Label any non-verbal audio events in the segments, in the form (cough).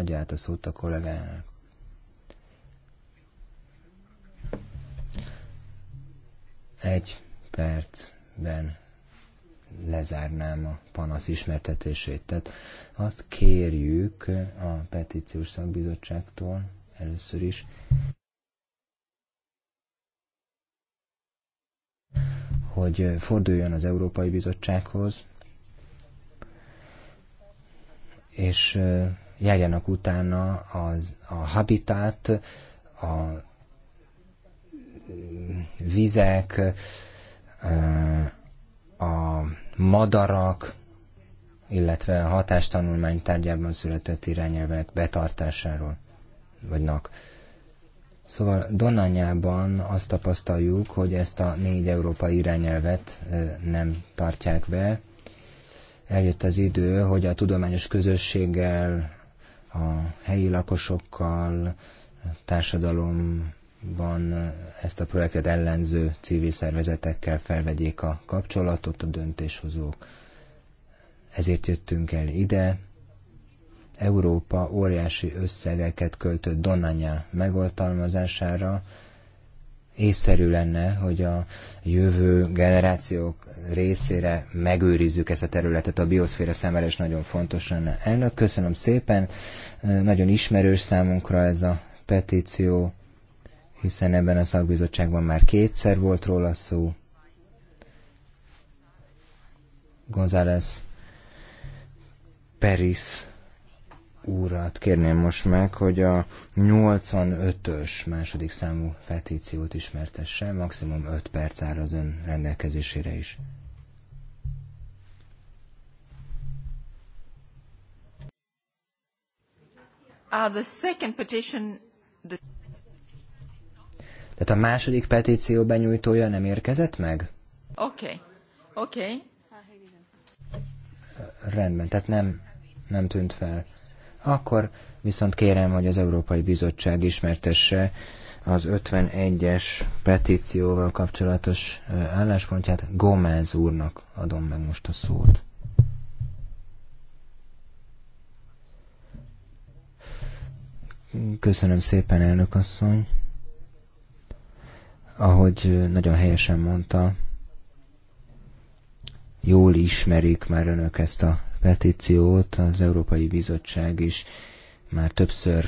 Adja át a szót a kollégának. Egy percben lezárnám a panasz ismertetését. Tehát azt kérjük a petíciós szakbizottságtól először is, hogy forduljon az Európai Bizottsághoz, és járjanak utána az, a habitat, a vizek, a madarak, illetve a hatástanulmány tárgyában született irányelvek betartásáról, vagy Szóval Donanyában azt tapasztaljuk, hogy ezt a négy európai irányelvet nem tartják be. Eljött az idő, hogy a tudományos közösséggel, a helyi lakosokkal, a társadalomban ezt a projektet ellenző civil szervezetekkel felvegyék a kapcsolatot a döntéshozók. Ezért jöttünk el ide. Európa óriási összegeket költött Donanya megoltalmazására, észszerű lenne, hogy a jövő generációk részére megőrizzük ezt a területet, a bioszféra számára is nagyon fontos lenne. Elnök, köszönöm szépen, nagyon ismerős számunkra ez a petíció, hiszen ebben a szakbizottságban már kétszer volt róla szó. González Peris úrát kérném most meg, hogy a 85-ös második számú petíciót ismertesse, maximum 5 perc áll az ön rendelkezésére is. Uh, the second petition, the... Tehát a második petíció benyújtója nem érkezett meg? Oké, okay. oké. Okay. Rendben, tehát nem, nem tűnt fel. Akkor viszont kérem, hogy az Európai Bizottság ismertesse az 51-es petícióval kapcsolatos álláspontját. Gomez úrnak adom meg most a szót. Köszönöm szépen, elnök asszony. Ahogy nagyon helyesen mondta, jól ismerik már önök ezt a petíciót az Európai Bizottság is már többször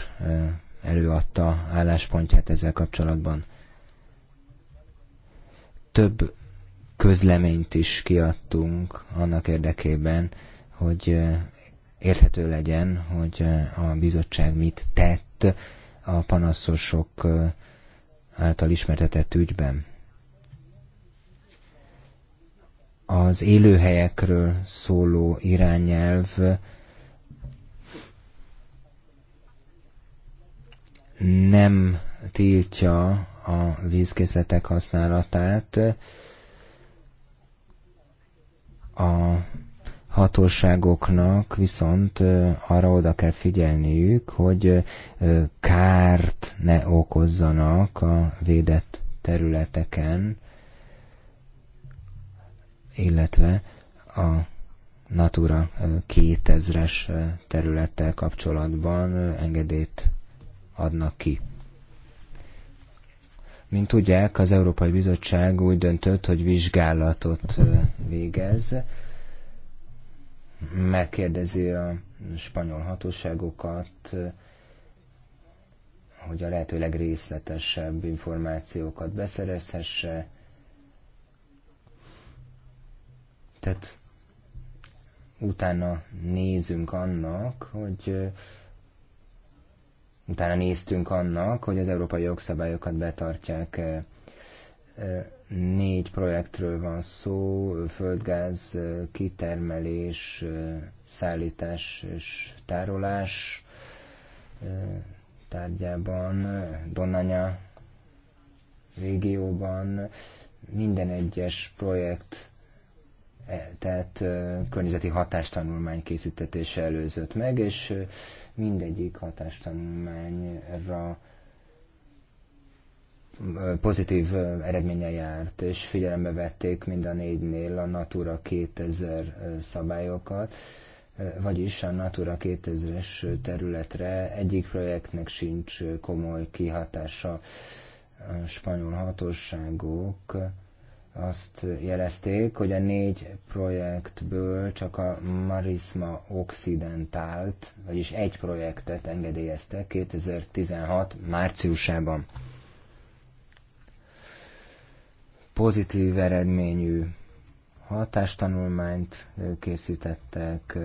előadta álláspontját ezzel kapcsolatban. Több közleményt is kiadtunk annak érdekében, hogy érthető legyen, hogy a bizottság mit tett a panaszosok által ismertetett ügyben. az élőhelyekről szóló irányelv nem tiltja a vízkészletek használatát. A hatóságoknak viszont arra oda kell figyelniük, hogy kárt ne okozzanak a védett területeken, illetve a Natura 2000-es területtel kapcsolatban engedélyt adnak ki. Mint tudják, az Európai Bizottság úgy döntött, hogy vizsgálatot végez, megkérdezi a spanyol hatóságokat, hogy a lehető legrészletesebb információkat beszerezhesse, Tehát utána nézünk annak, hogy utána néztünk annak, hogy az európai jogszabályokat betartják -e. Négy projektről van szó, földgáz, kitermelés, szállítás és tárolás tárgyában, Donanya régióban minden egyes projekt E, tehát e, környezeti hatástanulmány készítetése előzött meg, és e, mindegyik hatástanulmányra pozitív eredménye járt, és figyelembe vették mind a négynél a Natura 2000 szabályokat, vagyis a Natura 2000-es területre egyik projektnek sincs komoly kihatása. A spanyol hatóságok azt jelezték, hogy a négy projektből csak a Marisma Occidentált, vagyis egy projektet engedélyeztek 2016 márciusában. Pozitív eredményű hatástanulmányt készítettek,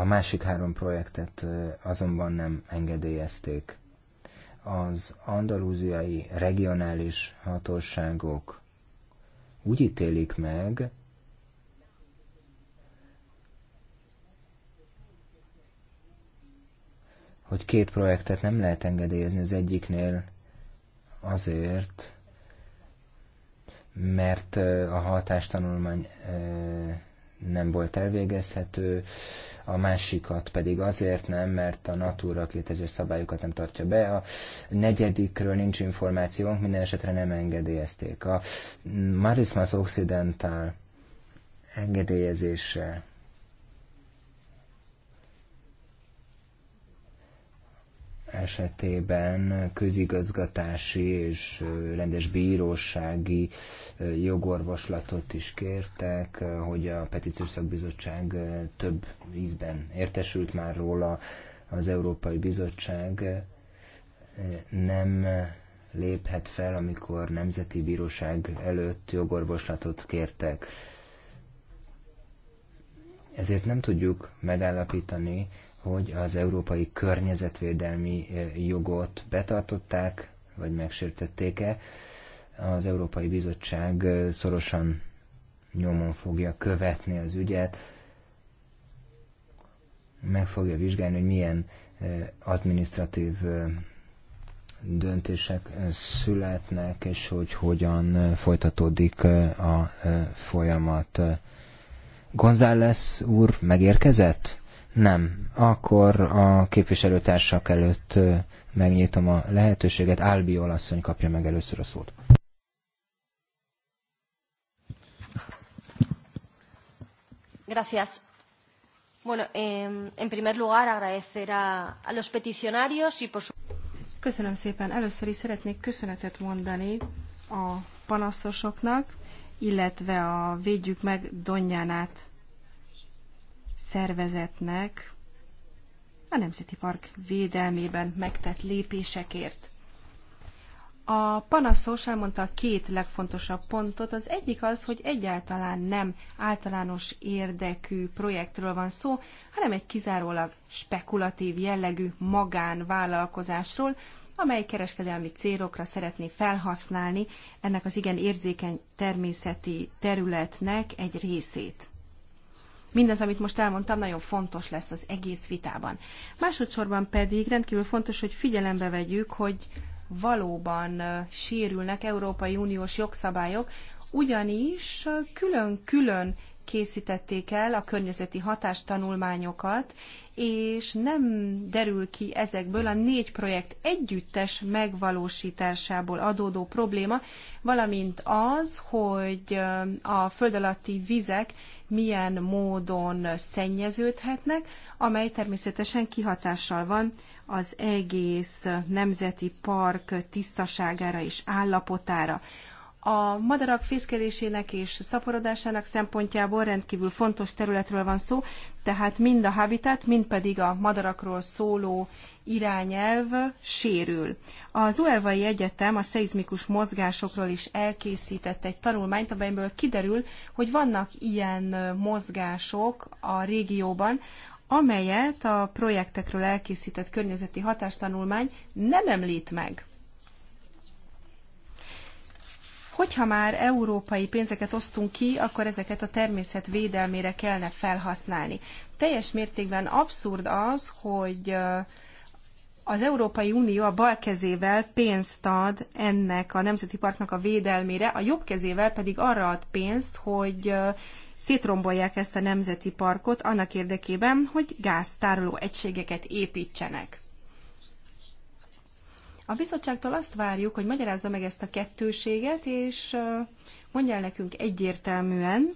A másik három projektet azonban nem engedélyezték. Az andalúziai regionális hatóságok úgy ítélik meg, hogy két projektet nem lehet engedélyezni az egyiknél azért, mert a hatástanulmány nem volt elvégezhető, a másikat pedig azért nem, mert a Natura 2000 szabályokat nem tartja be. A negyedikről nincs információnk, minden esetre nem engedélyezték. A Marismas Occidental engedélyezése esetében közigazgatási és rendes bírósági jogorvoslatot is kértek, hogy a Petíciós Szakbizottság több ízben értesült már róla, az Európai Bizottság nem léphet fel, amikor Nemzeti Bíróság előtt jogorvoslatot kértek. Ezért nem tudjuk megállapítani, hogy az európai környezetvédelmi eh, jogot betartották, vagy megsértették-e. Az Európai Bizottság eh, szorosan nyomon fogja követni az ügyet, meg fogja vizsgálni, hogy milyen eh, administratív döntések születnek, és hogy hogyan folytatódik a folyamat. González úr megérkezett? Nem. Akkor a képviselőtársak előtt megnyitom a lehetőséget. Álbi asszony kapja meg először a szót. Gracias. Bueno, eh, en primer lugar agradecer a, a los peticionarios y por su... Köszönöm szépen. Először is szeretnék köszönetet mondani a panaszosoknak, illetve a Védjük meg Donyánát szervezetnek a Nemzeti Park védelmében megtett lépésekért. A panaszos elmondta a két legfontosabb pontot. Az egyik az, hogy egyáltalán nem általános érdekű projektről van szó, hanem egy kizárólag spekulatív jellegű magánvállalkozásról, amely kereskedelmi célokra szeretné felhasználni ennek az igen érzékeny természeti területnek egy részét mindaz, amit most elmondtam, nagyon fontos lesz az egész vitában. Másodszorban pedig rendkívül fontos, hogy figyelembe vegyük, hogy valóban sérülnek Európai Uniós jogszabályok, ugyanis külön-külön készítették el a környezeti hatástanulmányokat, és nem derül ki ezekből a négy projekt együttes megvalósításából adódó probléma, valamint az, hogy a föld alatti vizek milyen módon szennyeződhetnek, amely természetesen kihatással van az egész nemzeti park tisztaságára és állapotára. A madarak fészkelésének és szaporodásának szempontjából rendkívül fontos területről van szó, tehát mind a habitat, mind pedig a madarakról szóló irányelv sérül. Az Uelvai Egyetem a szeizmikus mozgásokról is elkészített egy tanulmányt, amelyből kiderül, hogy vannak ilyen mozgások a régióban, amelyet a projektekről elkészített környezeti hatástanulmány nem említ meg. hogyha már európai pénzeket osztunk ki, akkor ezeket a természet védelmére kellene felhasználni. Teljes mértékben abszurd az, hogy az Európai Unió a bal kezével pénzt ad ennek a nemzeti parknak a védelmére, a jobb kezével pedig arra ad pénzt, hogy szétrombolják ezt a nemzeti parkot annak érdekében, hogy gáztároló egységeket építsenek. A bizottságtól azt várjuk, hogy magyarázza meg ezt a kettőséget, és mondja el nekünk egyértelműen,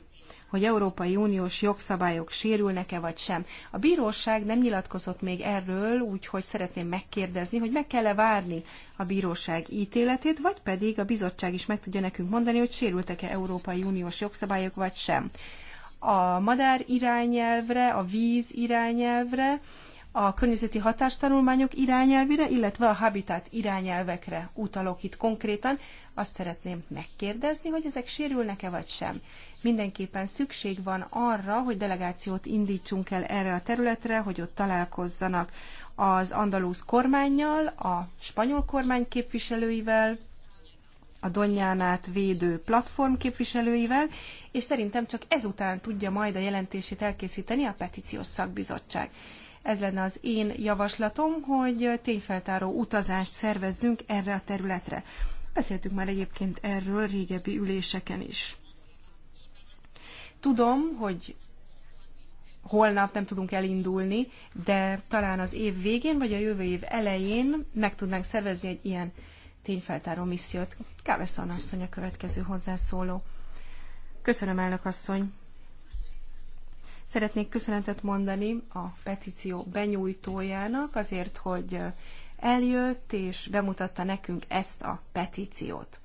hogy Európai Uniós jogszabályok sérülnek-e vagy sem. A bíróság nem nyilatkozott még erről, úgyhogy szeretném megkérdezni, hogy meg kell-e várni a bíróság ítéletét, vagy pedig a bizottság is meg tudja nekünk mondani, hogy sérültek-e Európai Uniós jogszabályok vagy sem. A madár irányelvre, a víz irányelvre a környezeti hatástanulmányok irányelvére, illetve a habitat irányelvekre utalok itt konkrétan. Azt szeretném megkérdezni, hogy ezek sérülnek-e vagy sem. Mindenképpen szükség van arra, hogy delegációt indítsunk el erre a területre, hogy ott találkozzanak az andalúz kormányjal, a spanyol kormány képviselőivel, a Donyánát védő platform képviselőivel, és szerintem csak ezután tudja majd a jelentését elkészíteni a petíciós szakbizottság. Ez lenne az én javaslatom, hogy tényfeltáró utazást szervezzünk erre a területre. Beszéltünk már egyébként erről régebbi üléseken is. Tudom, hogy holnap nem tudunk elindulni, de talán az év végén vagy a jövő év elején meg tudnánk szervezni egy ilyen tényfeltáró missziót. Káveszon asszony a következő hozzászóló. Köszönöm, elnök asszony! Szeretnék köszönetet mondani a petíció benyújtójának azért, hogy eljött és bemutatta nekünk ezt a petíciót.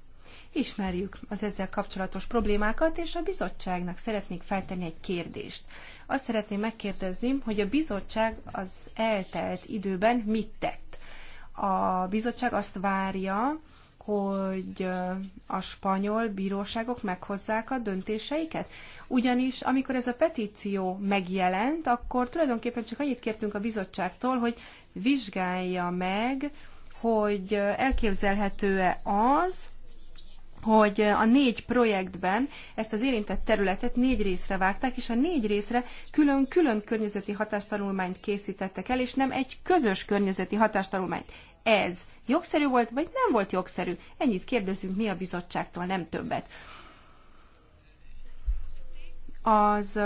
Ismerjük az ezzel kapcsolatos problémákat, és a bizottságnak szeretnék feltenni egy kérdést. Azt szeretném megkérdezni, hogy a bizottság az eltelt időben mit tett. A bizottság azt várja, hogy a spanyol bíróságok meghozzák a döntéseiket? Ugyanis amikor ez a petíció megjelent, akkor tulajdonképpen csak annyit kértünk a bizottságtól, hogy vizsgálja meg, hogy elképzelhető-e az, hogy a négy projektben ezt az érintett területet négy részre vágták, és a négy részre külön-külön környezeti hatástanulmányt készítettek el, és nem egy közös környezeti hatástanulmányt ez jogszerű volt, vagy nem volt jogszerű. Ennyit kérdezünk mi a bizottságtól, nem többet. Az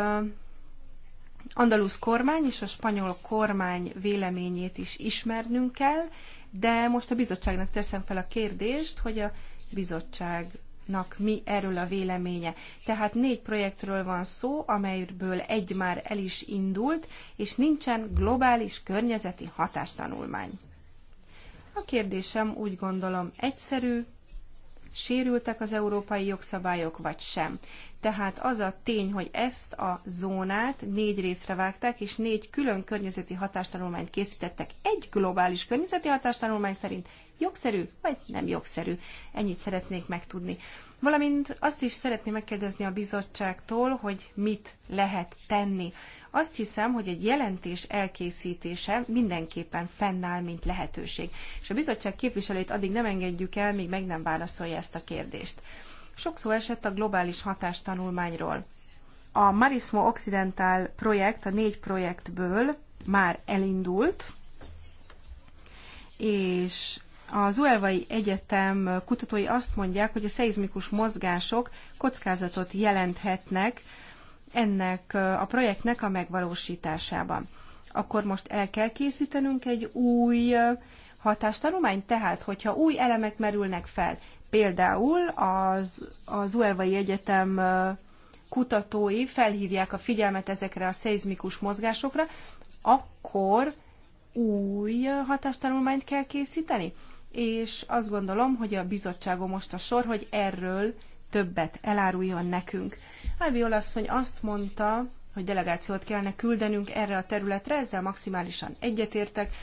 andalusz kormány és a spanyol kormány véleményét is ismernünk kell, de most a bizottságnak teszem fel a kérdést, hogy a bizottságnak mi erről a véleménye. Tehát négy projektről van szó, amelyből egy már el is indult, és nincsen globális környezeti hatástanulmány. A kérdésem úgy gondolom egyszerű, sérültek az európai jogszabályok, vagy sem. Tehát az a tény, hogy ezt a zónát négy részre vágták, és négy külön környezeti hatástanulmányt készítettek egy globális környezeti hatástanulmány szerint, jogszerű vagy nem jogszerű. Ennyit szeretnék megtudni. Valamint azt is szeretném megkérdezni a bizottságtól, hogy mit lehet tenni azt hiszem, hogy egy jelentés elkészítése mindenképpen fennáll, mint lehetőség. És a bizottság képviselőit addig nem engedjük el, míg meg nem válaszolja ezt a kérdést. Sok szó esett a globális hatástanulmányról. A Marismo Occidental projekt a négy projektből már elindult, és az Uelvai Egyetem kutatói azt mondják, hogy a szeizmikus mozgások kockázatot jelenthetnek ennek a projektnek a megvalósításában. Akkor most el kell készítenünk egy új hatástanulmányt, tehát hogyha új elemek merülnek fel, például az, az Uelvai Egyetem kutatói felhívják a figyelmet ezekre a szeizmikus mozgásokra, akkor új hatástanulmányt kell készíteni. És azt gondolom, hogy a bizottságom most a sor, hogy erről többet eláruljon nekünk. Albiol olaszony azt mondta, hogy delegációt kellene küldenünk erre a területre, ezzel maximálisan egyetértek.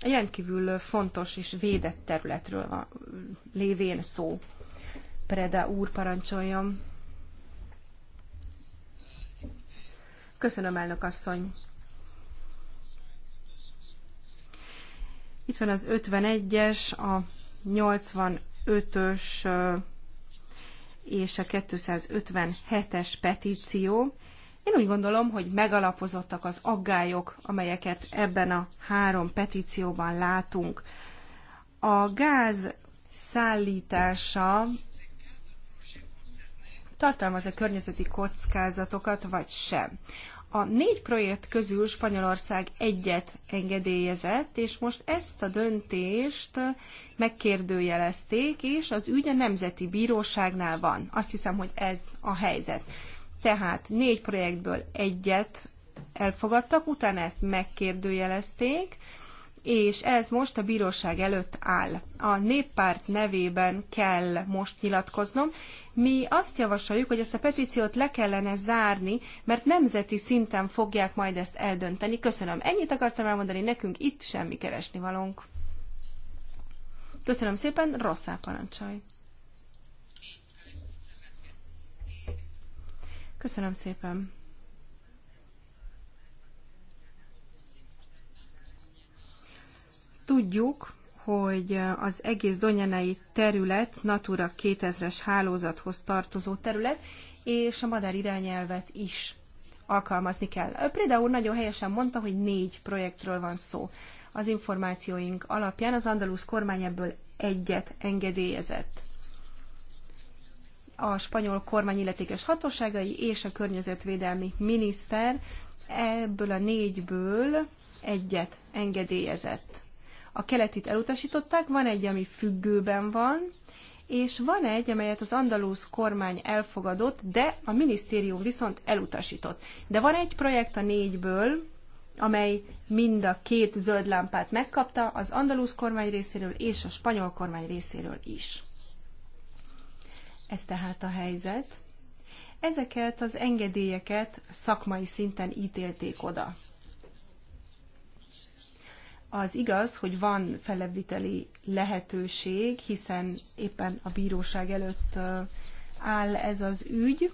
Egy rendkívül fontos és védett területről van, lévén szó. Preda úr, parancsoljon. Köszönöm, elnök asszony. Itt van az 51-es, a 85-ös és a 257-es petíció. Én úgy gondolom, hogy megalapozottak az aggályok, amelyeket ebben a három petícióban látunk. A gáz szállítása tartalmaz-e környezeti kockázatokat, vagy sem. A négy projekt közül Spanyolország egyet engedélyezett, és most ezt a döntést megkérdőjelezték, és az ügy a Nemzeti Bíróságnál van. Azt hiszem, hogy ez a helyzet. Tehát négy projektből egyet elfogadtak, utána ezt megkérdőjelezték, és ez most a bíróság előtt áll. A néppárt nevében kell most nyilatkoznom. Mi azt javasoljuk, hogy ezt a petíciót le kellene zárni, mert nemzeti szinten fogják majd ezt eldönteni. Köszönöm. Ennyit akartam elmondani, nekünk itt semmi keresni valónk. Köszönöm szépen, rosszá parancsolj. Köszönöm szépen. Tudjuk, hogy az egész Donyanei terület Natura 2000-es hálózathoz tartozó terület, és a madár irányelvet is alkalmazni kell. Préda úr nagyon helyesen mondta, hogy négy projektről van szó. Az információink alapján az andalusz kormány ebből egyet engedélyezett. A spanyol kormány illetékes hatóságai és a környezetvédelmi miniszter ebből a négyből egyet engedélyezett. A keletit elutasították, van egy, ami függőben van, és van egy, amelyet az andalusz kormány elfogadott, de a minisztérium viszont elutasított. De van egy projekt a négyből, amely mind a két zöld lámpát megkapta, az andalusz kormány részéről és a spanyol kormány részéről is. Ez tehát a helyzet. Ezeket az engedélyeket szakmai szinten ítélték oda. Az igaz, hogy van felebbviteli lehetőség, hiszen éppen a bíróság előtt áll ez az ügy,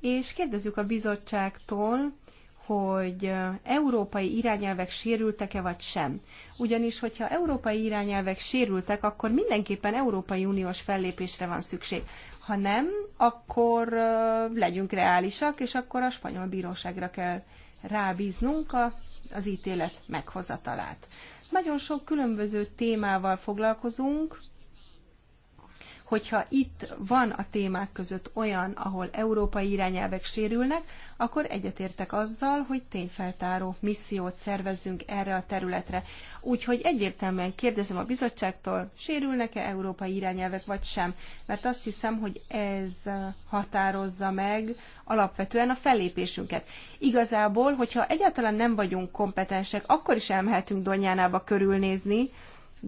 és kérdezzük a bizottságtól, hogy európai irányelvek sérültek-e vagy sem. Ugyanis, hogyha európai irányelvek sérültek, akkor mindenképpen Európai Uniós fellépésre van szükség. Ha nem, akkor legyünk reálisak, és akkor a spanyol bíróságra kell rábíznunk a az ítélet meghozatalát. Nagyon sok különböző témával foglalkozunk, hogyha itt van a témák között olyan, ahol európai irányelvek sérülnek, akkor egyetértek azzal, hogy tényfeltáró missziót szervezzünk erre a területre. Úgyhogy egyértelműen kérdezem a bizottságtól, sérülnek-e európai irányelvek vagy sem, mert azt hiszem, hogy ez határozza meg alapvetően a fellépésünket. Igazából, hogyha egyáltalán nem vagyunk kompetensek, akkor is elmehetünk Donyánába körülnézni,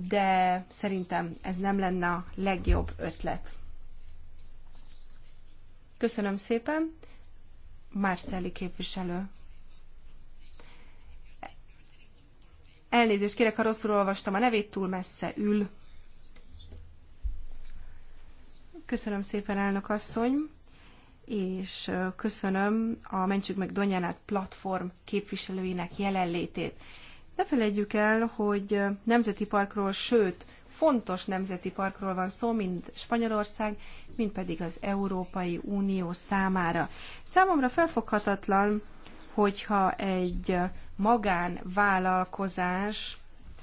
de szerintem ez nem lenne a legjobb ötlet. Köszönöm szépen. Márszeli képviselő. Elnézést kérek, ha rosszul olvastam a nevét, túl messze ül. Köszönöm szépen, elnök asszony, és köszönöm a Mentsük meg Donyanát platform képviselőinek jelenlétét. Ne felejtjük el, hogy nemzeti parkról, sőt, fontos nemzeti parkról van szó, mind Spanyolország, mind pedig az Európai Unió számára. Számomra felfoghatatlan, hogyha egy magánvállalkozás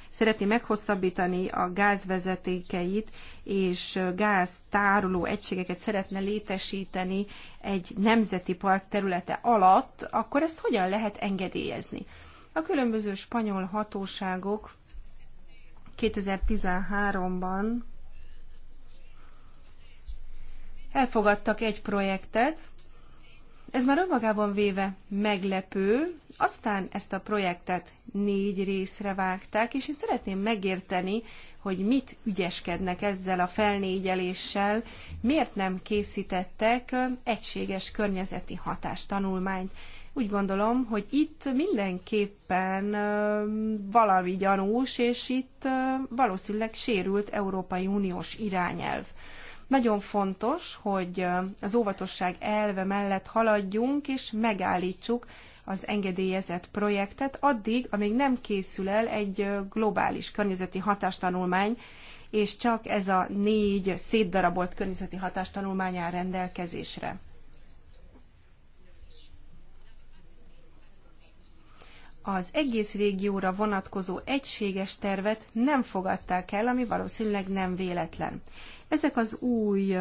szeretné meghosszabbítani a gázvezetékeit, és gáztároló egységeket szeretne létesíteni egy nemzeti park területe alatt, akkor ezt hogyan lehet engedélyezni? A különböző spanyol hatóságok 2013-ban elfogadtak egy projektet, ez már önmagában véve meglepő, aztán ezt a projektet négy részre vágták, és én szeretném megérteni, hogy mit ügyeskednek ezzel a felnégyeléssel, miért nem készítettek egységes környezeti hatástanulmányt. Úgy gondolom, hogy itt mindenképpen valami gyanús, és itt valószínűleg sérült Európai Uniós irányelv. Nagyon fontos, hogy az óvatosság elve mellett haladjunk, és megállítsuk az engedélyezett projektet addig, amíg nem készül el egy globális környezeti hatástanulmány, és csak ez a négy szétdarabolt környezeti hatástanulmány áll rendelkezésre. az egész régióra vonatkozó egységes tervet nem fogadták el, ami valószínűleg nem véletlen. Ezek az új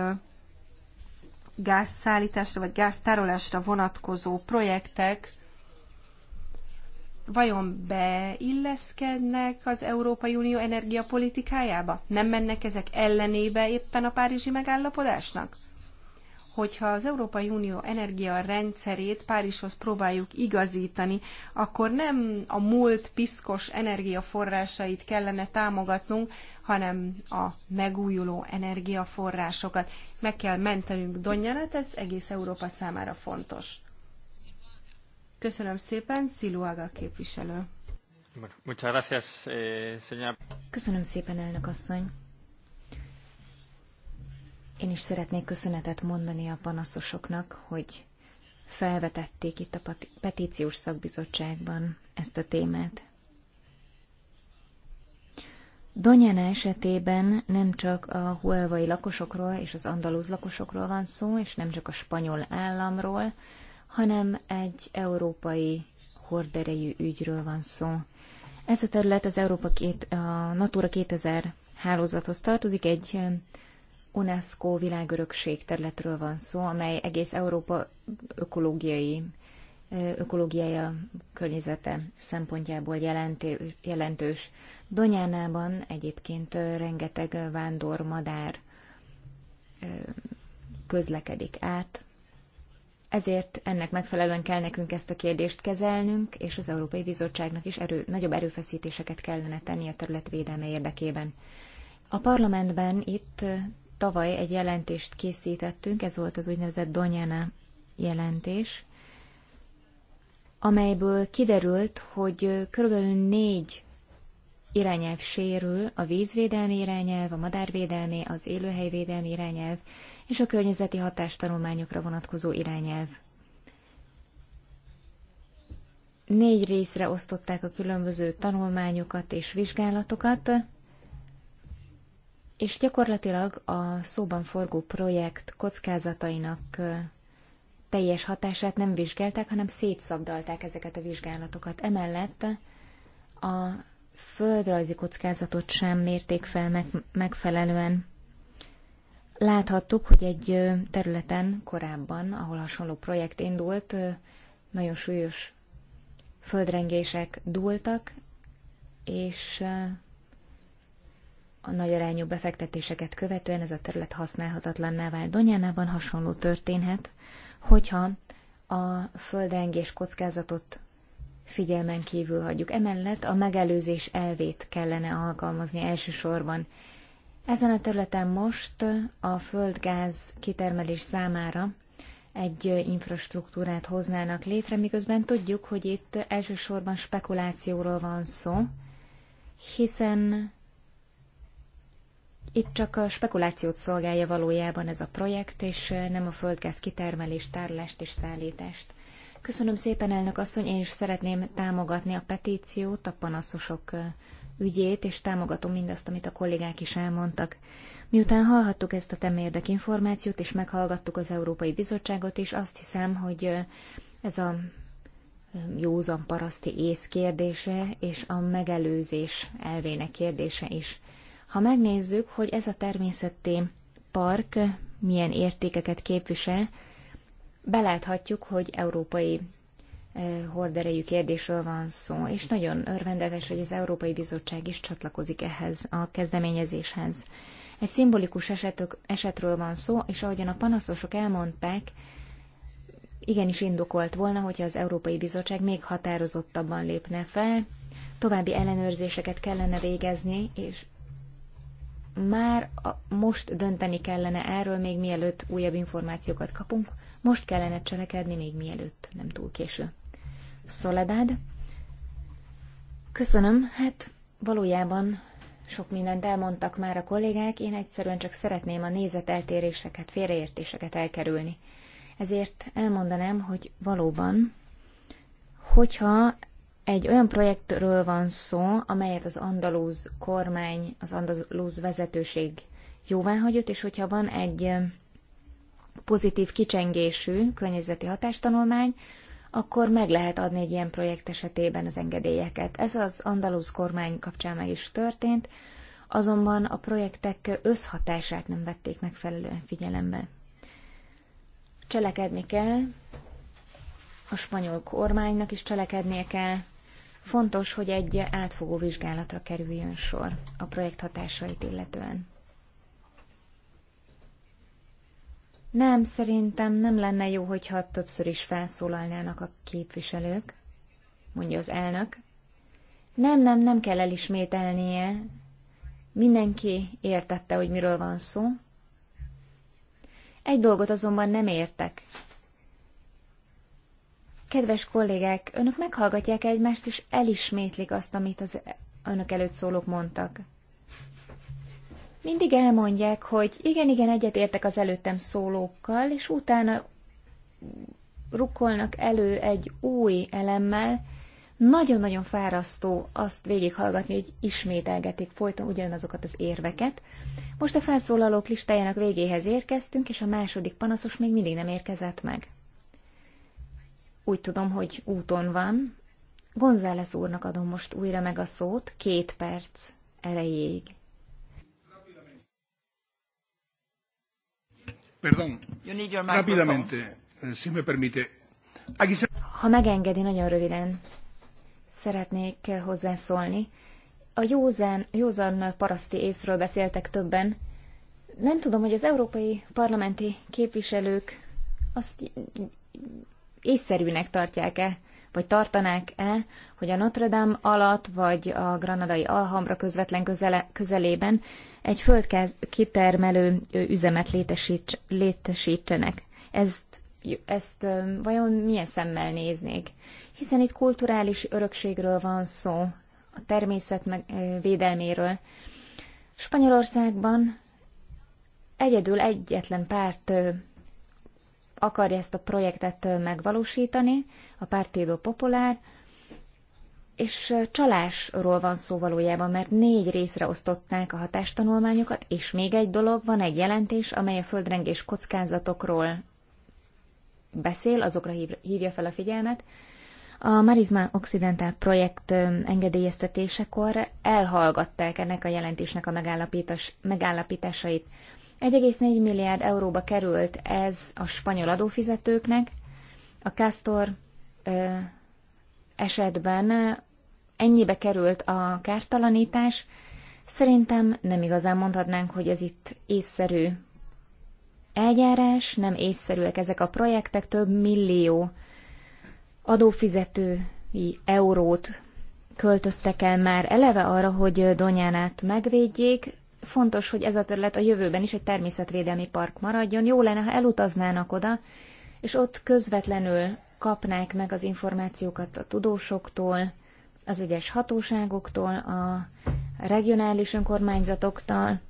gázszállításra vagy gáztárolásra vonatkozó projektek vajon beilleszkednek az Európai Unió energiapolitikájába? Nem mennek ezek ellenébe éppen a Párizsi megállapodásnak? hogyha az Európai Unió rendszerét Párizshoz próbáljuk igazítani, akkor nem a múlt piszkos energiaforrásait kellene támogatnunk, hanem a megújuló energiaforrásokat. Meg kell mentenünk Donjanát, ez egész Európa számára fontos. Köszönöm szépen, Sziluaga képviselő. Eh, Köszönöm szépen, elnök asszony. Én is szeretnék köszönetet mondani a panaszosoknak, hogy felvetették itt a petíciós szakbizottságban ezt a témát. Donyana esetében nem csak a huelvai lakosokról és az andalúz lakosokról van szó, és nem csak a spanyol államról, hanem egy európai horderejű ügyről van szó. Ez a terület az Európa két, a Natura 2000 hálózathoz tartozik, egy UNESCO világörökség területről van szó, amely egész Európa ökológiai ökológiai környezete szempontjából jelenti, jelentős. Donyánában egyébként rengeteg vándor madár közlekedik át, ezért ennek megfelelően kell nekünk ezt a kérdést kezelnünk, és az Európai Bizottságnak is erő, nagyobb erőfeszítéseket kellene tenni a terület védelme érdekében. A parlamentben itt tavaly egy jelentést készítettünk, ez volt az úgynevezett Donyana jelentés, amelyből kiderült, hogy körülbelül négy irányelv sérül, a vízvédelmi irányelv, a madárvédelmi, az élőhelyvédelmi irányelv és a környezeti hatástanulmányokra vonatkozó irányelv. Négy részre osztották a különböző tanulmányokat és vizsgálatokat, és gyakorlatilag a szóban forgó projekt kockázatainak teljes hatását nem vizsgálták, hanem szétszabdalták ezeket a vizsgálatokat. Emellett a földrajzi kockázatot sem mérték fel meg, megfelelően. Láthattuk, hogy egy területen korábban, ahol hasonló projekt indult, nagyon súlyos földrengések dúltak, és a nagy arányú befektetéseket követően ez a terület használhatatlanná vált. Donyánában hasonló történhet, hogyha a földrengés kockázatot figyelmen kívül hagyjuk. Emellett a megelőzés elvét kellene alkalmazni elsősorban. Ezen a területen most a földgáz kitermelés számára egy infrastruktúrát hoznának létre, miközben tudjuk, hogy itt elsősorban spekulációról van szó, hiszen itt csak a spekulációt szolgálja valójában ez a projekt, és nem a földgáz kitermelést, tárolást és szállítást. Köszönöm szépen, elnök asszony, én is szeretném támogatni a petíciót, a panaszosok ügyét, és támogatom mindazt, amit a kollégák is elmondtak. Miután hallhattuk ezt a temérdek információt, és meghallgattuk az Európai Bizottságot, és azt hiszem, hogy ez a józan paraszti ész kérdése, és a megelőzés elvének kérdése is ha megnézzük, hogy ez a természeti park milyen értékeket képvisel, beláthatjuk, hogy európai eh, horderejű kérdésről van szó, és nagyon örvendetes, hogy az Európai Bizottság is csatlakozik ehhez a kezdeményezéshez. Egy szimbolikus esetök, esetről van szó, és ahogyan a panaszosok elmondták, igenis indokolt volna, hogyha az Európai Bizottság még határozottabban lépne fel, további ellenőrzéseket kellene végezni, és már a, most dönteni kellene erről, még mielőtt újabb információkat kapunk, most kellene cselekedni, még mielőtt nem túl késő. Szoledád, köszönöm, hát valójában sok mindent elmondtak már a kollégák, én egyszerűen csak szeretném a nézeteltéréseket, félreértéseket elkerülni. Ezért elmondanám, hogy valóban, hogyha egy olyan projektről van szó, amelyet az andalúz kormány, az andalúz vezetőség jóváhagyott, és hogyha van egy pozitív kicsengésű környezeti hatástanulmány, akkor meg lehet adni egy ilyen projekt esetében az engedélyeket. Ez az andalúz kormány kapcsán meg is történt, azonban a projektek összhatását nem vették megfelelően figyelembe. Cselekedni kell, a spanyol kormánynak is cselekednie kell, Fontos, hogy egy átfogó vizsgálatra kerüljön sor a projekt hatásait illetően. Nem, szerintem nem lenne jó, hogyha többször is felszólalnának a képviselők, mondja az elnök. Nem, nem, nem kell elismételnie. Mindenki értette, hogy miről van szó. Egy dolgot azonban nem értek. Kedves kollégák, önök meghallgatják egymást, és elismétlik azt, amit az önök előtt szólók mondtak. Mindig elmondják, hogy igen, igen, egyetértek az előttem szólókkal, és utána rukkolnak elő egy új elemmel. Nagyon-nagyon fárasztó azt végighallgatni, hogy ismételgetik folyton ugyanazokat az érveket. Most a felszólalók listájának végéhez érkeztünk, és a második panaszos még mindig nem érkezett meg. Úgy tudom, hogy úton van. González úrnak adom most újra meg a szót, két perc erejéig. Perdón, you need your rápidamente, eh, si me permite. Ha megengedi, nagyon röviden szeretnék hozzászólni. A józan, józan paraszti észről beszéltek többen. Nem tudom, hogy az európai parlamenti képviselők azt észszerűnek tartják-e, vagy tartanák-e, hogy a Notre Dame alatt, vagy a granadai Alhambra közvetlen közele, közelében egy földkáz kitermelő üzemet létesíts, létesítsenek. Ezt, ezt vajon milyen szemmel néznék? Hiszen itt kulturális örökségről van szó, a természet meg, védelméről. Spanyolországban egyedül egyetlen párt akarja ezt a projektet megvalósítani, a Partido Popular, és csalásról van szó valójában, mert négy részre osztották a hatástanulmányokat, és még egy dolog, van egy jelentés, amely a földrengés kockázatokról beszél, azokra hívja fel a figyelmet. A Marizma Occidental projekt engedélyeztetésekor elhallgatták ennek a jelentésnek a megállapítás, megállapításait. 1,4 milliárd euróba került ez a spanyol adófizetőknek. A Castor ö, esetben ennyibe került a kártalanítás. Szerintem nem igazán mondhatnánk, hogy ez itt észszerű eljárás, nem észszerűek ezek a projektek, több millió adófizetői eurót költöttek el már eleve arra, hogy Donyánát megvédjék, fontos, hogy ez a terület a jövőben is egy természetvédelmi park maradjon. Jó lenne, ha elutaznának oda, és ott közvetlenül kapnák meg az információkat a tudósoktól, az egyes hatóságoktól, a regionális önkormányzatoktól,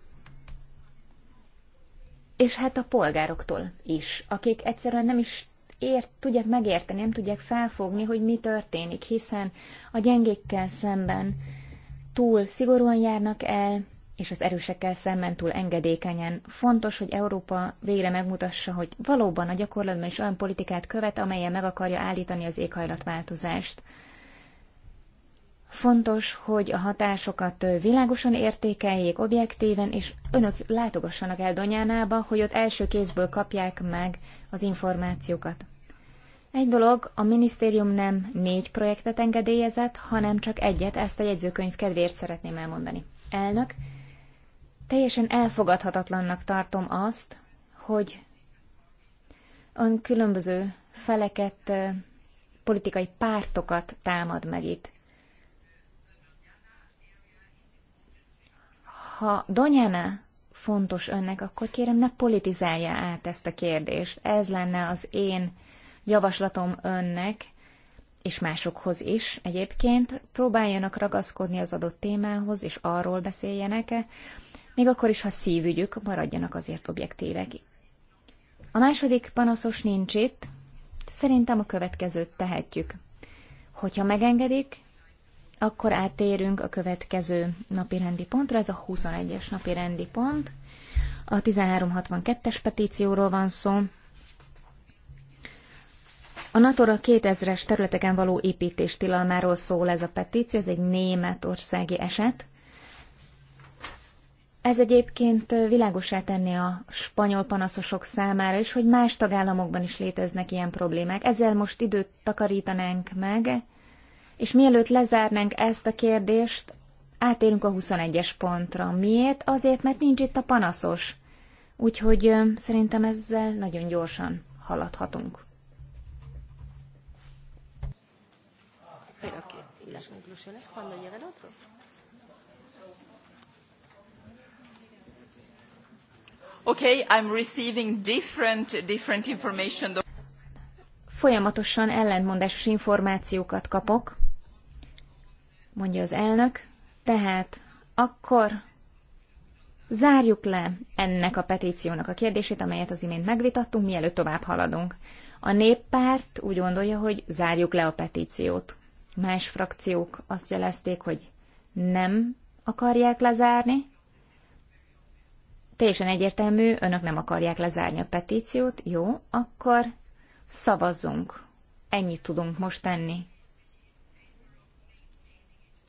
és hát a polgároktól is, akik egyszerűen nem is ért, tudják megérteni, nem tudják felfogni, hogy mi történik, hiszen a gyengékkel szemben túl szigorúan járnak el, és az erősekkel szemben túl engedékenyen. Fontos, hogy Európa végre megmutassa, hogy valóban a gyakorlatban is olyan politikát követ, amelyen meg akarja állítani az éghajlatváltozást. Fontos, hogy a hatásokat világosan értékeljék objektíven, és önök látogassanak el Donyánába, hogy ott első kézből kapják meg az információkat. Egy dolog, a minisztérium nem négy projektet engedélyezett, hanem csak egyet, ezt a jegyzőkönyv kedvéért szeretném elmondani. Elnök, Teljesen elfogadhatatlannak tartom azt, hogy ön különböző feleket, politikai pártokat támad meg itt. Ha Donyana fontos önnek, akkor kérem ne politizálja át ezt a kérdést. Ez lenne az én javaslatom önnek, és másokhoz is egyébként. Próbáljanak ragaszkodni az adott témához, és arról beszéljenek. -e még akkor is, ha szívügyük, maradjanak azért objektívek. A második panaszos nincs itt, szerintem a következőt tehetjük. Hogyha megengedik, akkor átérünk a következő napirendi pontra, ez a 21-es napirendi pont. A 1362-es petícióról van szó. A Natura 2000-es területeken való építés tilalmáról szól ez a petíció, ez egy németországi eset. Ez egyébként világosá tenni a spanyol panaszosok számára is, hogy más tagállamokban is léteznek ilyen problémák. Ezzel most időt takarítanánk meg, és mielőtt lezárnánk ezt a kérdést, átérünk a 21-es pontra. Miért? Azért, mert nincs itt a panaszos. Úgyhogy szerintem ezzel nagyon gyorsan haladhatunk. Pero que las conclusiones cuando llegue el otro. Okay, I'm receiving different, different information. Folyamatosan ellentmondásos információkat kapok, mondja az elnök, tehát akkor zárjuk le ennek a petíciónak a kérdését, amelyet az imént megvitattunk, mielőtt tovább haladunk. A néppárt úgy gondolja, hogy zárjuk le a petíciót. Más frakciók azt jelezték, hogy nem akarják lezárni, Teljesen egyértelmű, önök nem akarják lezárni a petíciót, jó, akkor szavazzunk. Ennyit tudunk most tenni.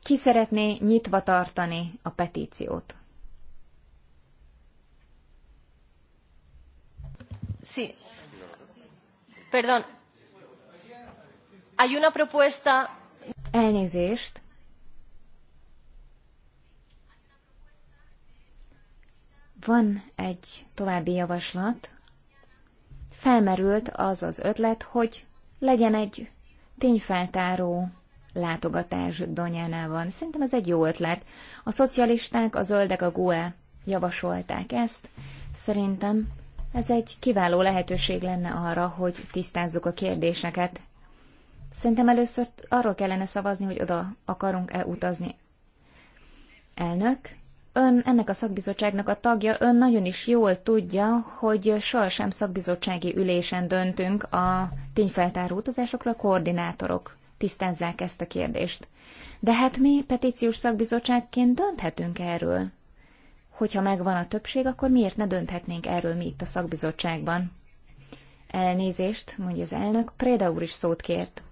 Ki szeretné nyitva tartani a petíciót? Sí. Perdón. Hay una propuesta. Elnézést. Van egy további javaslat. Felmerült az az ötlet, hogy legyen egy tényfeltáró látogatás Donyánában. Szerintem ez egy jó ötlet. A szocialisták, a zöldek, a GUE javasolták ezt. Szerintem ez egy kiváló lehetőség lenne arra, hogy tisztázzuk a kérdéseket. Szerintem először arról kellene szavazni, hogy oda akarunk-e utazni. Elnök, ön, ennek a szakbizottságnak a tagja, ön nagyon is jól tudja, hogy sohasem szakbizottsági ülésen döntünk a tényfeltáró utazásokra, a koordinátorok tisztázzák ezt a kérdést. De hát mi petíciós szakbizottságként dönthetünk erről. Hogyha megvan a többség, akkor miért ne dönthetnénk erről mi itt a szakbizottságban? Elnézést, mondja az elnök, Préda úr is szót kért.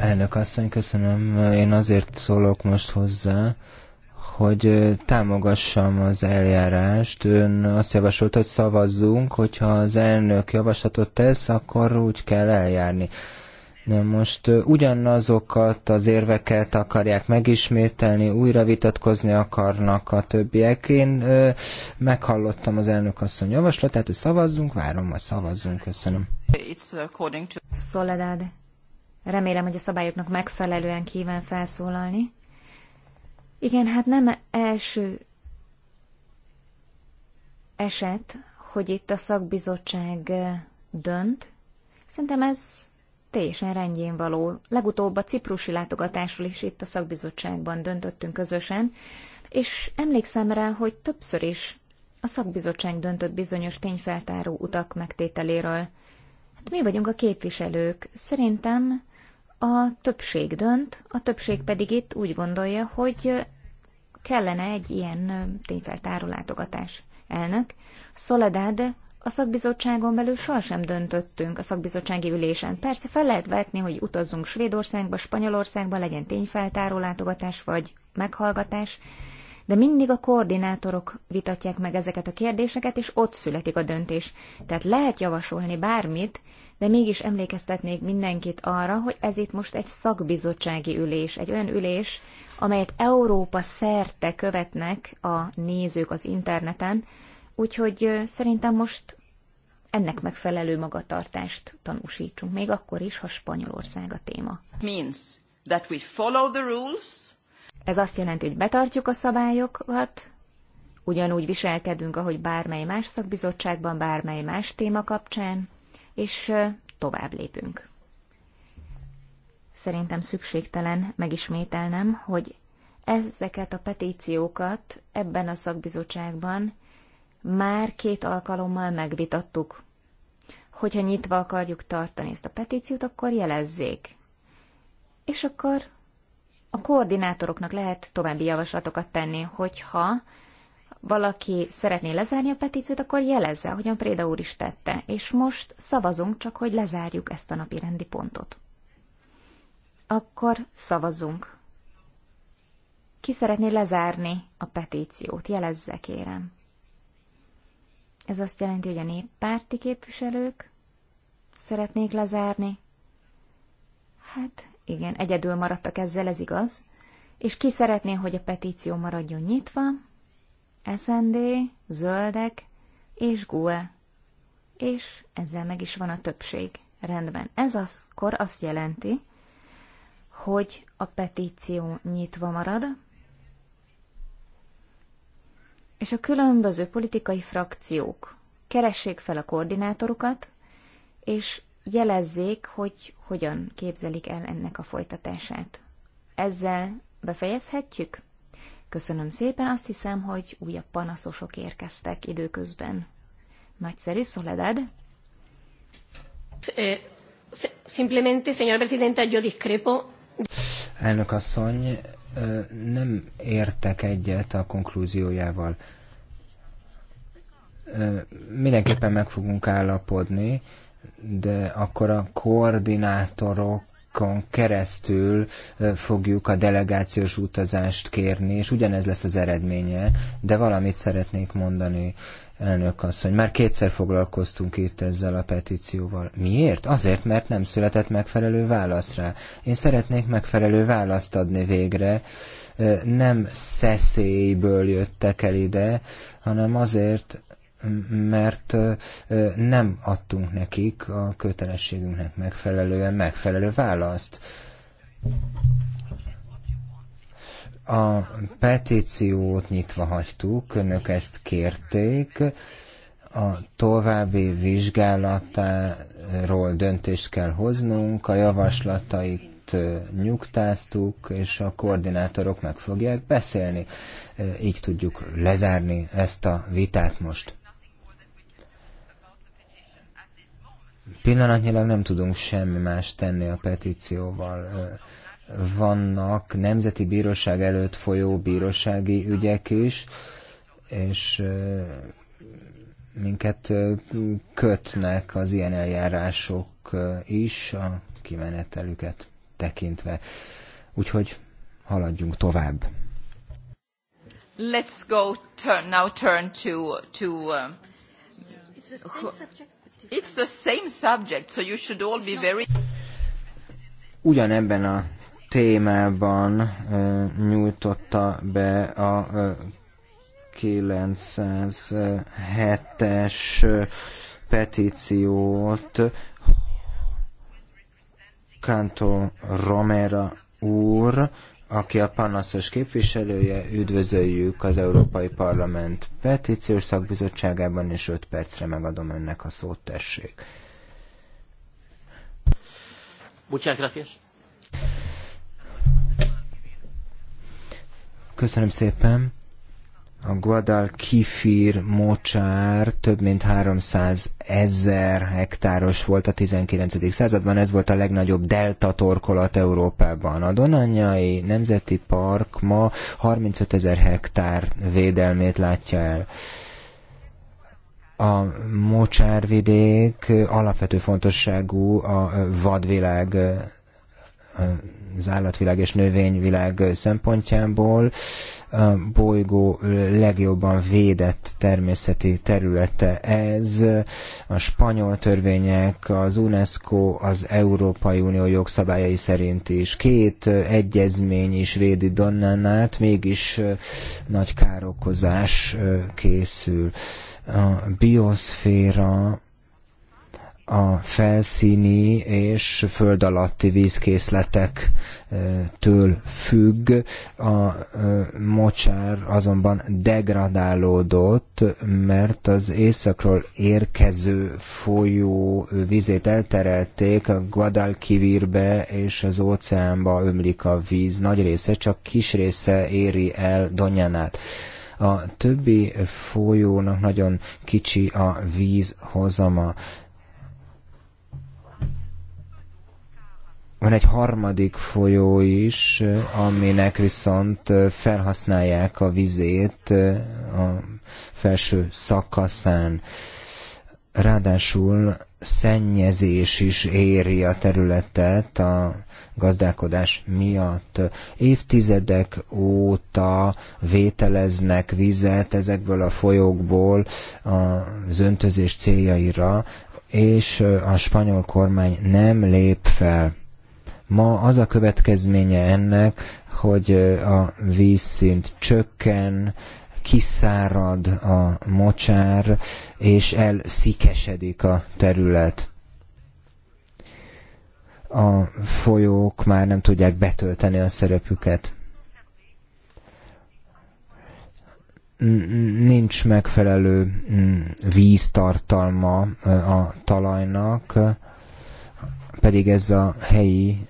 Elnök asszony, köszönöm. Én azért szólok most hozzá, hogy támogassam az eljárást. Ön azt javasolt, hogy szavazzunk, hogyha az elnök javaslatot tesz, akkor úgy kell eljárni. Na most ugyanazokat az érveket akarják megismételni, újra vitatkozni akarnak a többiek. Én ö, meghallottam az elnök asszony javaslatát, hogy szavazzunk, várom, majd szavazzunk, köszönöm. To... remélem, hogy a szabályoknak megfelelően kíván felszólalni. Igen, hát nem első eset, hogy itt a szakbizottság dönt. Szerintem ez teljesen rendjén való. Legutóbb a ciprusi látogatásról is itt a szakbizottságban döntöttünk közösen, és emlékszem rá, hogy többször is a szakbizottság döntött bizonyos tényfeltáró utak megtételéről. Hát mi vagyunk a képviselők. Szerintem a többség dönt, a többség pedig itt úgy gondolja, hogy kellene egy ilyen tényfeltáró látogatás. Elnök, Soledad, a szakbizottságon belül sohasem döntöttünk a szakbizottsági ülésen. Persze fel lehet vetni, hogy utazzunk Svédországba, Spanyolországba, legyen tényfeltáró látogatás vagy meghallgatás, de mindig a koordinátorok vitatják meg ezeket a kérdéseket, és ott születik a döntés. Tehát lehet javasolni bármit, de mégis emlékeztetnék mindenkit arra, hogy ez itt most egy szakbizottsági ülés, egy olyan ülés, amelyet Európa szerte követnek a nézők az interneten, úgyhogy szerintem most ennek megfelelő magatartást tanúsítsunk, még akkor is, ha Spanyolország a téma. Means that we follow the rules. Ez azt jelenti, hogy betartjuk a szabályokat, ugyanúgy viselkedünk, ahogy bármely más szakbizottságban, bármely más téma kapcsán, és tovább lépünk. Szerintem szükségtelen megismételnem, hogy ezeket a petíciókat ebben a szakbizottságban már két alkalommal megvitattuk. Hogyha nyitva akarjuk tartani ezt a petíciót, akkor jelezzék. És akkor a koordinátoroknak lehet további javaslatokat tenni, hogyha valaki szeretné lezárni a petíciót, akkor jelezze, ahogyan Préda úr is tette, és most szavazunk csak, hogy lezárjuk ezt a napi rendi pontot. Akkor szavazunk. Ki szeretné lezárni a petíciót? Jelezze, kérem. Ez azt jelenti, hogy a néppárti képviselők szeretnék lezárni. Hát igen, egyedül maradtak ezzel, ez igaz. És ki szeretné, hogy a petíció maradjon nyitva? SND, zöldek és GUE. És ezzel meg is van a többség. Rendben. Ez az, kor azt jelenti, hogy a petíció nyitva marad, és a különböző politikai frakciók keressék fel a koordinátorukat és jelezzék, hogy hogyan képzelik el ennek a folytatását. Ezzel befejezhetjük? Köszönöm szépen, azt hiszem, hogy újabb panaszosok érkeztek időközben. Nagyszerű, Soledad. Eh, simplemente, señor presidente, yo discrepo. Elnök asszony, eh, nem értek egyet a konklúziójával. Eh, mindenképpen meg fogunk állapodni, de akkor a koordinátorok kon keresztül fogjuk a delegációs utazást kérni, és ugyanez lesz az eredménye, de valamit szeretnék mondani, elnök asszony. Már kétszer foglalkoztunk itt ezzel a petícióval. Miért? Azért, mert nem született megfelelő válasz rá. Én szeretnék megfelelő választ adni végre. Nem szeszélyből jöttek el ide, hanem azért, mert nem adtunk nekik a kötelességünknek megfelelően megfelelő választ. A petíciót nyitva hagytuk, önök ezt kérték, a további vizsgálatáról döntést kell hoznunk, a javaslatait nyugtáztuk, és a koordinátorok meg fogják beszélni. Így tudjuk lezárni ezt a vitát most. Pillanatnyilag nem tudunk semmi más tenni a petícióval. Vannak nemzeti bíróság előtt folyó bírósági ügyek is, és minket kötnek az ilyen eljárások is a kimenetelüket tekintve. Úgyhogy haladjunk tovább. Let's go turn, now turn to, to uh, It's the same subject. Ugyanebben a témában uh, nyújtotta be a uh, 907-es uh, petíciót Kanto Romera úr, aki a panaszos képviselője, üdvözöljük az Európai Parlament petíciós szakbizottságában, és 5 percre megadom önnek a szót, tessék. Muchas gracias. Köszönöm szépen a Guadalquifir mocsár több mint 300 ezer hektáros volt a 19. században, ez volt a legnagyobb delta torkolat Európában. A Donanyai Nemzeti Park ma 35 ezer hektár védelmét látja el. A mocsárvidék alapvető fontosságú a vadvilág az állatvilág és növényvilág szempontjából a bolygó legjobban védett természeti területe ez. A spanyol törvények, az UNESCO, az Európai Unió jogszabályai szerint is. Két egyezmény is védi Donnánát, mégis nagy károkozás készül. A bioszféra a felszíni és föld alatti vízkészletektől függ, a mocsár azonban degradálódott, mert az északról érkező folyó vizét elterelték, a Guadalquivirbe és az óceánba ömlik a víz nagy része, csak kis része éri el Donyanát a többi folyónak nagyon kicsi a vízhozama. Van egy harmadik folyó is, aminek viszont felhasználják a vizét a felső szakaszán. Ráadásul szennyezés is éri a területet a gazdálkodás miatt. Évtizedek óta vételeznek vizet ezekből a folyókból az öntözés céljaira, és a spanyol kormány nem lép fel. Ma az a következménye ennek, hogy a vízszint csökken, kiszárad a mocsár, és elszikesedik a terület. A folyók már nem tudják betölteni a szerepüket. Nincs megfelelő mm, víztartalma a talajnak, pedig ez a helyi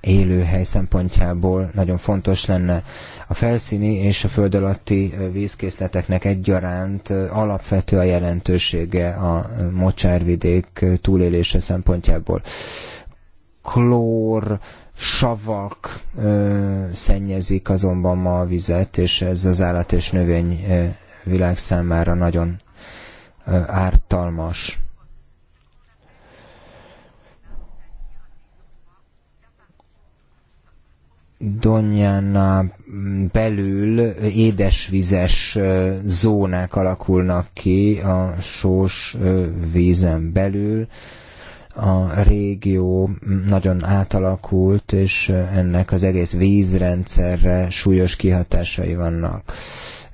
élőhely szempontjából nagyon fontos lenne. A felszíni és a föld alatti vízkészleteknek egyaránt alapvető a jelentősége a mocsárvidék túlélése szempontjából. Klór, savak ö, szennyezik azonban ma a vizet, és ez az állat és növény ö, világ számára nagyon ártalmas. Donjana belül édesvizes zónák alakulnak ki a sós vízen belül. A régió nagyon átalakult, és ennek az egész vízrendszerre súlyos kihatásai vannak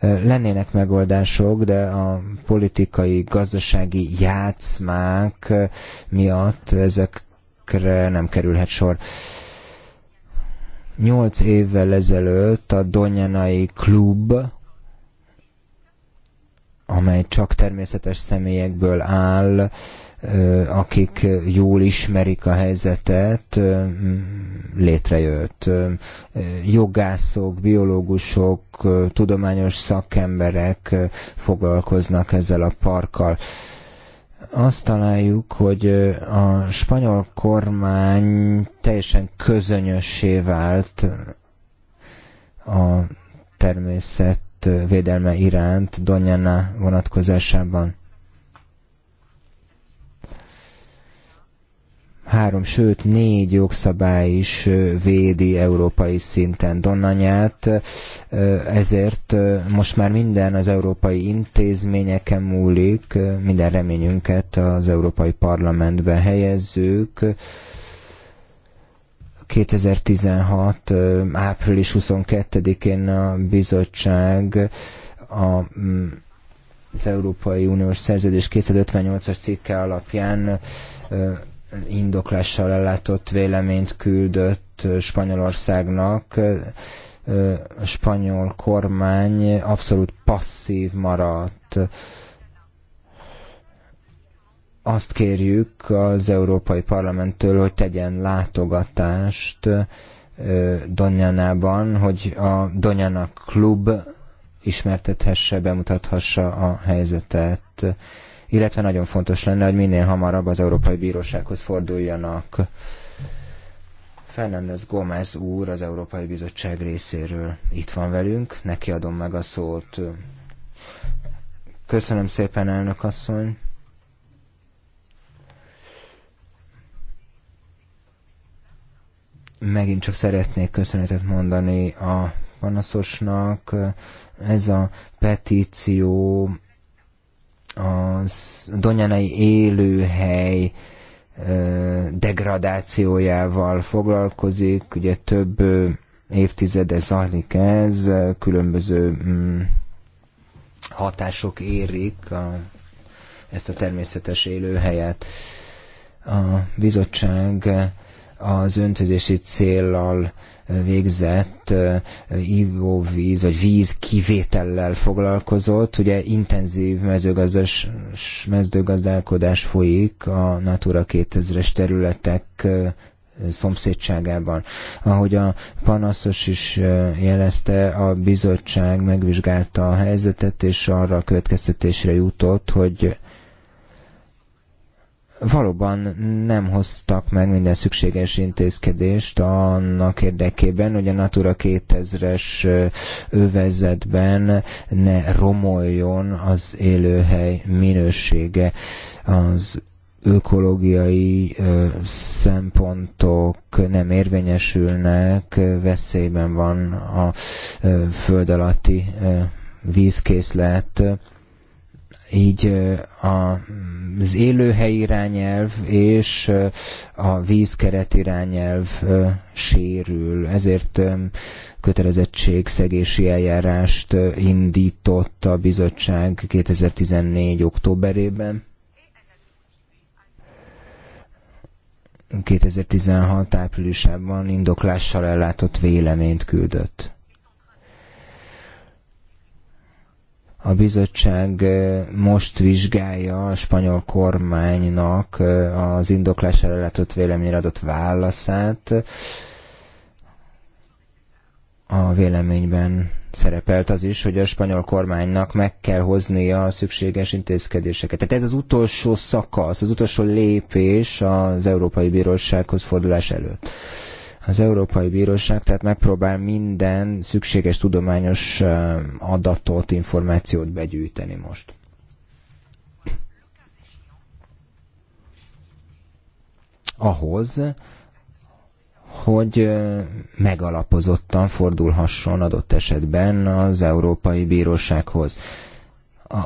lennének megoldások, de a politikai, gazdasági játszmák miatt ezekre nem kerülhet sor. Nyolc évvel ezelőtt a Donyanai Klub, amely csak természetes személyekből áll, akik jól ismerik a helyzetet, létrejött. Jogászok, biológusok, tudományos szakemberek foglalkoznak ezzel a parkkal azt találjuk, hogy a spanyol kormány teljesen közönössé vált a természet védelme iránt Donyana vonatkozásában. három, sőt négy jogszabály is védi európai szinten Donanyát, ezért most már minden az európai intézményeken múlik, minden reményünket az Európai Parlamentbe helyezzük. 2016. április 22-én a bizottság a mm, az Európai Uniós Szerződés 258-as cikke alapján indoklással ellátott véleményt küldött Spanyolországnak, a spanyol kormány abszolút passzív maradt. Azt kérjük az Európai Parlamenttől, hogy tegyen látogatást Donyanában, hogy a Donyana Klub ismertethesse, bemutathassa a helyzetet illetve nagyon fontos lenne, hogy minél hamarabb az Európai Bírósághoz forduljanak. Fernández Gómez úr az Európai Bizottság részéről itt van velünk, neki adom meg a szót. Köszönöm szépen, elnök asszony. Megint csak szeretnék köszönetet mondani a panaszosnak. Ez a petíció az Donyanai élőhely degradációjával foglalkozik, ugye több évtizede zajlik ez, különböző mm, hatások érik a, ezt a természetes élőhelyet. A bizottság az öntözési céllal végzett eh, ivóvíz vagy víz kivétellel foglalkozott. Ugye intenzív mezőgazdálkodás folyik a Natura 2000-es területek eh, szomszédságában. Ahogy a panaszos is eh, jelezte, a bizottság megvizsgálta a helyzetet, és arra a következtetésre jutott, hogy valóban nem hoztak meg minden szükséges intézkedést annak érdekében, hogy a Natura 2000-es övezetben ne romoljon az élőhely minősége. Az ökológiai szempontok nem érvényesülnek, veszélyben van a föld alatti vízkészlet, így az élőhely irányelv és a vízkeret irányelv sérül. Ezért kötelezettségszegési eljárást indított a bizottság 2014. októberében. 2016. áprilisában indoklással ellátott véleményt küldött. A bizottság most vizsgálja a spanyol kormánynak az indoklására látott véleményre adott válaszát. A véleményben szerepelt az is, hogy a spanyol kormánynak meg kell hoznia a szükséges intézkedéseket. Tehát ez az utolsó szakasz, az utolsó lépés az Európai Bírósághoz fordulás előtt. Az Európai Bíróság tehát megpróbál minden szükséges tudományos eh, adatot, információt begyűjteni most. Ahhoz, hogy eh, megalapozottan fordulhasson adott esetben az Európai Bírósághoz. A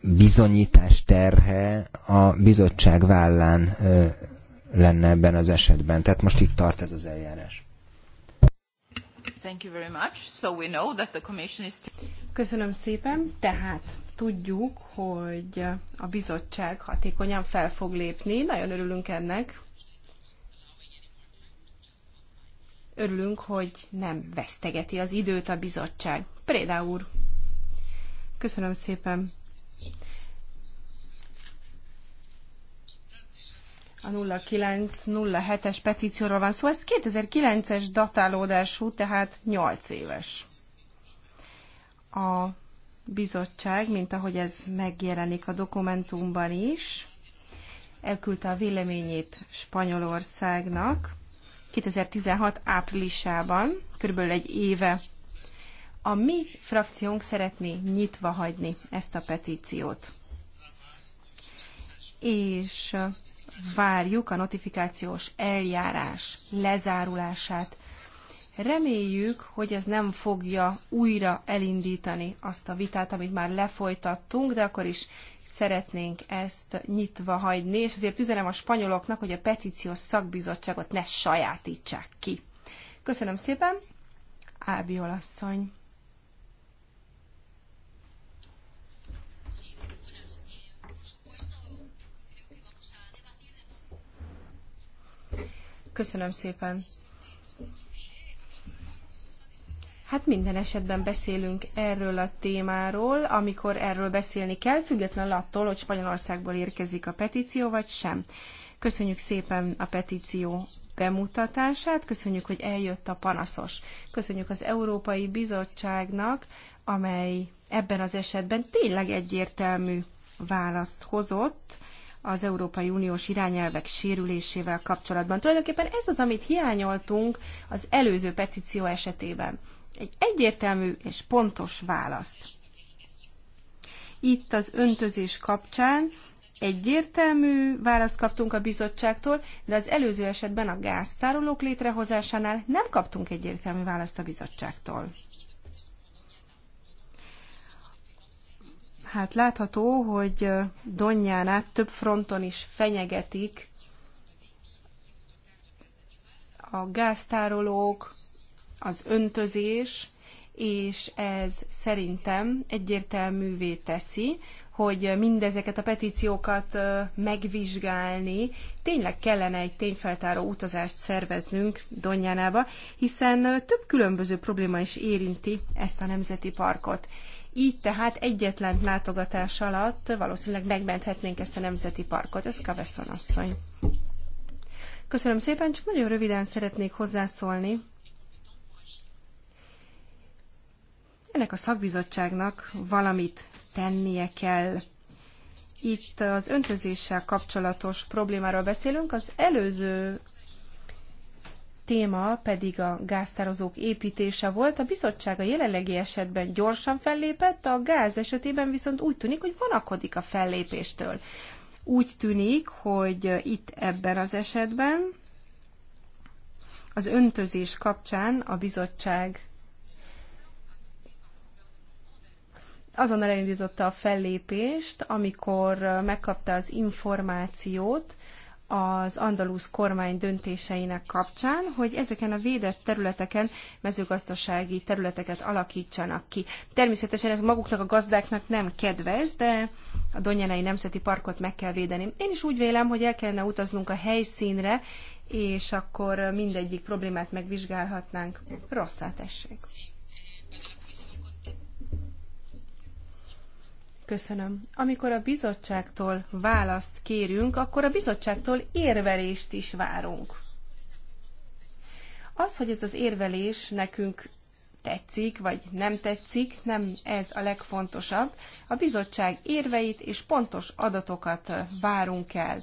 bizonyítás terhe a bizottság vállán eh, lenne ebben az esetben. Tehát most itt tart ez az eljárás. Köszönöm szépen. Tehát tudjuk, hogy a bizottság hatékonyan fel fog lépni. Nagyon örülünk ennek. Örülünk, hogy nem vesztegeti az időt a bizottság. Préda úr. Köszönöm szépen. A 0907-es petícióról van szó, szóval ez 2009-es datálódású, tehát 8 éves. A bizottság, mint ahogy ez megjelenik a dokumentumban is, elküldte a véleményét Spanyolországnak 2016 áprilisában, kb. egy éve. A mi frakciónk szeretné nyitva hagyni ezt a petíciót. És várjuk a notifikációs eljárás lezárulását. Reméljük, hogy ez nem fogja újra elindítani azt a vitát, amit már lefolytattunk, de akkor is szeretnénk ezt nyitva hagyni, és azért üzenem a spanyoloknak, hogy a petíciós szakbizottságot ne sajátítsák ki. Köszönöm szépen, Ábi olaszony! Köszönöm szépen. Hát minden esetben beszélünk erről a témáról, amikor erről beszélni kell, függetlenül attól, hogy Spanyolországból érkezik a petíció, vagy sem. Köszönjük szépen a petíció bemutatását, köszönjük, hogy eljött a panaszos. Köszönjük az Európai Bizottságnak, amely ebben az esetben tényleg egyértelmű választ hozott az Európai Uniós irányelvek sérülésével kapcsolatban. Tulajdonképpen ez az, amit hiányoltunk az előző petíció esetében. Egy egyértelmű és pontos választ. Itt az öntözés kapcsán egyértelmű választ kaptunk a bizottságtól, de az előző esetben a gáztárolók létrehozásánál nem kaptunk egyértelmű választ a bizottságtól. Hát látható, hogy Donjánát több fronton is fenyegetik a gáztárolók, az öntözés, és ez szerintem egyértelművé teszi, hogy mindezeket a petíciókat megvizsgálni, tényleg kellene egy tényfeltáró utazást szerveznünk Donjánába, hiszen több különböző probléma is érinti ezt a nemzeti parkot. Így tehát egyetlen látogatás alatt valószínűleg megmenthetnénk ezt a nemzeti parkot. Ez Kaveszon asszony. Köszönöm szépen, csak nagyon röviden szeretnék hozzászólni. Ennek a szakbizottságnak valamit tennie kell. Itt az öntözéssel kapcsolatos problémáról beszélünk. Az előző téma pedig a gáztározók építése volt. A bizottság a jelenlegi esetben gyorsan fellépett, a gáz esetében viszont úgy tűnik, hogy vonakodik a fellépéstől. Úgy tűnik, hogy itt ebben az esetben az öntözés kapcsán a bizottság azonnal elindította a fellépést, amikor megkapta az információt, az andalusz kormány döntéseinek kapcsán, hogy ezeken a védett területeken mezőgazdasági területeket alakítsanak ki. Természetesen ez maguknak a gazdáknak nem kedvez, de a Donyanei Nemzeti Parkot meg kell védeni. Én is úgy vélem, hogy el kellene utaznunk a helyszínre, és akkor mindegyik problémát megvizsgálhatnánk. Rosszá tessék. Köszönöm. Amikor a bizottságtól választ kérünk, akkor a bizottságtól érvelést is várunk. Az, hogy ez az érvelés nekünk tetszik, vagy nem tetszik, nem ez a legfontosabb. A bizottság érveit és pontos adatokat várunk el.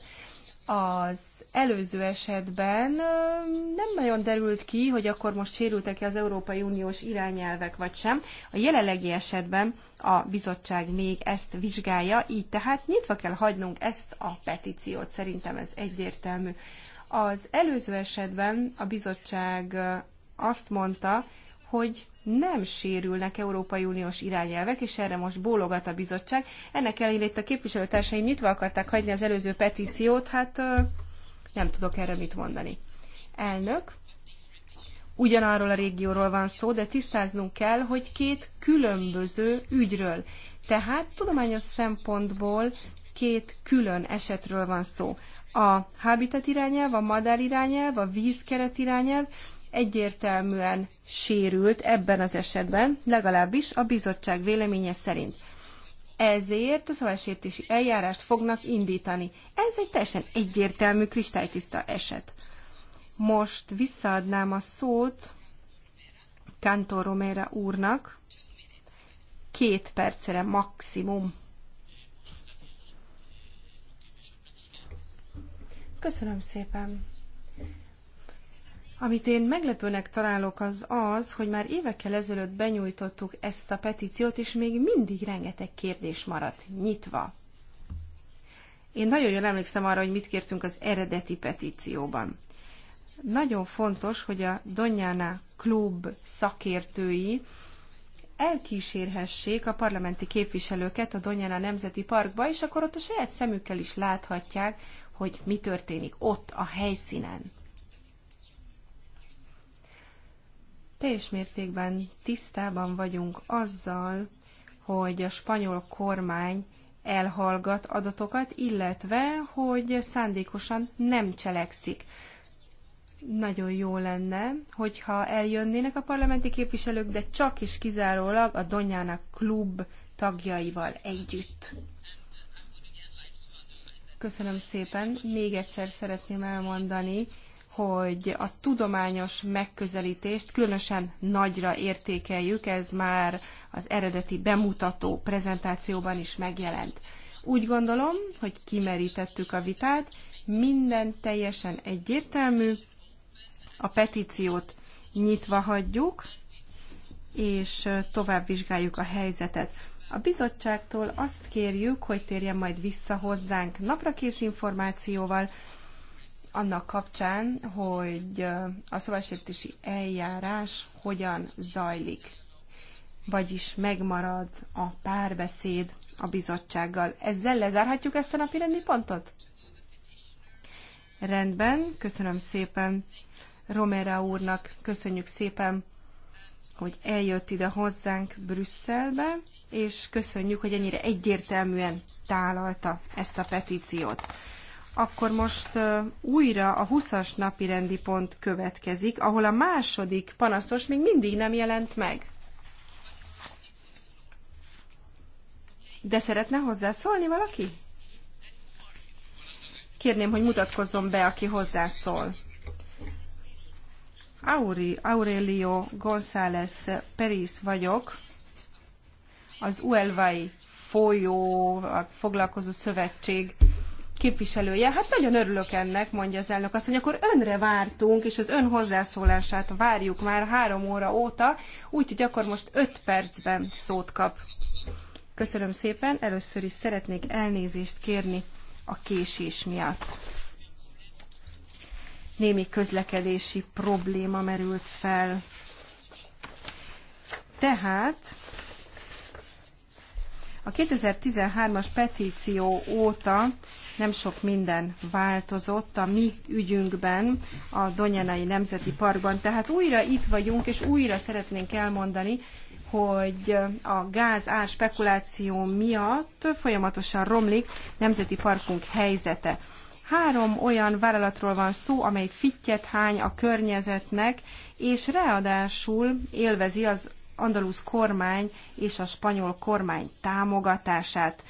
Az előző esetben nem nagyon derült ki, hogy akkor most sérültek-e az Európai Uniós irányelvek vagy sem. A jelenlegi esetben a bizottság még ezt vizsgálja, így tehát nyitva kell hagynunk ezt a petíciót. Szerintem ez egyértelmű. Az előző esetben a bizottság azt mondta, hogy nem sérülnek Európai Uniós irányelvek, és erre most bólogat a bizottság. Ennek ellenére itt a képviselőtársaim nyitva akarták hagyni az előző petíciót, hát nem tudok erre mit mondani. Elnök, ugyanarról a régióról van szó, de tisztáznunk kell, hogy két különböző ügyről. Tehát tudományos szempontból két külön esetről van szó. A habitat irányelv, a madár irányelv, a vízkeret irányelv, egyértelműen sérült ebben az esetben, legalábbis a bizottság véleménye szerint. Ezért a szabálysértési eljárást fognak indítani. Ez egy teljesen egyértelmű, kristálytiszta eset. Most visszaadnám a szót Kantor Romera úrnak. Két percre maximum. Köszönöm szépen. Amit én meglepőnek találok az az, hogy már évekkel ezelőtt benyújtottuk ezt a petíciót, és még mindig rengeteg kérdés maradt nyitva. Én nagyon jól emlékszem arra, hogy mit kértünk az eredeti petícióban. Nagyon fontos, hogy a Donyána klub szakértői elkísérhessék a parlamenti képviselőket a Donyána Nemzeti Parkba, és akkor ott a saját szemükkel is láthatják, hogy mi történik ott a helyszínen. teljes mértékben tisztában vagyunk azzal, hogy a spanyol kormány elhallgat adatokat, illetve hogy szándékosan nem cselekszik. Nagyon jó lenne, hogyha eljönnének a parlamenti képviselők, de csak is kizárólag a Donyának klub tagjaival együtt. Köszönöm szépen. Még egyszer szeretném elmondani, hogy a tudományos megközelítést különösen nagyra értékeljük, ez már az eredeti bemutató prezentációban is megjelent. Úgy gondolom, hogy kimerítettük a vitát, minden teljesen egyértelmű, a petíciót nyitva hagyjuk, és tovább vizsgáljuk a helyzetet. A bizottságtól azt kérjük, hogy térjen majd vissza hozzánk naprakész információval, annak kapcsán, hogy a szabálysértési eljárás hogyan zajlik, vagyis megmarad a párbeszéd a bizottsággal. Ezzel lezárhatjuk ezt a napi rendi pontot? Rendben, köszönöm szépen Romera úrnak, köszönjük szépen, hogy eljött ide hozzánk Brüsszelbe, és köszönjük, hogy ennyire egyértelműen tálalta ezt a petíciót akkor most újra a 20-as napi rendi pont következik, ahol a második panaszos még mindig nem jelent meg. De szeretne hozzászólni valaki? Kérném, hogy mutatkozzon be, aki hozzászól. Auri, Aurelio González Peris vagyok, az Uelvai folyó foglalkozó szövetség képviselője. Hát nagyon örülök ennek, mondja az elnök azt, mondja, akkor önre vártunk, és az ön hozzászólását várjuk már három óra óta, úgyhogy akkor most öt percben szót kap. Köszönöm szépen, először is szeretnék elnézést kérni a késés miatt. Némi közlekedési probléma merült fel. Tehát a 2013-as petíció óta nem sok minden változott a mi ügyünkben a Donyanai Nemzeti Parkban. Tehát újra itt vagyunk, és újra szeretnénk elmondani, hogy a gáz ár spekuláció miatt folyamatosan romlik nemzeti parkunk helyzete. Három olyan vállalatról van szó, amely fittyet hány a környezetnek, és ráadásul élvezi az andalusz kormány és a spanyol kormány támogatását.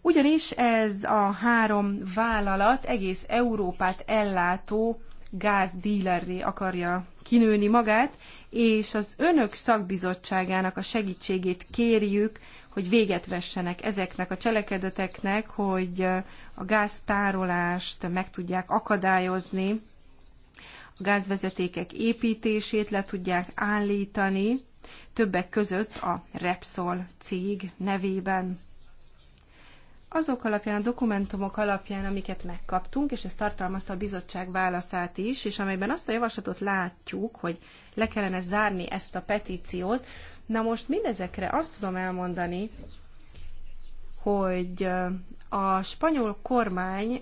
Ugyanis ez a három vállalat egész Európát ellátó gázdílerré akarja kinőni magát, és az önök szakbizottságának a segítségét kérjük, hogy véget vessenek ezeknek a cselekedeteknek, hogy a gáztárolást meg tudják akadályozni, gázvezetékek építését le tudják állítani, többek között a Repsol cég nevében. Azok alapján, a dokumentumok alapján, amiket megkaptunk, és ez tartalmazta a bizottság válaszát is, és amelyben azt a javaslatot látjuk, hogy le kellene zárni ezt a petíciót, na most mindezekre azt tudom elmondani, hogy a spanyol kormány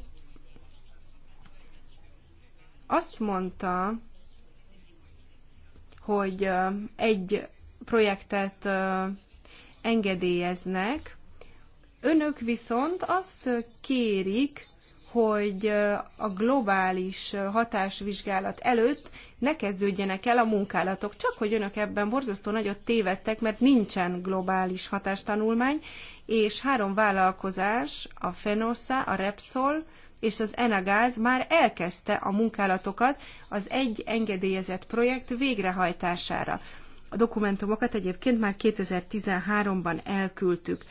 azt mondta, hogy egy projektet engedélyeznek, önök viszont azt kérik, hogy a globális hatásvizsgálat előtt ne kezdődjenek el a munkálatok. Csak hogy önök ebben borzasztó nagyot tévedtek, mert nincsen globális hatástanulmány, és három vállalkozás, a Fenosa, a Repsol, és az Enagáz már elkezdte a munkálatokat az egy engedélyezett projekt végrehajtására. A dokumentumokat egyébként már 2013-ban elküldtük.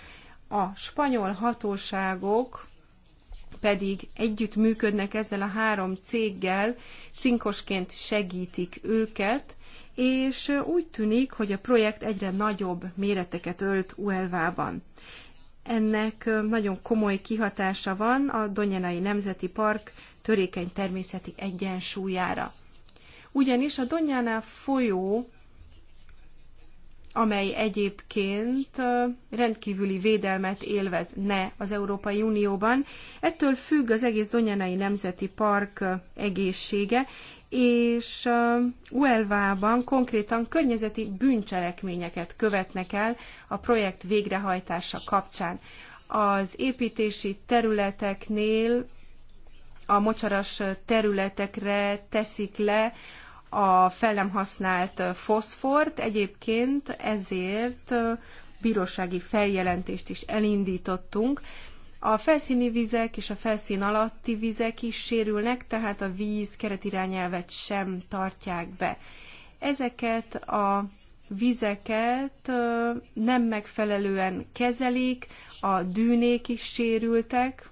A spanyol hatóságok pedig együttműködnek ezzel a három céggel, cinkosként segítik őket, és úgy tűnik, hogy a projekt egyre nagyobb méreteket ölt Uelvában. Ennek nagyon komoly kihatása van a Donyenai Nemzeti Park törékeny természeti egyensúlyára. Ugyanis a Donyánál folyó, amely egyébként rendkívüli védelmet élvez ne az Európai Unióban, ettől függ az egész Donyanai Nemzeti Park egészsége, és Uelvában konkrétan környezeti bűncselekményeket követnek el a projekt végrehajtása kapcsán. Az építési területeknél a mocsaras területekre teszik le a fel nem használt foszfort. Egyébként ezért bírósági feljelentést is elindítottunk, a felszíni vizek és a felszín alatti vizek is sérülnek, tehát a víz keretirányelvet sem tartják be. Ezeket a vizeket nem megfelelően kezelik, a dűnék is sérültek,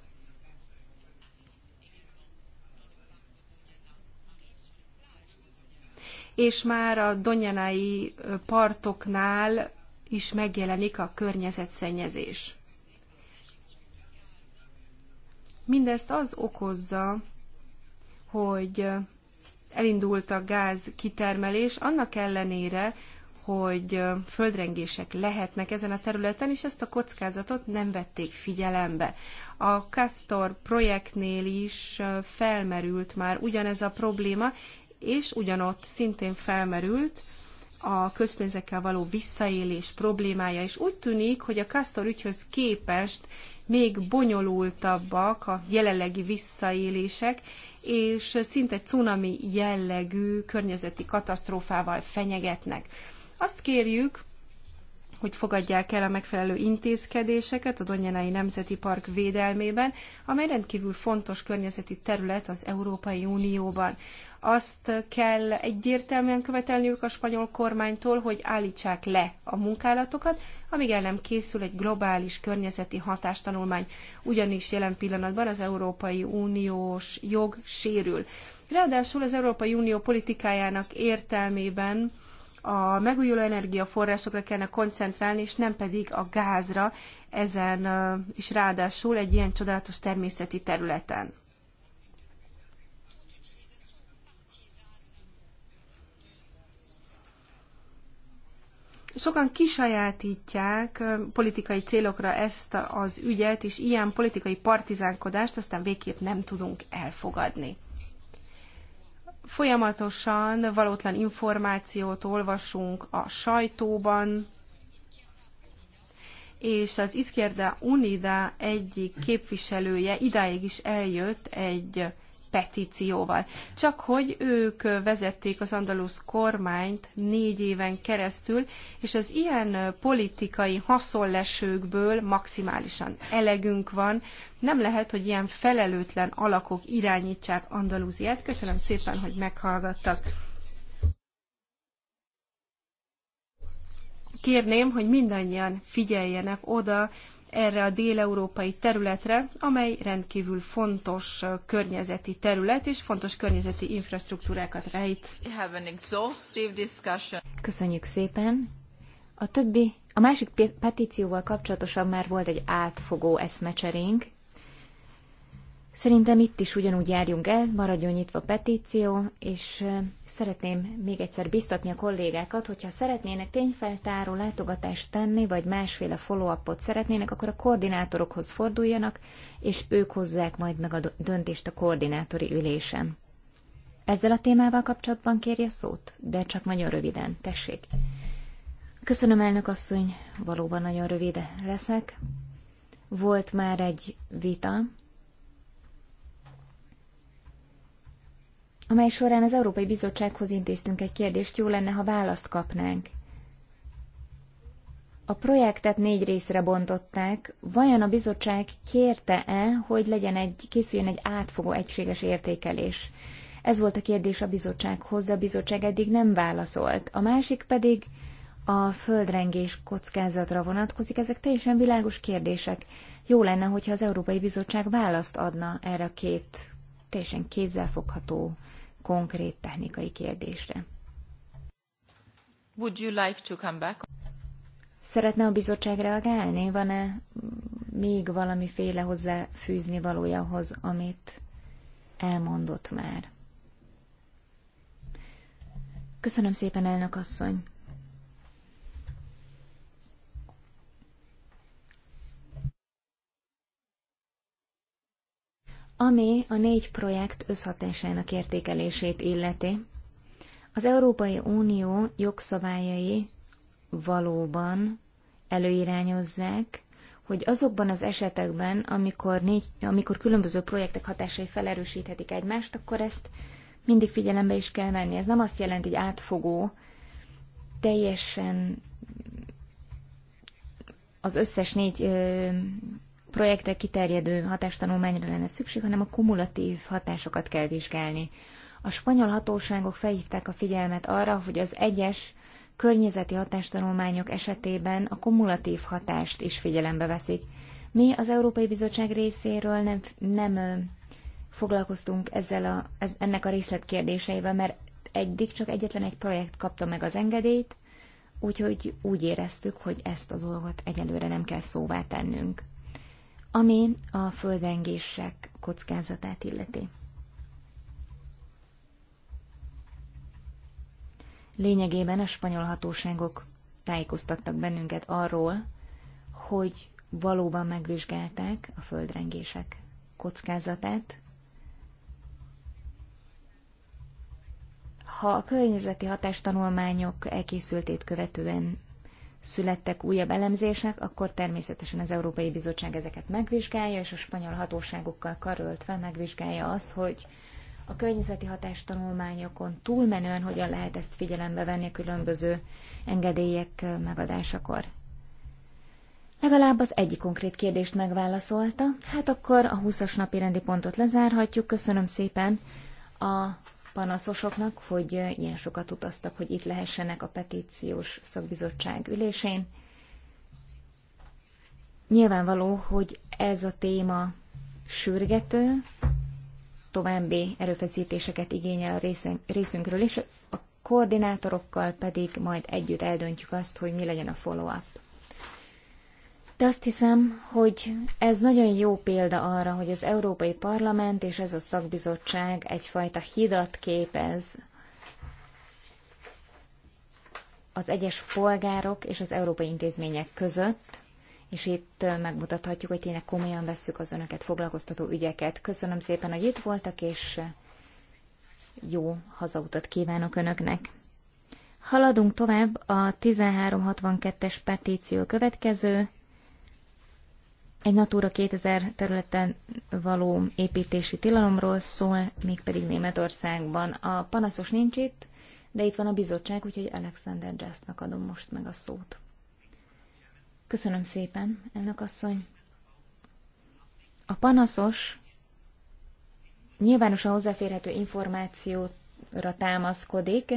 és már a donyanai partoknál is megjelenik a környezetszennyezés. Mindezt az okozza, hogy elindult a gáz kitermelés, annak ellenére, hogy földrengések lehetnek ezen a területen, és ezt a kockázatot nem vették figyelembe. A Castor projektnél is felmerült már ugyanez a probléma, és ugyanott szintén felmerült a közpénzekkel való visszaélés problémája, és úgy tűnik, hogy a Castor ügyhöz képest még bonyolultabbak a jelenlegi visszaélések, és szinte cunami jellegű környezeti katasztrófával fenyegetnek. Azt kérjük, hogy fogadják el a megfelelő intézkedéseket a Donyanai Nemzeti Park védelmében, amely rendkívül fontos környezeti terület az Európai Unióban. Azt kell egyértelműen követelniük a spanyol kormánytól, hogy állítsák le a munkálatokat, amíg el nem készül egy globális környezeti hatástanulmány, ugyanis jelen pillanatban az Európai Uniós jog sérül. Ráadásul az Európai Unió politikájának értelmében a megújuló energiaforrásokra kellene koncentrálni, és nem pedig a gázra, ezen is ráadásul egy ilyen csodálatos természeti területen. sokan kisajátítják politikai célokra ezt az ügyet, és ilyen politikai partizánkodást aztán végképp nem tudunk elfogadni folyamatosan valótlan információt olvasunk a sajtóban, és az Izquierda Unida egyik képviselője idáig is eljött egy petícióval. Csak hogy ők vezették az andalusz kormányt négy éven keresztül, és az ilyen politikai haszonlesőkből maximálisan elegünk van. Nem lehet, hogy ilyen felelőtlen alakok irányítsák Andalúziát. Köszönöm szépen, hogy meghallgattak. Kérném, hogy mindannyian figyeljenek oda erre a déleurópai területre, amely rendkívül fontos környezeti terület és fontos környezeti infrastruktúrákat rejt. Köszönjük szépen! A többi, a másik petícióval kapcsolatosan már volt egy átfogó eszmecserénk, Szerintem itt is ugyanúgy járjunk el, maradjon nyitva a petíció, és szeretném még egyszer biztatni a kollégákat, hogyha szeretnének tényfeltáró látogatást tenni, vagy másféle follow-upot szeretnének, akkor a koordinátorokhoz forduljanak, és ők hozzák majd meg a döntést a koordinátori ülésen. Ezzel a témával kapcsolatban kérje szót, de csak nagyon röviden, tessék. Köszönöm, elnök asszony, valóban nagyon rövid leszek. Volt már egy vita, amely során az Európai Bizottsághoz intéztünk egy kérdést, jó lenne, ha választ kapnánk. A projektet négy részre bontották. Vajon a bizottság kérte-e, hogy legyen egy, készüljön egy átfogó egységes értékelés? Ez volt a kérdés a bizottsághoz, de a bizottság eddig nem válaszolt. A másik pedig a földrengés kockázatra vonatkozik. Ezek teljesen világos kérdések. Jó lenne, hogyha az Európai Bizottság választ adna erre a két teljesen kézzelfogható konkrét technikai kérdésre. Would you like to come back? Szeretne a bizottság reagálni? Van-e még valamiféle hozzáfűzni valójahoz, amit elmondott már? Köszönöm szépen, elnök asszony! ami a négy projekt összhatásának értékelését illeti. Az Európai Unió jogszabályai valóban előirányozzák, hogy azokban az esetekben, amikor, négy, amikor különböző projektek hatásai felerősíthetik egymást, akkor ezt mindig figyelembe is kell venni. Ez nem azt jelenti, hogy átfogó, teljesen az összes négy projektre kiterjedő hatástanulmányra lenne szükség, hanem a kumulatív hatásokat kell vizsgálni. A spanyol hatóságok felhívták a figyelmet arra, hogy az egyes környezeti hatástanulmányok esetében a kumulatív hatást is figyelembe veszik. Mi az Európai Bizottság részéről nem, nem foglalkoztunk ezzel a, ez, ennek a részletkérdéseivel, mert eddig csak egyetlen egy projekt kapta meg az engedélyt, úgyhogy úgy éreztük, hogy ezt a dolgot egyelőre nem kell szóvá tennünk ami a földrengések kockázatát illeti. Lényegében a spanyol hatóságok tájékoztattak bennünket arról, hogy valóban megvizsgálták a földrengések kockázatát. Ha a környezeti hatástanulmányok elkészültét követően születtek újabb elemzések, akkor természetesen az Európai Bizottság ezeket megvizsgálja, és a spanyol hatóságokkal karöltve megvizsgálja azt, hogy a környezeti hatástanulmányokon túlmenően hogyan lehet ezt figyelembe venni a különböző engedélyek megadásakor. Legalább az egyik konkrét kérdést megválaszolta. Hát akkor a 20-as napi rendi pontot lezárhatjuk. Köszönöm szépen a panaszosoknak, hogy ilyen sokat utaztak, hogy itt lehessenek a petíciós szakbizottság ülésén. Nyilvánvaló, hogy ez a téma sürgető, további erőfeszítéseket igényel a részünkről, és a koordinátorokkal pedig majd együtt eldöntjük azt, hogy mi legyen a follow-up. De azt hiszem, hogy ez nagyon jó példa arra, hogy az Európai Parlament és ez a szakbizottság egyfajta hidat képez az egyes polgárok és az európai intézmények között, és itt megmutathatjuk, hogy tényleg komolyan veszük az önöket foglalkoztató ügyeket. Köszönöm szépen, hogy itt voltak, és jó hazautat kívánok önöknek. Haladunk tovább a 1362-es petíció következő egy Natura 2000 területen való építési tilalomról szól, mégpedig Németországban. A panaszos nincs itt, de itt van a bizottság, úgyhogy Alexander Jastnak adom most meg a szót. Köszönöm szépen, elnök asszony. A panaszos nyilvánosan hozzáférhető információra támaszkodik,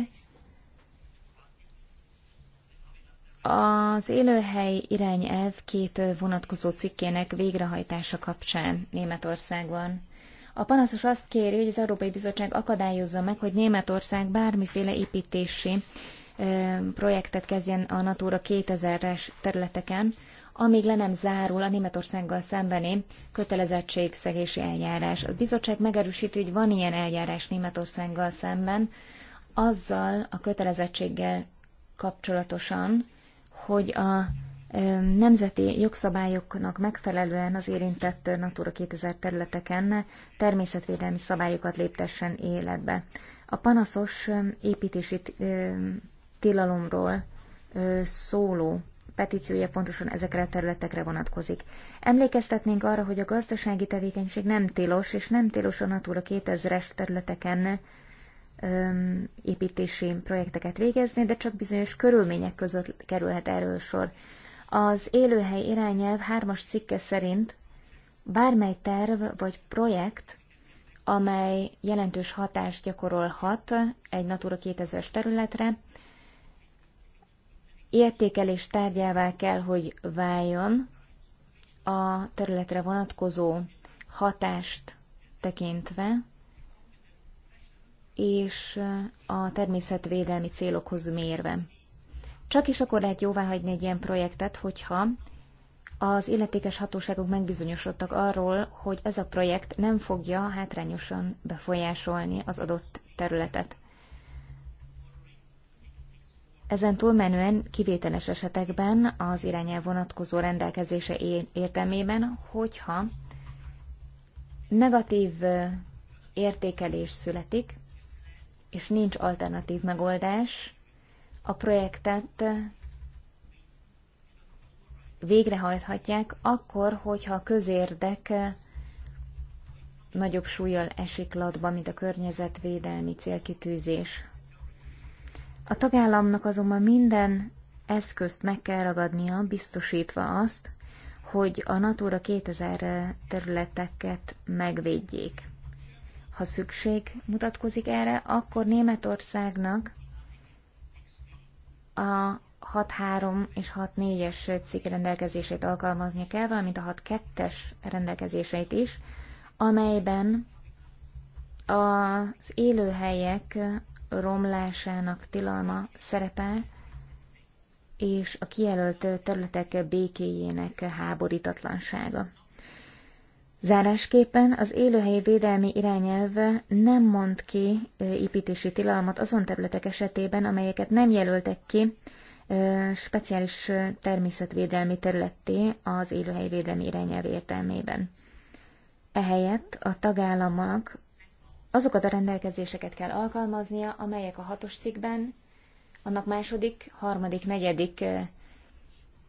Az élőhely irányelv két vonatkozó cikkének végrehajtása kapcsán Németországban. A panaszos azt kéri, hogy az Európai Bizottság akadályozza meg, hogy Németország bármiféle építési projektet kezdjen a Natura 2000-es területeken, amíg le nem zárul a Németországgal szembeni kötelezettségszegési eljárás. A bizottság megerősíti, hogy van ilyen eljárás Németországgal szemben, azzal a kötelezettséggel kapcsolatosan, hogy a nemzeti jogszabályoknak megfelelően az érintett Natura 2000 területeken természetvédelmi szabályokat léptessen életbe. A panaszos építési tilalomról szóló petíciója pontosan ezekre a területekre vonatkozik. Emlékeztetnénk arra, hogy a gazdasági tevékenység nem tilos, és nem tilos a Natura 2000-es területeken építési projekteket végezni, de csak bizonyos körülmények között kerülhet erről sor. Az élőhely irányelv hármas cikke szerint bármely terv vagy projekt, amely jelentős hatást gyakorolhat egy Natura 2000-es területre, értékelés tárgyává kell, hogy váljon a területre vonatkozó hatást tekintve, és a természetvédelmi célokhoz mérve. Csak is akkor lehet jóvá hagyni egy ilyen projektet, hogyha az illetékes hatóságok megbizonyosodtak arról, hogy ez a projekt nem fogja hátrányosan befolyásolni az adott területet. Ezen túlmenően kivételes esetekben az irányel vonatkozó rendelkezése értelmében, hogyha negatív értékelés születik, és nincs alternatív megoldás, a projektet végrehajthatják akkor, hogyha a közérdek nagyobb súlyjal esik latba, mint a környezetvédelmi célkitűzés. A tagállamnak azonban minden eszközt meg kell ragadnia, biztosítva azt, hogy a Natura 2000 területeket megvédjék. Ha szükség mutatkozik erre, akkor Németországnak a 6.3 és 6.4-es cikk rendelkezését alkalmaznia kell, valamint a 6.2-es rendelkezéseit is, amelyben az élőhelyek romlásának tilalma szerepel, és a kijelölt területek békéjének háborítatlansága. Zárásképpen az élőhelyi védelmi irányelve nem mond ki építési tilalmat azon területek esetében, amelyeket nem jelöltek ki speciális természetvédelmi területté az élőhelyi védelmi irányelv értelmében. Ehelyett a tagállamnak azokat a rendelkezéseket kell alkalmaznia, amelyek a hatos cikkben, annak második, harmadik, negyedik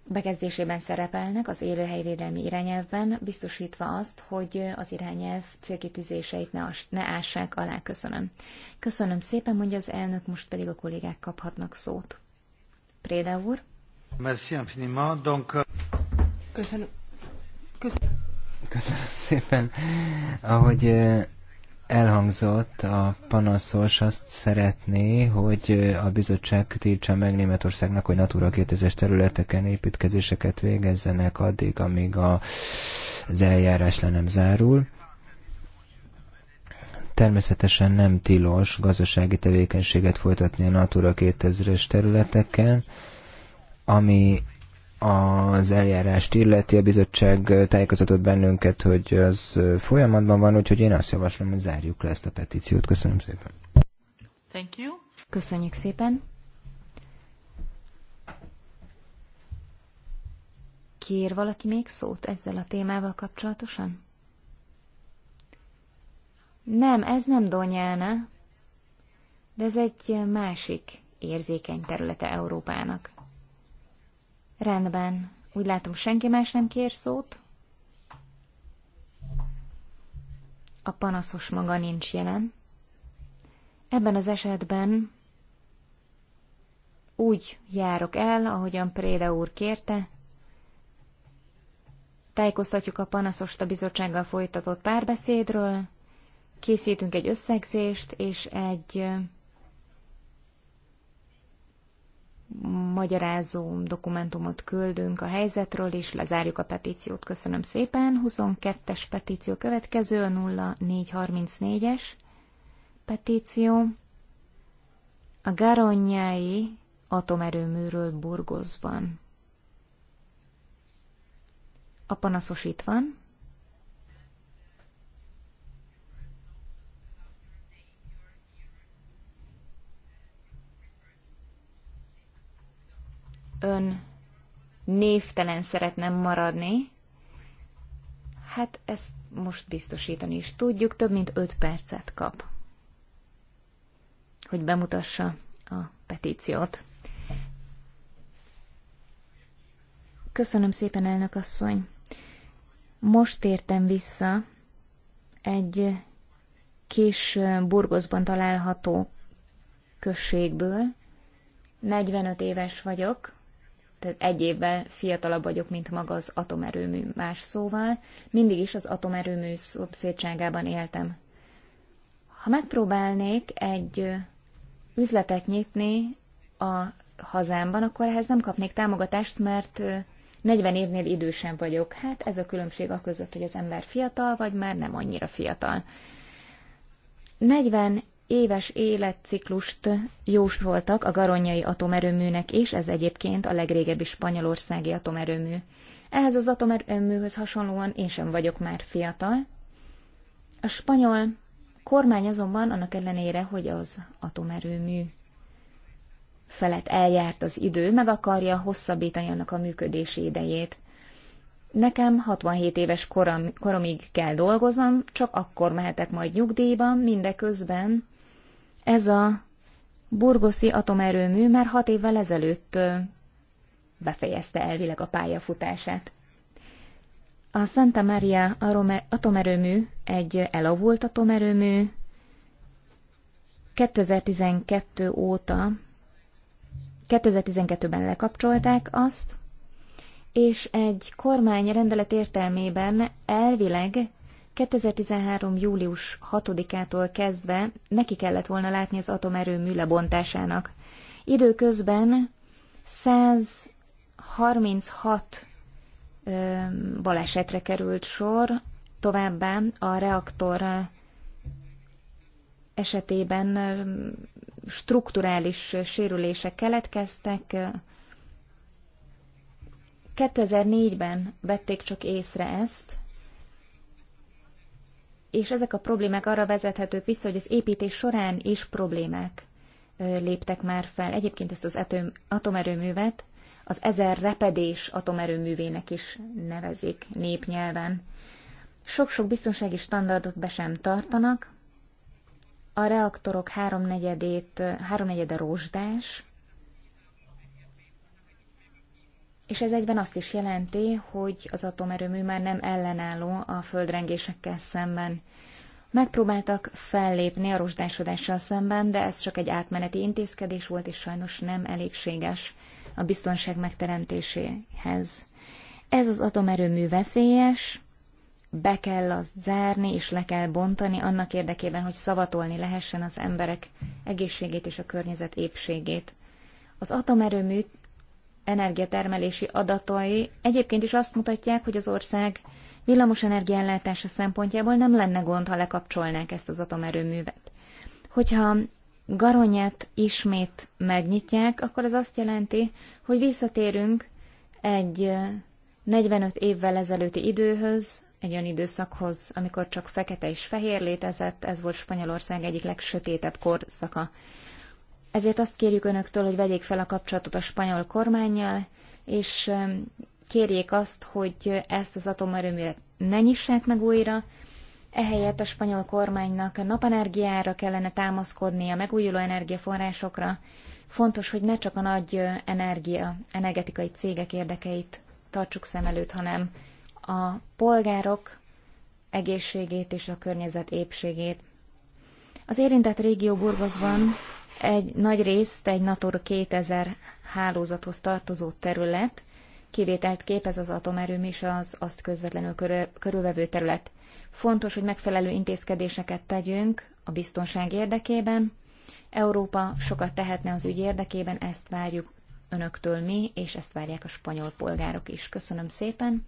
bekezdésében szerepelnek az élőhelyvédelmi irányelvben, biztosítva azt, hogy az irányelv célkitűzéseit ne, ne ássák alá. Köszönöm. Köszönöm szépen, mondja az elnök, most pedig a kollégák kaphatnak szót. Préda úr. Merci infiniment. Donc... Köszönöm. Euh, Köszönöm. Köszönöm szépen, ahogy elhangzott, a panaszos azt szeretné, hogy a bizottság tiltsa meg Németországnak, hogy Natura 2000-es területeken építkezéseket végezzenek addig, amíg a, az eljárás le nem zárul. Természetesen nem tilos gazdasági tevékenységet folytatni a Natura 2000-es területeken, ami az eljárást illeti, a bizottság tájékozatot bennünket, hogy az folyamatban van, úgyhogy én azt javaslom, hogy zárjuk le ezt a petíciót. Köszönöm szépen. Thank you. Köszönjük szépen. Kér valaki még szót ezzel a témával kapcsolatosan? Nem, ez nem Donyána, de ez egy másik érzékeny területe Európának. Rendben. Úgy látom, senki más nem kér szót. A panaszos maga nincs jelen. Ebben az esetben úgy járok el, ahogyan Préda úr kérte. Tájékoztatjuk a panaszost a bizottsággal folytatott párbeszédről, készítünk egy összegzést és egy magyarázó dokumentumot küldünk a helyzetről, és lezárjuk a petíciót. Köszönöm szépen. 22-es petíció következő, a 0434-es petíció. A Garonyai atomerőműről Burgosban. A panaszos itt van. ön névtelen szeretne maradni, hát ezt most biztosítani is tudjuk, több mint öt percet kap, hogy bemutassa a petíciót. Köszönöm szépen, elnök asszony. Most értem vissza egy kis burgoszban található községből. 45 éves vagyok, tehát egy évvel fiatalabb vagyok, mint maga az atomerőmű más szóval, mindig is az atomerőmű szomszédságában éltem. Ha megpróbálnék egy üzletet nyitni a hazámban, akkor ehhez nem kapnék támogatást, mert 40 évnél idősebb vagyok. Hát ez a különbség a között, hogy az ember fiatal, vagy már nem annyira fiatal. 40 éves életciklust jósoltak a garonyai atomerőműnek, és ez egyébként a legrégebbi spanyolországi atomerőmű. Ehhez az atomerőműhöz hasonlóan én sem vagyok már fiatal. A spanyol kormány azonban annak ellenére, hogy az atomerőmű felett eljárt az idő, meg akarja hosszabbítani annak a működési idejét. Nekem 67 éves korom, koromig kell dolgozom, csak akkor mehetek majd nyugdíjba, mindeközben ez a burgoszi atomerőmű már hat évvel ezelőtt befejezte elvileg a pályafutását. A Santa Maria atomerőmű egy elavult atomerőmű, 2012 óta, 2012-ben lekapcsolták azt, és egy kormány rendelet értelmében elvileg 2013. július 6-ától kezdve neki kellett volna látni az atomerőmű lebontásának. Időközben 136 ö, balesetre került sor, továbbá a reaktor esetében strukturális sérülések keletkeztek. 2004-ben vették csak észre ezt, és ezek a problémák arra vezethetők vissza, hogy az építés során is problémák léptek már fel. Egyébként ezt az atom, atomerőművet az ezer repedés atomerőművének is nevezik népnyelven. Sok-sok biztonsági standardot be sem tartanak, a reaktorok háromnegyedét, háromnegyede rózsdás, és ez egyben azt is jelenti, hogy az atomerőmű már nem ellenálló a földrengésekkel szemben. Megpróbáltak fellépni a rozsdásodással szemben, de ez csak egy átmeneti intézkedés volt, és sajnos nem elégséges a biztonság megteremtéséhez. Ez az atomerőmű veszélyes, be kell azt zárni és le kell bontani annak érdekében, hogy szavatolni lehessen az emberek egészségét és a környezet épségét. Az atomerőműt energiatermelési adatai egyébként is azt mutatják, hogy az ország villamos energiállátása szempontjából nem lenne gond, ha lekapcsolnák ezt az atomerőművet. Hogyha garonyát ismét megnyitják, akkor az azt jelenti, hogy visszatérünk egy 45 évvel ezelőtti időhöz, egy olyan időszakhoz, amikor csak fekete és fehér létezett, ez volt Spanyolország egyik legsötétebb korszaka. Ezért azt kérjük önöktől, hogy vegyék fel a kapcsolatot a spanyol kormányjal, és kérjék azt, hogy ezt az atomerőművet ne nyissák meg újra, ehelyett a spanyol kormánynak napenergiára kellene támaszkodni a megújuló energiaforrásokra. Fontos, hogy ne csak a nagy energia, energetikai cégek érdekeit tartsuk szem előtt, hanem a polgárok egészségét és a környezet épségét. Az érintett régió Burgoszban egy nagy részt egy Natura 2000 hálózathoz tartozó terület, kivételt képez az atomerőm és az azt közvetlenül körülvevő terület. Fontos, hogy megfelelő intézkedéseket tegyünk a biztonság érdekében. Európa sokat tehetne az ügy érdekében, ezt várjuk önöktől mi, és ezt várják a spanyol polgárok is. Köszönöm szépen.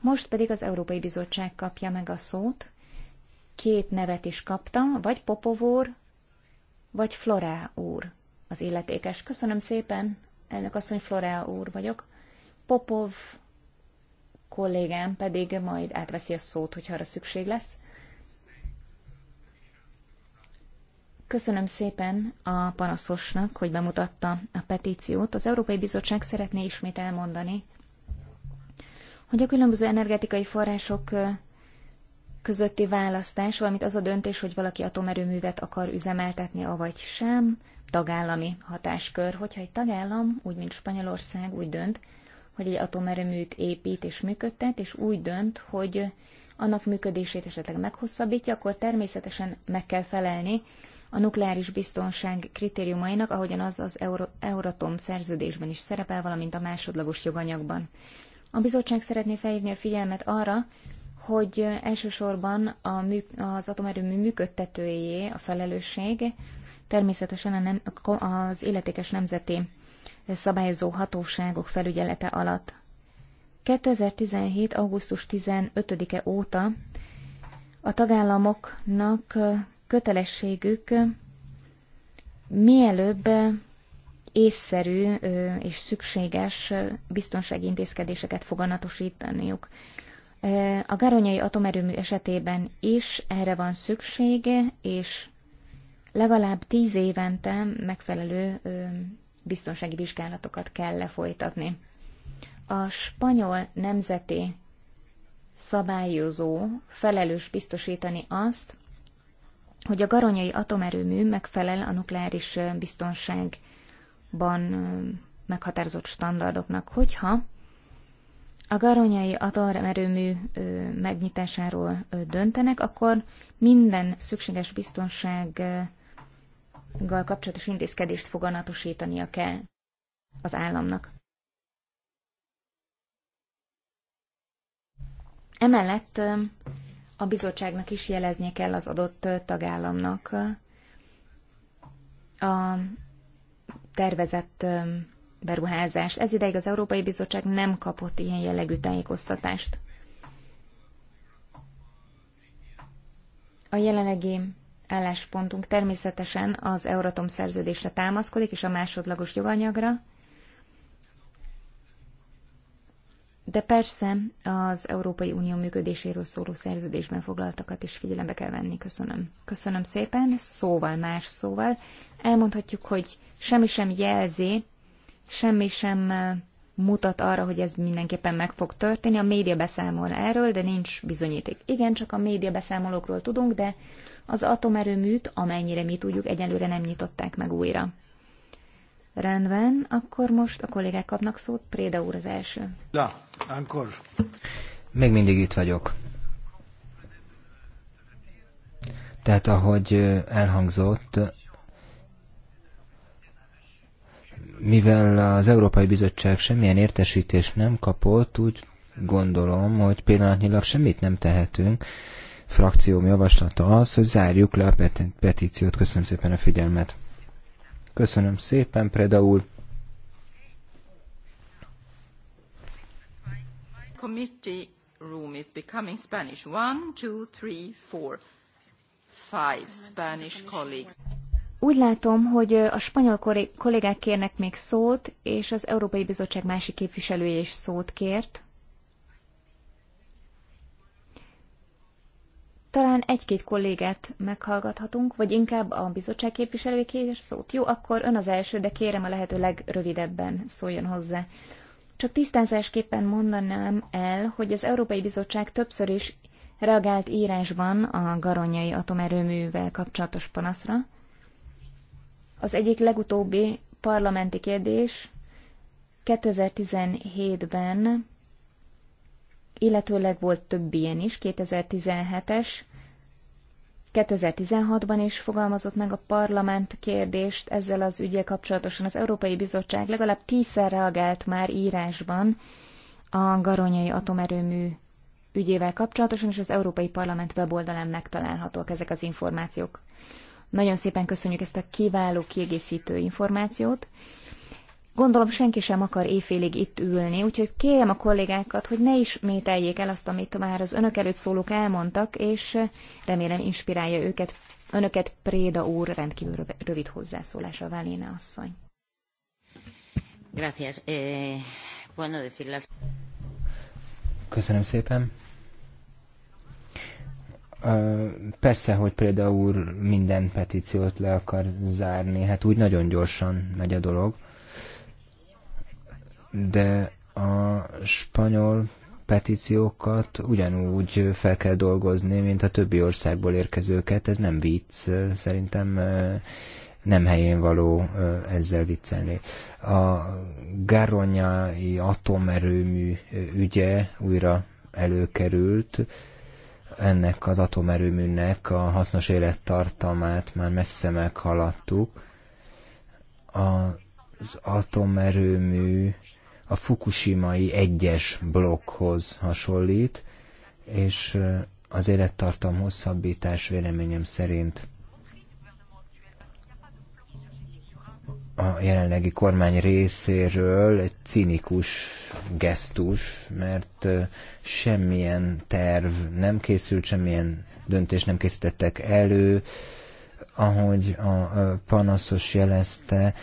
Most pedig az Európai Bizottság kapja meg a szót. Két nevet is kaptam, vagy Popovór, vagy Flora úr az illetékes. Köszönöm szépen, elnök asszony, Flora úr vagyok. Popov kollégám pedig majd átveszi a szót, hogyha arra szükség lesz. Köszönöm szépen a panaszosnak, hogy bemutatta a petíciót. Az Európai Bizottság szeretné ismét elmondani, hogy a különböző energetikai források közötti választás, valamint az a döntés, hogy valaki atomerőművet akar üzemeltetni, avagy sem, tagállami hatáskör. Hogyha egy tagállam, úgy mint Spanyolország, úgy dönt, hogy egy atomerőműt épít és működtet, és úgy dönt, hogy annak működését esetleg meghosszabbítja, akkor természetesen meg kell felelni a nukleáris biztonság kritériumainak, ahogyan az az Euratom szerződésben is szerepel, valamint a másodlagos joganyagban. A bizottság szeretné felhívni a figyelmet arra, hogy elsősorban a mű, az atomerőmű működtetőjé a felelősség, természetesen a nem, az illetékes nemzeti szabályozó hatóságok felügyelete alatt. 2017. augusztus 15-e óta a tagállamoknak kötelességük mielőbb észszerű és szükséges biztonsági intézkedéseket foganatosítaniuk. A garonyai atomerőmű esetében is erre van szüksége, és legalább tíz évente megfelelő biztonsági vizsgálatokat kell lefolytatni. A spanyol nemzeti szabályozó felelős biztosítani azt, hogy a garonyai atomerőmű megfelel a nukleáris biztonságban meghatározott standardoknak, hogyha a garonyai atomerőmű megnyitásáról döntenek, akkor minden szükséges biztonsággal kapcsolatos intézkedést foganatosítania kell az államnak. Emellett a bizottságnak is jeleznie kell az adott tagállamnak a tervezett beruházást. Ez ideig az Európai Bizottság nem kapott ilyen jellegű tájékoztatást. A jelenlegi álláspontunk természetesen az Euratom szerződésre támaszkodik, és a másodlagos joganyagra, de persze az Európai Unió működéséről szóló szerződésben foglaltakat is figyelembe kell venni. Köszönöm. Köszönöm szépen, szóval, más szóval. Elmondhatjuk, hogy semmi sem jelzi semmi sem eh, mutat arra, hogy ez mindenképpen meg fog történni. A média beszámol erről, de nincs bizonyíték. Igen, csak a média beszámolókról tudunk, de az atomerőműt, amennyire mi tudjuk, egyelőre nem nyitották meg újra. Rendben, akkor most a kollégák kapnak szót, Préda úr az első. Na, akkor. Még mindig itt vagyok. Tehát ahogy eh, elhangzott, mivel az Európai Bizottság semmilyen értesítést nem kapott, úgy gondolom, hogy pillanatnyilag semmit nem tehetünk. Frakcióm javaslata az, hogy zárjuk le a petíciót. Köszönöm szépen a figyelmet. Köszönöm szépen, Preda úr. Committee room is becoming Spanish. One, two, three, four, five Spanish colleagues. Úgy látom, hogy a spanyol kollégák kérnek még szót, és az Európai Bizottság másik képviselője is szót kért. Talán egy-két kollégát meghallgathatunk, vagy inkább a bizottság képviselői kér szót. Jó, akkor ön az első, de kérem a lehető legrövidebben szóljon hozzá. Csak tisztázásképpen mondanám el, hogy az Európai Bizottság többször is reagált írásban a garonyai atomerőművel kapcsolatos panaszra, az egyik legutóbbi parlamenti kérdés 2017-ben, illetőleg volt több ilyen is, 2017-es, 2016-ban is fogalmazott meg a parlament kérdést ezzel az ügyel kapcsolatosan. Az Európai Bizottság legalább tízszer reagált már írásban a garonyai atomerőmű ügyével kapcsolatosan, és az Európai Parlament weboldalán megtalálhatóak ezek az információk. Nagyon szépen köszönjük ezt a kiváló kiegészítő információt. Gondolom senki sem akar éjfélig itt ülni, úgyhogy kérem a kollégákat, hogy ne ismételjék el azt, amit már az önök előtt szólók elmondtak, és eh, remélem inspirálja őket, önöket Préda úr rendkívül rövid hozzászólása, Valéna asszony. Eh, Köszönöm szépen. Persze, hogy például minden petíciót le akar zárni, hát úgy nagyon gyorsan megy a dolog, de a spanyol petíciókat ugyanúgy fel kell dolgozni, mint a többi országból érkezőket. Ez nem vicc, szerintem nem helyén való ezzel viccelni. A Garonyai atomerőmű ügye újra előkerült, ennek az atomerőműnek a hasznos élettartamát már messze meghaladtuk. Az atomerőmű a fukushimai egyes blokkhoz hasonlít, és az élettartam hosszabbítás véleményem szerint a jelenlegi kormány részéről egy cinikus gesztus, mert semmilyen terv nem készült, semmilyen döntés nem készítettek elő, ahogy a panaszos jelezte,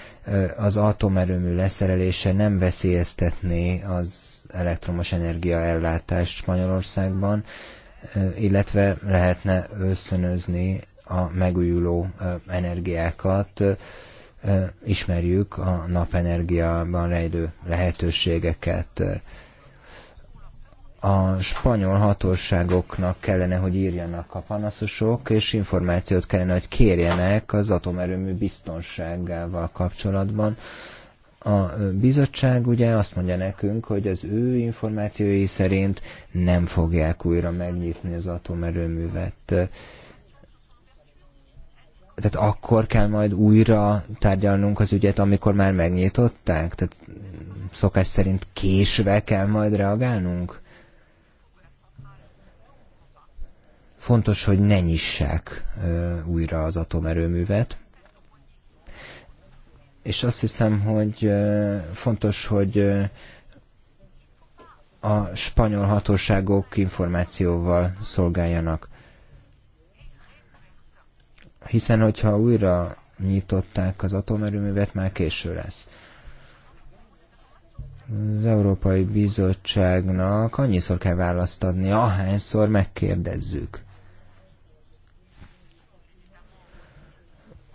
az atomerőmű leszerelése nem veszélyeztetné az elektromos energia ellátást Spanyolországban, illetve lehetne ösztönözni a megújuló energiákat, ismerjük a napenergiában rejlő lehetőségeket. A spanyol hatóságoknak kellene, hogy írjanak a panaszosok, és információt kellene, hogy kérjenek az atomerőmű biztonságával kapcsolatban. A bizottság ugye azt mondja nekünk, hogy az ő információi szerint nem fogják újra megnyitni az atomerőművet tehát akkor kell majd újra tárgyalnunk az ügyet, amikor már megnyitották? Tehát szokás szerint késve kell majd reagálnunk? Fontos, hogy ne nyissák ö, újra az atomerőművet. És azt hiszem, hogy ö, fontos, hogy ö, a spanyol hatóságok információval szolgáljanak hiszen hogyha újra nyitották az atomerőművet, már késő lesz. Az Európai Bizottságnak annyiszor kell választ adni, ahányszor megkérdezzük.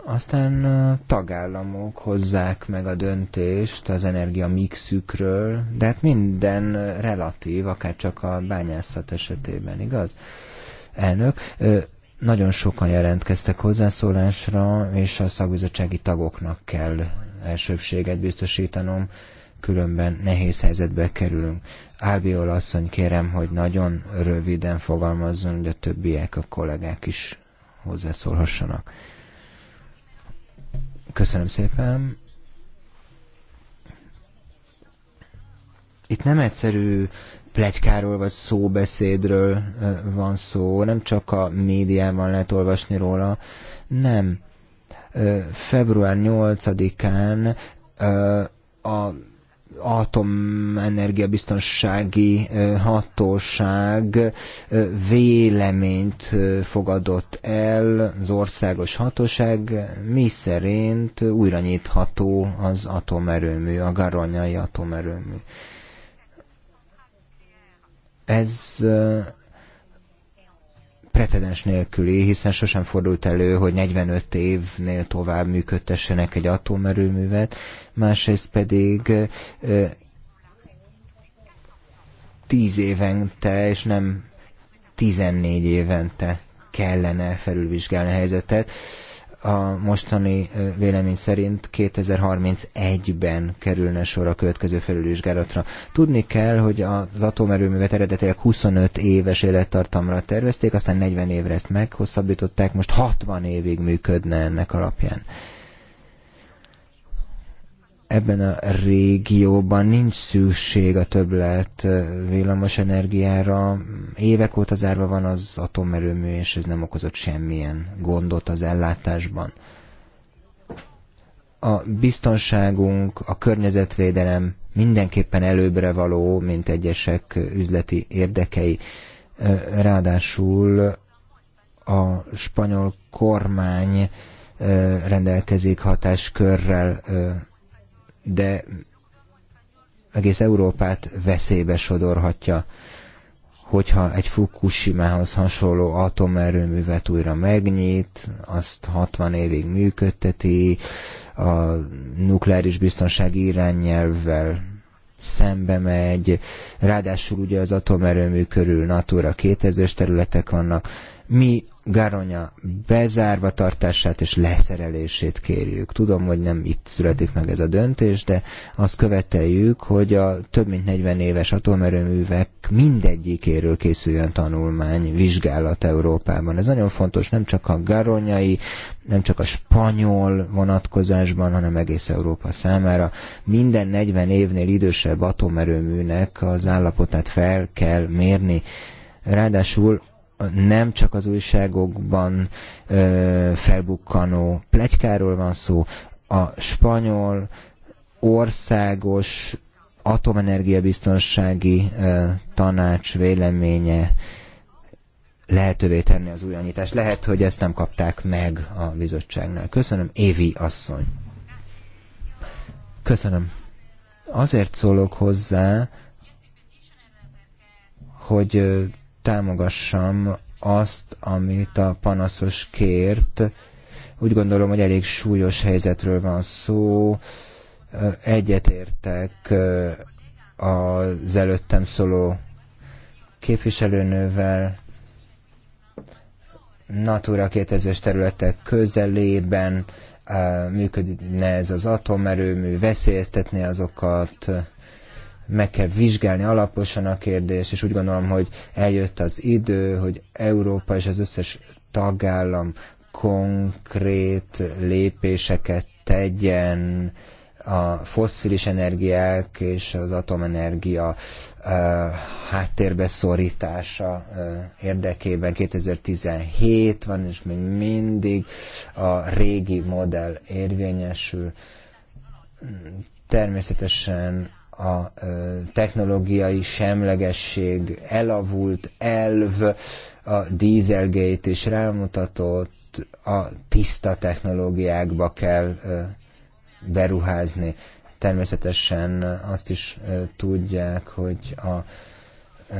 Aztán a tagállamok hozzák meg a döntést az energia mixükről, de hát minden relatív, akár csak a bányászat esetében, igaz? Elnök, nagyon sokan jelentkeztek hozzászólásra, és a szakbizottsági tagoknak kell elsőbséget biztosítanom, különben nehéz helyzetbe kerülünk. Álbiol asszony kérem, hogy nagyon röviden fogalmazzon, hogy a többiek, a kollégák is hozzászólhassanak. Köszönöm szépen. Itt nem egyszerű pletykáról vagy szóbeszédről van szó, nem csak a médiában lehet olvasni róla, nem. Február 8-án a atomenergia biztonsági hatóság véleményt fogadott el az országos hatóság, mi szerint újra nyitható az atomerőmű, a garonyai atomerőmű. Ez precedens nélküli, hiszen sosem fordult elő, hogy 45 évnél tovább működtessenek egy atomerőművet, másrészt pedig tíz évente, és nem 14 évente kellene felülvizsgálni a helyzetet a mostani vélemény szerint 2031-ben kerülne sor a következő felülvizsgálatra. Tudni kell, hogy az atomerőművet eredetileg 25 éves élettartamra tervezték, aztán 40 évre ezt meghosszabbították, most 60 évig működne ennek alapján ebben a régióban nincs szükség a többlet villamos energiára. Évek óta zárva van az atomerőmű, és ez nem okozott semmilyen gondot az ellátásban. A biztonságunk, a környezetvédelem mindenképpen előbbre való, mint egyesek üzleti érdekei. Ráadásul a spanyol kormány rendelkezik hatáskörrel de egész Európát veszélybe sodorhatja, hogyha egy Fukushima-hoz hasonló atomerőművet újra megnyit, azt 60 évig működteti, a nukleáris biztonsági irányelvvel szembe megy, ráadásul ugye az atomerőmű körül Natura 2000-es területek vannak. Mi Garonya bezárva tartását és leszerelését kérjük. Tudom, hogy nem itt születik meg ez a döntés, de azt követeljük, hogy a több mint 40 éves atomerőművek mindegyikéről készüljön tanulmány, vizsgálat Európában. Ez nagyon fontos, nem csak a garonyai, nem csak a spanyol vonatkozásban, hanem egész Európa számára. Minden 40 évnél idősebb atomerőműnek az állapotát fel kell mérni. Ráadásul nem csak az újságokban ö, felbukkanó plegykáról van szó, a spanyol országos atomenergiabiztonsági ö, tanács véleménye lehetővé tenni az újanyítást. Lehet, hogy ezt nem kapták meg a bizottságnál. Köszönöm, Évi asszony. Köszönöm. Azért szólok hozzá, hogy támogassam azt, amit a panaszos kért. Úgy gondolom, hogy elég súlyos helyzetről van szó. Egyetértek az előttem szóló képviselőnővel, Natura 2000-es területek közelében működne ez az atomerőmű, veszélyeztetné azokat, meg kell vizsgálni alaposan a kérdést, és úgy gondolom, hogy eljött az idő, hogy Európa és az összes tagállam konkrét lépéseket tegyen a fosszilis energiák és az atomenergia uh, háttérbe szorítása uh, érdekében 2017 van, és még mindig a régi modell érvényesül. Természetesen a technológiai semlegesség elavult elv, a Dieselgate is rámutatott, a tiszta technológiákba kell beruházni. Természetesen azt is tudják, hogy a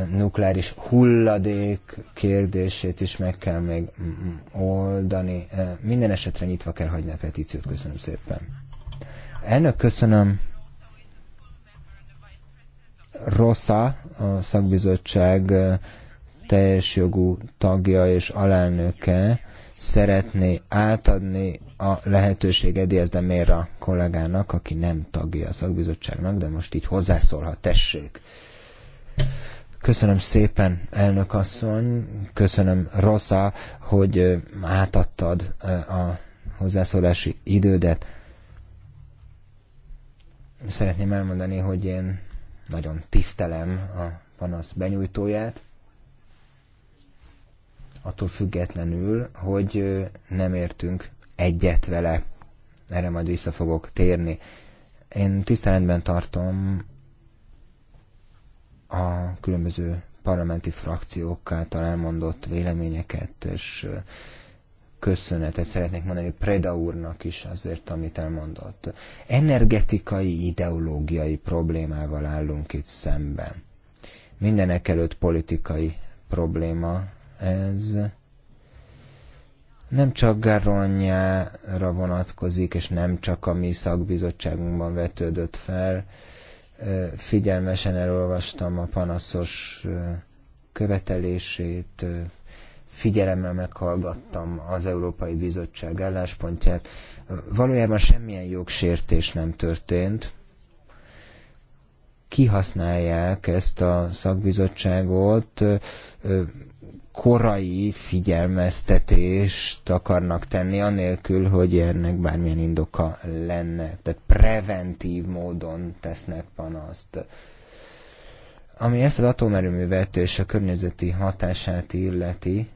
nukleáris hulladék kérdését is meg kell még oldani. Minden esetre nyitva kell hagyni a petíciót. Köszönöm szépen. Elnök, köszönöm. Rossa, a szakbizottság teljes jogú tagja és alelnöke szeretné átadni a lehetőség Ediez de Mera kollégának, aki nem tagja a szakbizottságnak, de most így hozzászólhat, tessék. Köszönöm szépen, elnök asszony, köszönöm Rosa, hogy átadtad a hozzászólási idődet. Szeretném elmondani, hogy én nagyon tisztelem a panasz benyújtóját, attól függetlenül, hogy nem értünk egyet vele. Erre majd vissza fogok térni. Én tiszteletben tartom a különböző parlamenti frakciók által elmondott véleményeket és köszönetet szeretnék mondani Preda úrnak is azért, amit elmondott. Energetikai, ideológiai problémával állunk itt szemben. Mindenek előtt politikai probléma ez. Nem csak Garonyára vonatkozik, és nem csak a mi szakbizottságunkban vetődött fel. Figyelmesen elolvastam a panaszos követelését, figyelemmel meghallgattam az Európai Bizottság álláspontját. Valójában semmilyen jogsértés nem történt. Kihasználják ezt a szakbizottságot, korai figyelmeztetést akarnak tenni, anélkül, hogy ennek bármilyen indoka lenne. Tehát preventív módon tesznek panaszt. Ami ezt az atomerőművet és a környezeti hatását illeti,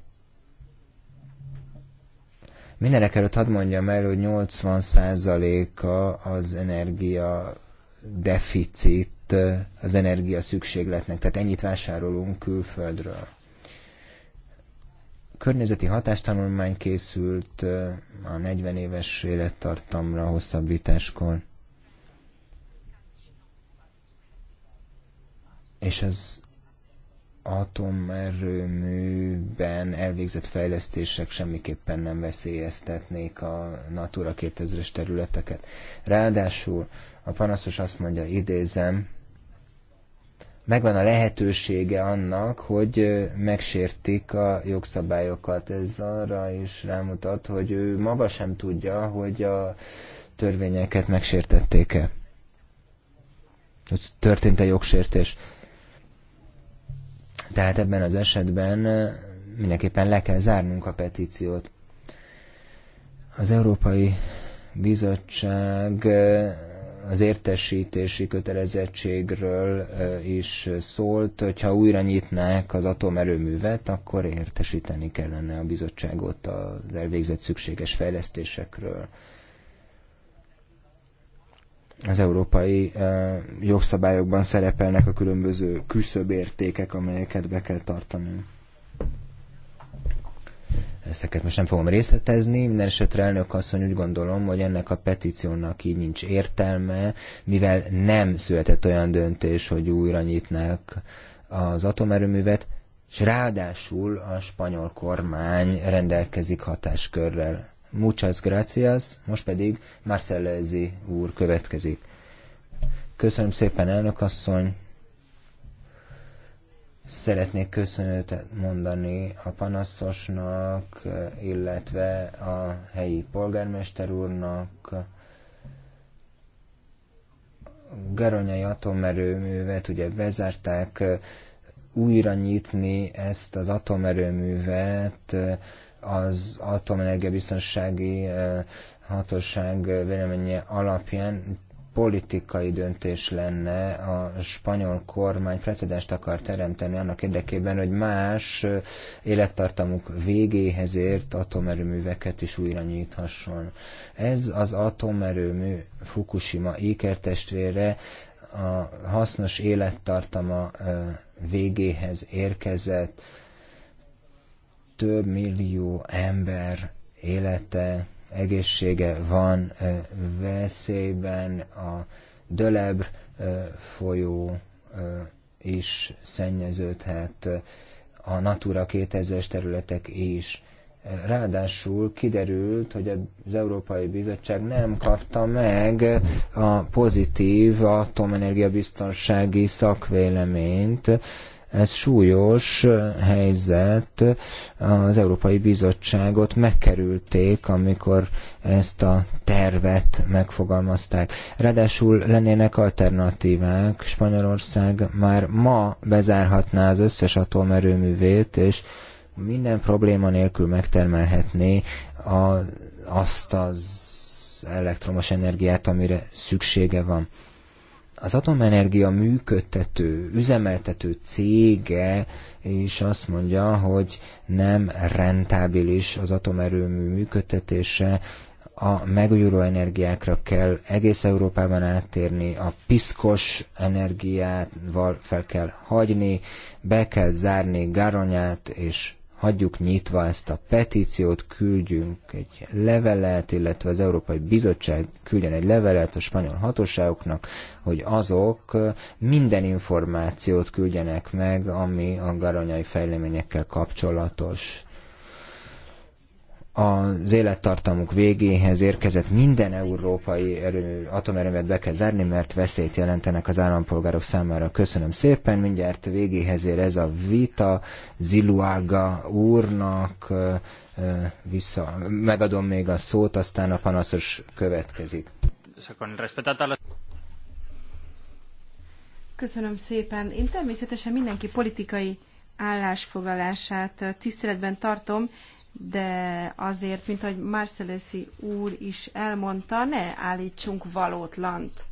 Mindenek előtt hadd mondjam el, hogy 80%-a az energia deficit, az energia szükségletnek, tehát ennyit vásárolunk külföldről. Környezeti hatástanulmány készült a 40 éves élettartamra hosszabbításkor. És az atomerőműben elvégzett fejlesztések semmiképpen nem veszélyeztetnék a Natura 2000-es területeket. Ráadásul a panaszos azt mondja, idézem, megvan a lehetősége annak, hogy megsértik a jogszabályokat. Ez arra is rámutat, hogy ő maga sem tudja, hogy a törvényeket megsértették-e. Történt-e jogsértés? Tehát ebben az esetben mindenképpen le kell zárnunk a petíciót. Az Európai Bizottság az értesítési kötelezettségről is szólt, hogyha újra nyitnák az atomerőművet, akkor értesíteni kellene a bizottságot az elvégzett szükséges fejlesztésekről az európai eh, jogszabályokban szerepelnek a különböző küszöbértékek, amelyeket be kell tartani. Ezeket most nem fogom részletezni, minden esetre elnök asszony úgy gondolom, hogy ennek a petíciónak így nincs értelme, mivel nem született olyan döntés, hogy újra nyitnák az atomerőművet, és ráadásul a spanyol kormány rendelkezik hatáskörrel Muchas gracias, most pedig Marcellezi úr következik. Köszönöm szépen, elnök asszony. Szeretnék köszönetet mondani a panaszosnak, illetve a helyi polgármester úrnak, Garonyai atomerőművet ugye bezárták, újra nyitni ezt az atomerőművet, az atomenergia biztonsági eh, hatóság véleménye alapján politikai döntés lenne, a spanyol kormány precedenst akar teremteni annak érdekében, hogy más eh, élettartamuk végéhez ért atomerőműveket is újra nyithasson. Ez az atomerőmű Fukushima ékertestvére a hasznos élettartama eh, végéhez érkezett, több millió ember élete, egészsége van veszélyben, a Dölebr folyó is szennyeződhet, a Natura 2000-es területek is. Ráadásul kiderült, hogy az Európai Bizottság nem kapta meg a pozitív atomenergia biztonsági szakvéleményt, ez súlyos helyzet, az Európai Bizottságot megkerülték, amikor ezt a tervet megfogalmazták. Ráadásul lennének alternatívák, Spanyolország már ma bezárhatná az összes atomerőművét, és minden probléma nélkül megtermelhetné a, azt az elektromos energiát, amire szüksége van az atomenergia működtető, üzemeltető cége is azt mondja, hogy nem rentábilis az atomerőmű működtetése, a megújuló energiákra kell egész Európában áttérni, a piszkos energiával fel kell hagyni, be kell zárni Garonyát és hagyjuk nyitva ezt a petíciót, küldjünk egy levelet, illetve az Európai Bizottság küldjen egy levelet a spanyol hatóságoknak, hogy azok minden információt küldjenek meg, ami a garonyai fejleményekkel kapcsolatos az élettartamuk végéhez érkezett minden európai atomerőmet be kell zárni, mert veszélyt jelentenek az állampolgárok számára. Köszönöm szépen, mindjárt végéhez ér ez a vita. Ziluága úrnak vissza, megadom még a szót, aztán a panaszos következik. Köszönöm szépen. Én természetesen mindenki politikai állásfoglalását tiszteletben tartom, de azért, mint ahogy Marcelesi úr is elmondta, ne állítsunk valótlant.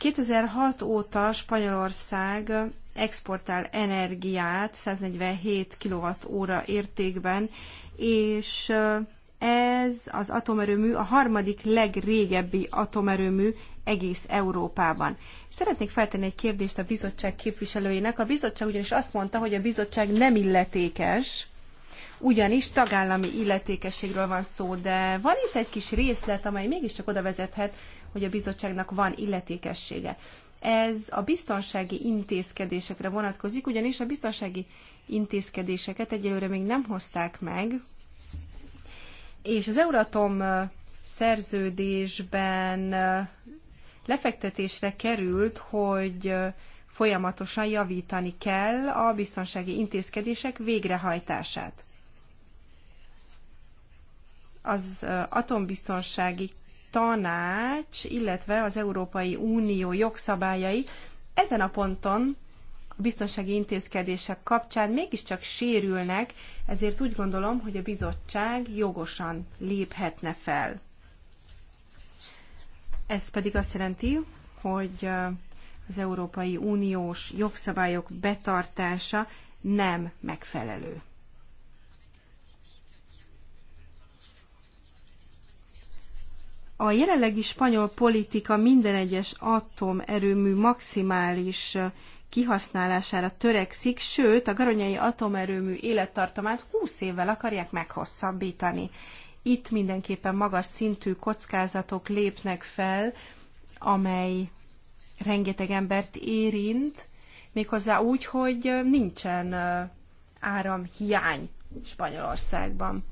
...2006 óta Spanyolország exportál energiát 147 kWh értékben, és ez az atomerőmű a harmadik legrégebbi atomerőmű egész Európában. Szeretnék feltenni egy kérdést a bizottság képviselőjének. A bizottság ugyanis azt mondta, hogy a bizottság nem illetékes, ugyanis tagállami illetékességről van szó, de van itt egy kis részlet, amely mégiscsak oda vezethet, hogy a bizottságnak van illetékessége. Ez a biztonsági intézkedésekre vonatkozik, ugyanis a biztonsági intézkedéseket egyelőre még nem hozták meg, és az Euratom szerződésben lefektetésre került, hogy folyamatosan javítani kell a biztonsági intézkedések végrehajtását. Az atombiztonsági tanács, illetve az Európai Unió jogszabályai ezen a ponton biztonsági intézkedések kapcsán mégiscsak sérülnek, ezért úgy gondolom, hogy a bizottság jogosan léphetne fel. Ez pedig azt jelenti, hogy az Európai Uniós jogszabályok betartása nem megfelelő. A jelenlegi spanyol politika minden egyes atomerőmű maximális kihasználására törekszik, sőt a garonyai atomerőmű élettartamát 20 évvel akarják meghosszabbítani. Itt mindenképpen magas szintű kockázatok lépnek fel, amely rengeteg embert érint, méghozzá úgy, hogy nincsen áramhiány Spanyolországban.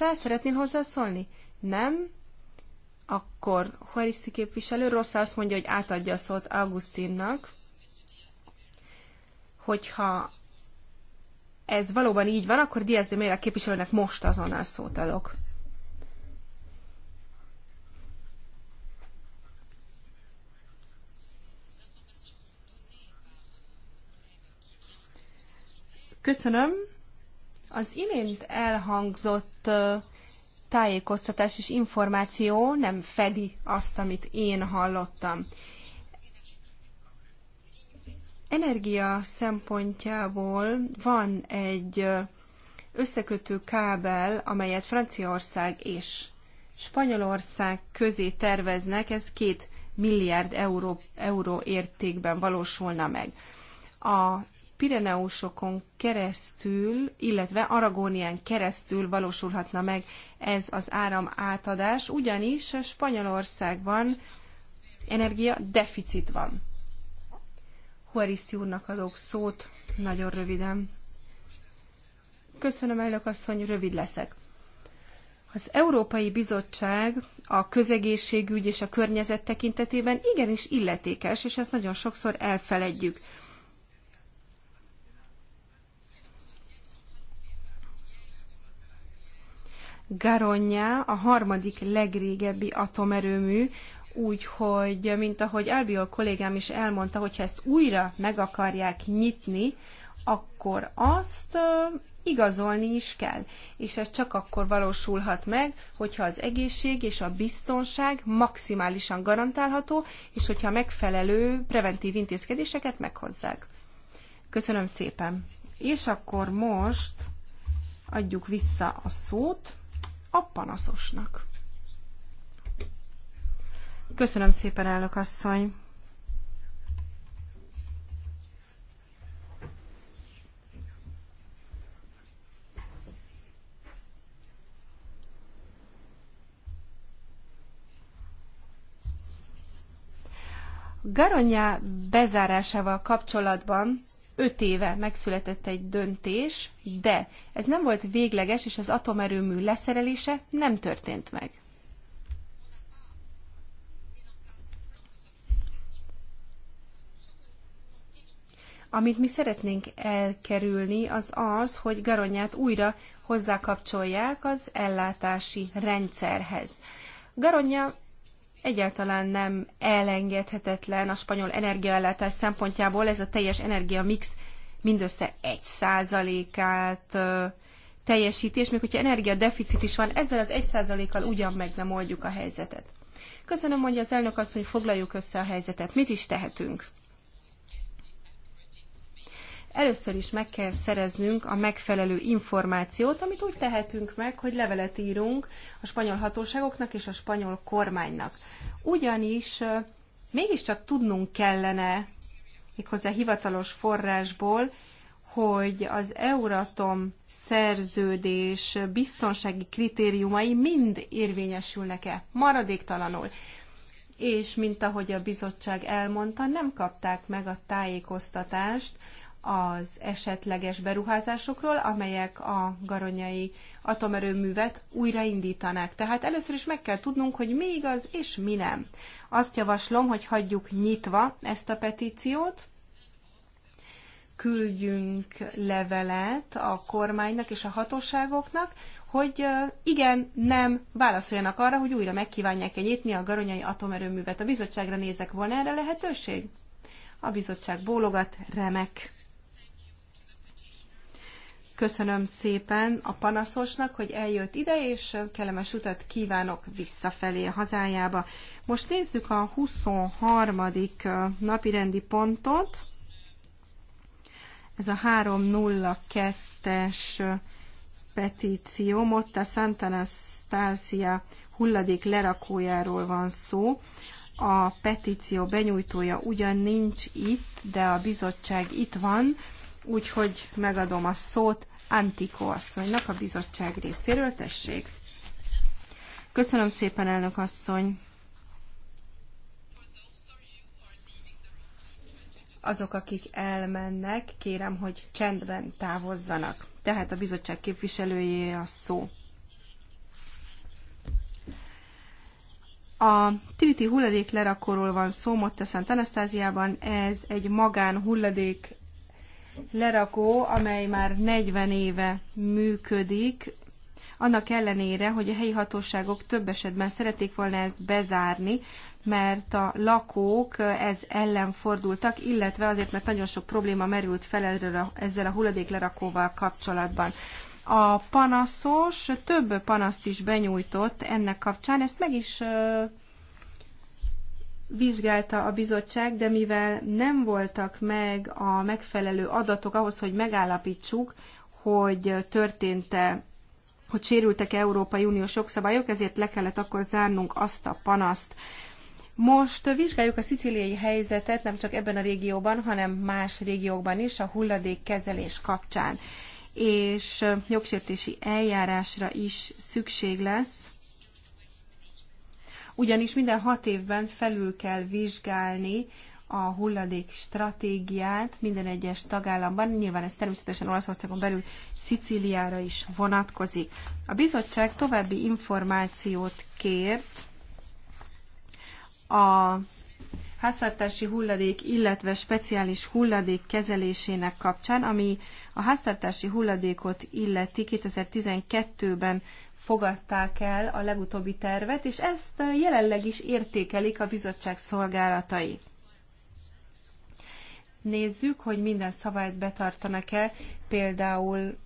el? szeretnél hozzászólni? Nem? Akkor Huariszti képviselő Rossz azt mondja, hogy átadja a szót Augustinnak. Hogyha ez valóban így van, akkor Diaz de Mera képviselőnek most azonnal szót adok. Köszönöm. Az imént elhangzott tájékoztatás és információ nem fedi azt, amit én hallottam energia szempontjából van egy összekötő kábel, amelyet Franciaország és Spanyolország közé terveznek, ez két milliárd euró, euró értékben valósulna meg. A Pireneusokon keresztül, illetve Aragónián keresztül valósulhatna meg ez az áram átadás, ugyanis Spanyolországban energia deficit van. Huariszti úrnak adok szót nagyon röviden. Köszönöm, elnök asszony, rövid leszek. Az Európai Bizottság a közegészségügy és a környezet tekintetében igenis illetékes, és ezt nagyon sokszor elfeledjük. Garonya a harmadik legrégebbi atomerőmű, úgy, hogy mint ahogy Albiol kollégám is elmondta, hogyha ezt újra meg akarják nyitni, akkor azt igazolni is kell. És ez csak akkor valósulhat meg, hogyha az egészség és a biztonság maximálisan garantálható, és hogyha megfelelő preventív intézkedéseket meghozzák. Köszönöm szépen. És akkor most adjuk vissza a szót a panaszosnak. Köszönöm szépen, elnök asszony. Garonyá bezárásával kapcsolatban öt éve megszületett egy döntés, de ez nem volt végleges, és az atomerőmű leszerelése nem történt meg. Amit mi szeretnénk elkerülni, az az, hogy garonyát újra hozzákapcsolják az ellátási rendszerhez. Garonya egyáltalán nem elengedhetetlen a spanyol energiaellátás szempontjából, ez a teljes energiamix mindössze 1%-át teljesíti, és még hogyha energiadeficit is van, ezzel az 1%-kal ugyan meg nem oldjuk a helyzetet. Köszönöm, hogy az elnök azt, hogy foglaljuk össze a helyzetet. Mit is tehetünk? Először is meg kell szereznünk a megfelelő információt, amit úgy tehetünk meg, hogy levelet írunk a spanyol hatóságoknak és a spanyol kormánynak. Ugyanis mégiscsak tudnunk kellene, méghozzá hivatalos forrásból, hogy az Euratom szerződés biztonsági kritériumai mind érvényesülnek-e maradéktalanul. És mint ahogy a bizottság elmondta, nem kapták meg a tájékoztatást az esetleges beruházásokról, amelyek a garonyai atomerőművet újraindítanák. Tehát először is meg kell tudnunk, hogy mi igaz és mi nem. Azt javaslom, hogy hagyjuk nyitva ezt a petíciót, küldjünk levelet a kormánynak és a hatóságoknak, hogy igen, nem válaszoljanak arra, hogy újra megkívánják-e nyitni a garonyai atomerőművet. A bizottságra nézek, volna erre lehetőség? A bizottság bólogat, remek. Köszönöm szépen a panaszosnak, hogy eljött ide, és kellemes utat kívánok visszafelé a hazájába. Most nézzük a 23. napirendi pontot. Ez a 302-es petíció, Motta Santana Stasia hulladék lerakójáról van szó. A petíció benyújtója ugyan nincs itt, de a bizottság itt van, úgyhogy megadom a szót Antikó asszonynak a bizottság részéről. Tessék! Köszönöm szépen, elnök asszony! Azok, akik elmennek, kérem, hogy csendben távozzanak. Tehát a bizottság képviselőjé a szó. A Tiriti hulladék lerakóról van szó Motteszent Anasztáziában, ez egy magán hulladék lerakó, amely már 40 éve működik, annak ellenére, hogy a helyi hatóságok több esetben szerették volna ezt bezárni, mert a lakók ez ellen fordultak, illetve azért, mert nagyon sok probléma merült fel ezzel a hulladéklerakóval kapcsolatban. A panaszos több panaszt is benyújtott ennek kapcsán, ezt meg is vizsgálta a bizottság, de mivel nem voltak meg a megfelelő adatok ahhoz, hogy megállapítsuk, hogy történt-e, hogy sérültek -e Európai Uniós jogszabályok, ezért le kellett akkor zárnunk azt a panaszt. Most vizsgáljuk a szicíliai helyzetet nem csak ebben a régióban, hanem más régiókban is a hulladékkezelés kapcsán. És jogsértési eljárásra is szükség lesz ugyanis minden hat évben felül kell vizsgálni a hulladék stratégiát minden egyes tagállamban. Nyilván ez természetesen Olaszországon belül Szicíliára is vonatkozik. A bizottság további információt kért a háztartási hulladék, illetve speciális hulladék kezelésének kapcsán, ami a háztartási hulladékot illeti 2012-ben fogadták el a legutóbbi tervet, és ezt jelenleg is értékelik a bizottság szolgálatai. Nézzük, hogy minden szabályt betartanak-e, például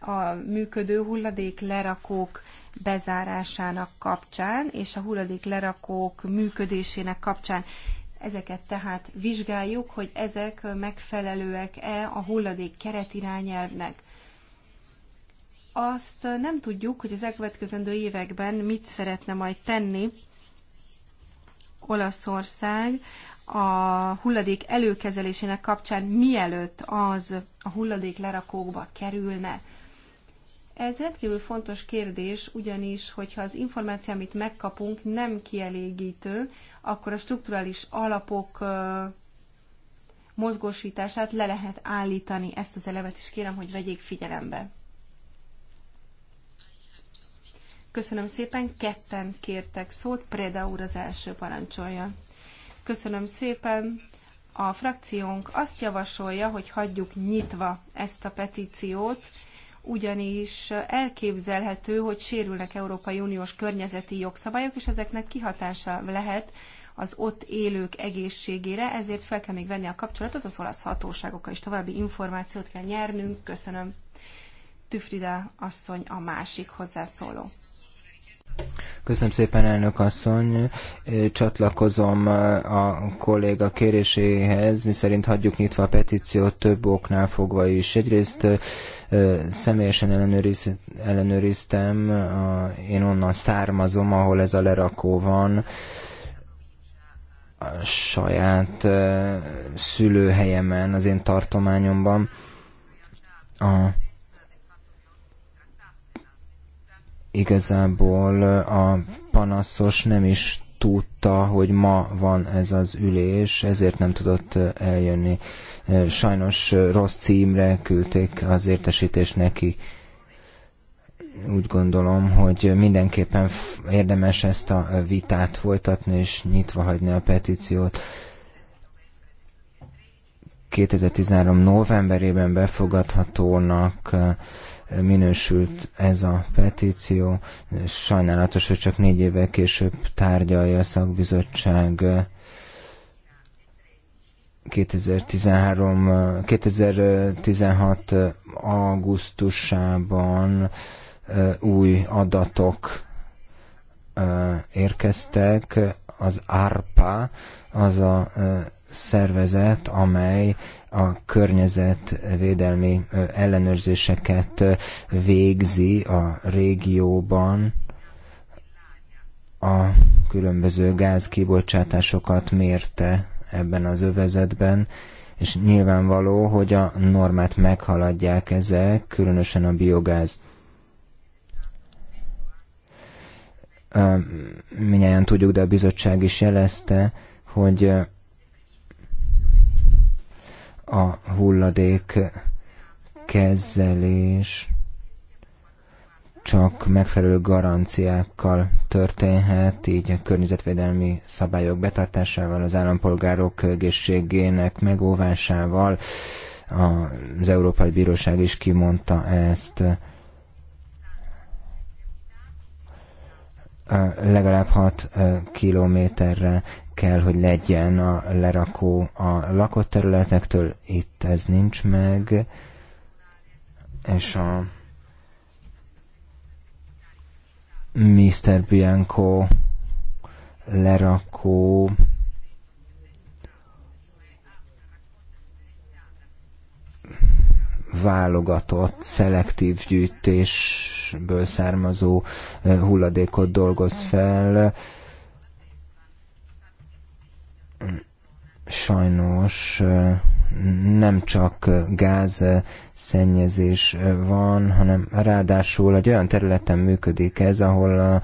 a működő hulladék lerakók bezárásának kapcsán, és a hulladék lerakók működésének kapcsán. Ezeket tehát vizsgáljuk, hogy ezek megfelelőek-e a hulladék keretirányelvnek azt nem tudjuk, hogy az elkövetkezendő években mit szeretne majd tenni Olaszország a hulladék előkezelésének kapcsán, mielőtt az a hulladék lerakókba kerülne. Ez rendkívül fontos kérdés, ugyanis, hogyha az információ, amit megkapunk, nem kielégítő, akkor a strukturális alapok mozgósítását le lehet állítani. Ezt az elevet is kérem, hogy vegyék figyelembe. Köszönöm szépen, ketten kértek szót, Preda úr az első parancsolja. Köszönöm szépen. A frakciónk azt javasolja, hogy hagyjuk nyitva ezt a petíciót, ugyanis elképzelhető, hogy sérülnek Európai Uniós környezeti jogszabályok, és ezeknek kihatása lehet az ott élők egészségére, ezért fel kell még venni a kapcsolatot az olasz hatóságokkal, és további információt kell nyernünk. Köszönöm. Tüfrida asszony a másik hozzászóló. Köszönöm szépen, elnök asszony. Csatlakozom a kolléga kéréséhez, szerint hagyjuk nyitva a petíciót több oknál fogva is. Egyrészt személyesen ellenőriz, ellenőriztem, én onnan származom, ahol ez a lerakó van. A saját szülőhelyemen, az én tartományomban. A Igazából a panaszos nem is tudta, hogy ma van ez az ülés, ezért nem tudott eljönni. Sajnos rossz címre küldték az értesítést neki. Úgy gondolom, hogy mindenképpen érdemes ezt a vitát folytatni, és nyitva hagyni a petíciót. 2013. novemberében befogadhatónak minősült ez a petíció. Sajnálatos, hogy csak négy évvel később tárgyalja a szakbizottság 2013, 2016 augusztusában új adatok érkeztek, az ARPA, az a szervezet, amely a környezetvédelmi ellenőrzéseket végzi a régióban, a különböző gázkibocsátásokat mérte ebben az övezetben, és nyilvánvaló, hogy a normát meghaladják ezek, különösen a biogáz. Minnyáján tudjuk, de a bizottság is jelezte, hogy a hulladék kezelés csak megfelelő garanciákkal történhet, így a környezetvédelmi szabályok betartásával, az állampolgárok egészségének megóvásával. Az Európai Bíróság is kimondta ezt. legalább 6 kilométerre kell, hogy legyen a lerakó a lakott területektől, itt ez nincs meg, és a Mr. Bianco lerakó válogatott, szelektív gyűjtésből származó eh, hulladékot dolgoz fel, sajnos nem csak gáz szennyezés van, hanem ráadásul egy olyan területen működik ez, ahol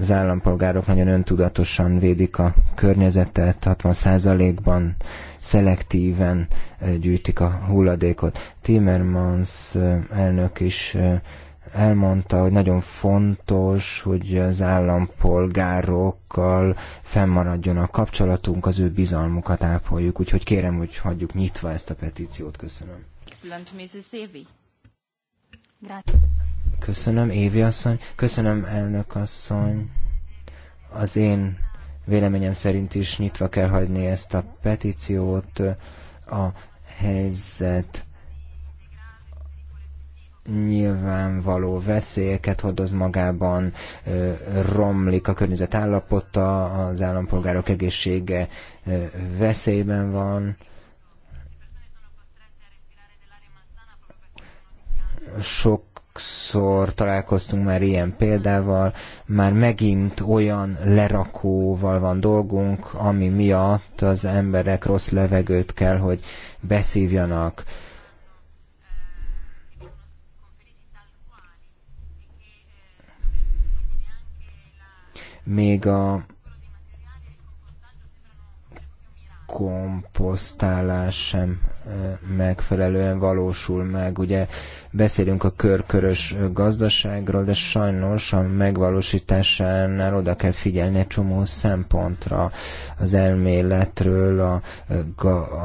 az állampolgárok nagyon öntudatosan védik a környezetet, 60%-ban szelektíven gyűjtik a hulladékot. Timmermans elnök is elmondta, hogy nagyon fontos, hogy az állampolgárokkal fennmaradjon a kapcsolatunk, az ő bizalmukat ápoljuk, úgyhogy kérem, hogy hagyjuk nyitva ezt a petíciót. Köszönöm. Excellent, Mrs. Évi. Köszönöm, Évi asszony. Köszönöm, elnök asszony. Az én véleményem szerint is nyitva kell hagyni ezt a petíciót. A helyzet nyilvánvaló veszélyeket hordoz magában, romlik a környezet állapota, az állampolgárok egészsége veszélyben van. sokszor találkoztunk már ilyen példával, már megint olyan lerakóval van dolgunk, ami miatt az emberek rossz levegőt kell, hogy beszívjanak. még a komposztálás sem megfelelően valósul meg. Ugye beszélünk a körkörös gazdaságról, de sajnos a megvalósításánál oda kell figyelni egy csomó szempontra, az elméletről, a,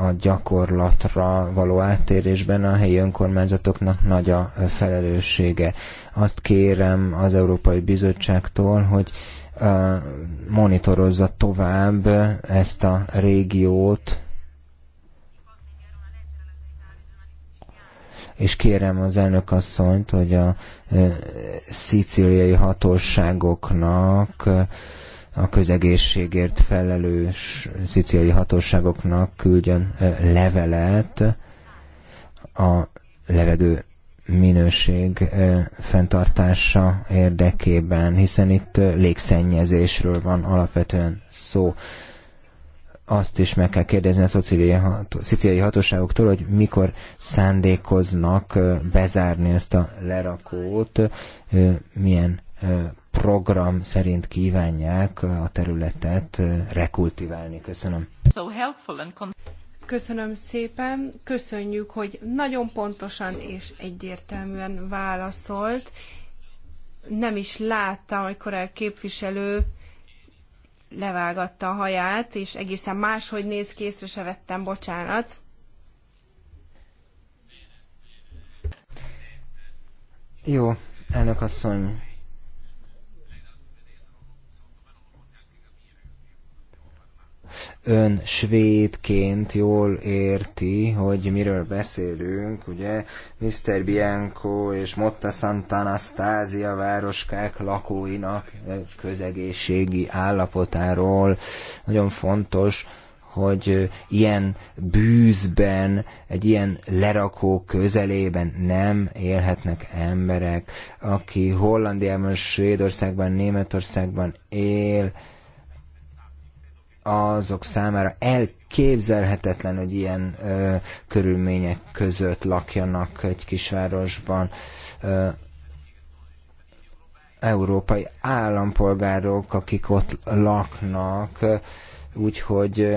a gyakorlatra való áttérésben a helyi önkormányzatoknak nagy a felelőssége. Azt kérem az Európai Bizottságtól, hogy monitorozza tovább ezt a régiót, és kérem az elnök asszonyt, hogy a szicíliai hatóságoknak a közegészségért felelős szicíliai hatóságoknak küldjön levelet a levegő minőség fenntartása érdekében, hiszen itt légszennyezésről van alapvetően szó. Azt is meg kell kérdezni a szicíliai hatóságoktól, hogy mikor szándékoznak bezárni ezt a lerakót, milyen program szerint kívánják a területet rekultiválni. Köszönöm. Köszönöm szépen, köszönjük, hogy nagyon pontosan és egyértelműen válaszolt. Nem is láttam, amikor a képviselő levágatta a haját, és egészen máshogy néz ki, észre se vettem, bocsánat. Jó, elnök asszony, ön svédként jól érti, hogy miről beszélünk, ugye Mr. Bianco és Motta Sant'Anastásia városkák lakóinak közegészségi állapotáról. Nagyon fontos, hogy ilyen bűzben, egy ilyen lerakó közelében nem élhetnek emberek. Aki Hollandiában, Svédországban, Németországban él, azok számára elképzelhetetlen, hogy ilyen ö, körülmények között lakjanak egy kisvárosban. Ö, európai állampolgárok, akik ott laknak, úgyhogy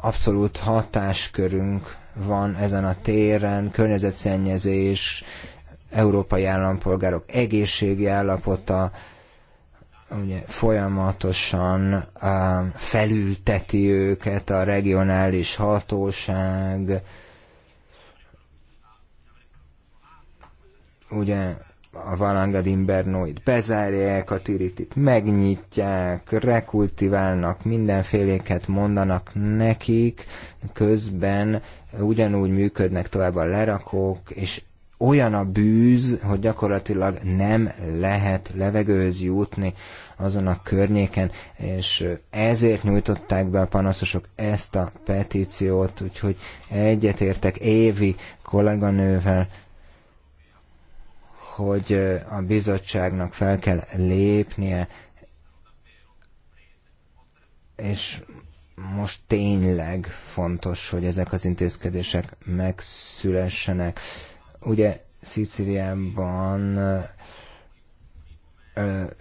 abszolút hatáskörünk van ezen a téren, környezetszennyezés, európai állampolgárok egészségi állapota, ugye folyamatosan felülteti őket a regionális hatóság, ugye a valangadimbernoid bezárják, a tiritit megnyitják, rekultiválnak, mindenféléket mondanak nekik, közben ugyanúgy működnek tovább a lerakók, és olyan a bűz, hogy gyakorlatilag nem lehet levegőhöz jutni azon a környéken, és ezért nyújtották be a panaszosok ezt a petíciót, úgyhogy egyetértek Évi kolléganővel, hogy a bizottságnak fel kell lépnie, és most tényleg fontos, hogy ezek az intézkedések megszülessenek. Ugye Szicíliában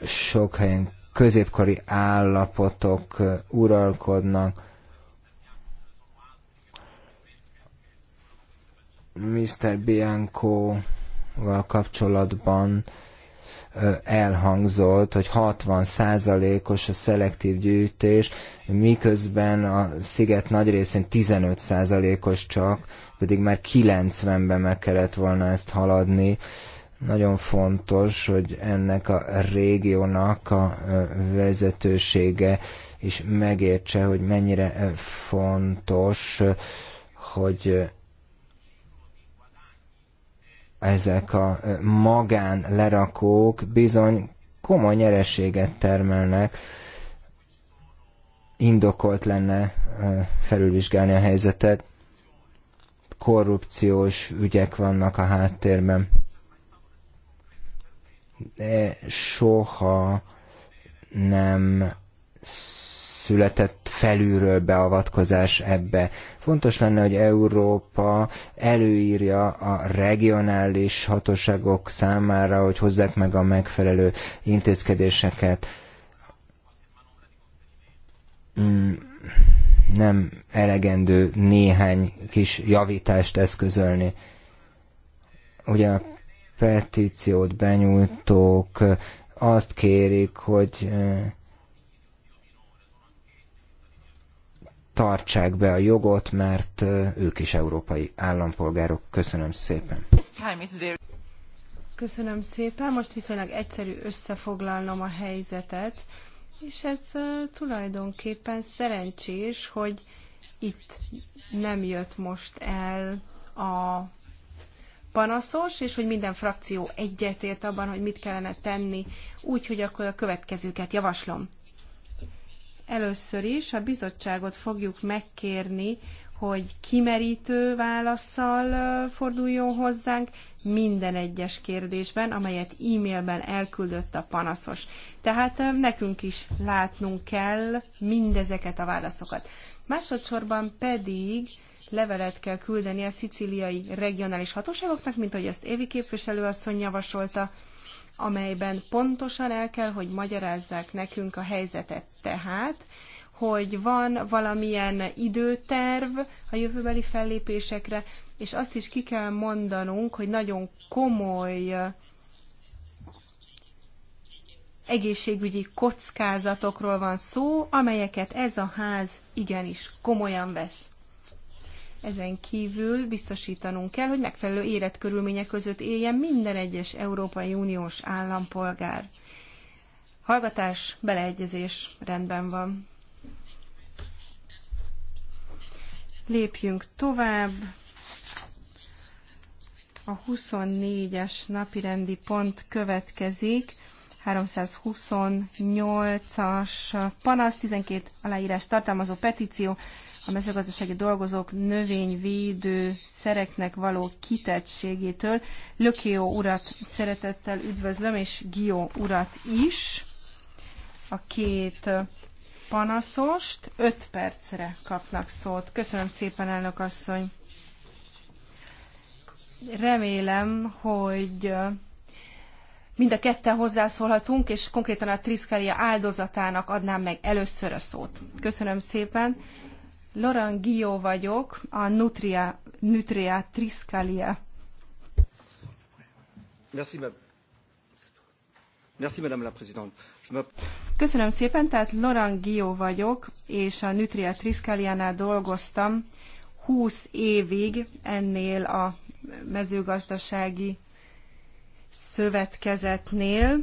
sok helyen középkori állapotok uralkodnak. Mr. Bianco-val kapcsolatban elhangzott, hogy 60%-os a szelektív gyűjtés, miközben a sziget nagy részén 15%-os csak, pedig már 90-ben meg kellett volna ezt haladni. Nagyon fontos, hogy ennek a régiónak a vezetősége is megértse, hogy mennyire fontos, hogy ezek a e, magán lerakók bizony komoly nyereséget termelnek, indokolt lenne e, felülvizsgálni a helyzetet, korrupciós ügyek vannak a háttérben. De soha nem született felülről beavatkozás ebbe. Fontos lenne, hogy Európa előírja a regionális hatóságok számára, hogy hozzák meg a megfelelő intézkedéseket. Mm, nem elegendő néhány kis javítást eszközölni. Ugye a petíciót benyújtók azt kérik, hogy eh, tartsák be a jogot, mert ők is európai állampolgárok. Köszönöm szépen. Köszönöm szépen. Most viszonylag egyszerű összefoglalnom a helyzetet, és ez tulajdonképpen szerencsés, hogy itt nem jött most el a panaszos, és hogy minden frakció egyetért abban, hogy mit kellene tenni, úgyhogy akkor a következőket javaslom. Először is a bizottságot fogjuk megkérni, hogy kimerítő válaszsal forduljon hozzánk minden egyes kérdésben, amelyet e-mailben elküldött a panaszos. Tehát nekünk is látnunk kell mindezeket a válaszokat. Másodszorban pedig levelet kell küldeni a szicíliai regionális hatóságoknak, mint ahogy azt Évi képviselőasszony javasolta, amelyben pontosan el kell, hogy magyarázzák nekünk a helyzetet tehát, hogy van valamilyen időterv a jövőbeli fellépésekre, és azt is ki kell mondanunk, hogy nagyon komoly egészségügyi kockázatokról van szó, amelyeket ez a ház igenis komolyan vesz. Ezen kívül biztosítanunk kell, hogy megfelelő életkörülmények között éljen minden egyes Európai Uniós állampolgár. Hallgatás, beleegyezés, rendben van. Lépjünk tovább. A 24-es napirendi pont következik 328-as panasz, 12 aláírás tartalmazó petíció, a mezőgazdasági dolgozók növényvédő szereknek való kitettségétől. Lökéó urat szeretettel üdvözlöm, és Gió urat is, a két panaszost. 5 percre kapnak szót. Köszönöm szépen, elnök asszony! Remélem, hogy Mind a ketten hozzászólhatunk, és konkrétan a Triszkelia áldozatának adnám meg először a szót. Köszönöm szépen. Loran Gio vagyok, a Nutria, Nutria Triskalia. Merci, Merci, Madame la Présidente. Köszönöm szépen, tehát Loran Gio vagyok, és a Nutria Triskaliánál dolgoztam 20 évig ennél a mezőgazdasági szövetkezetnél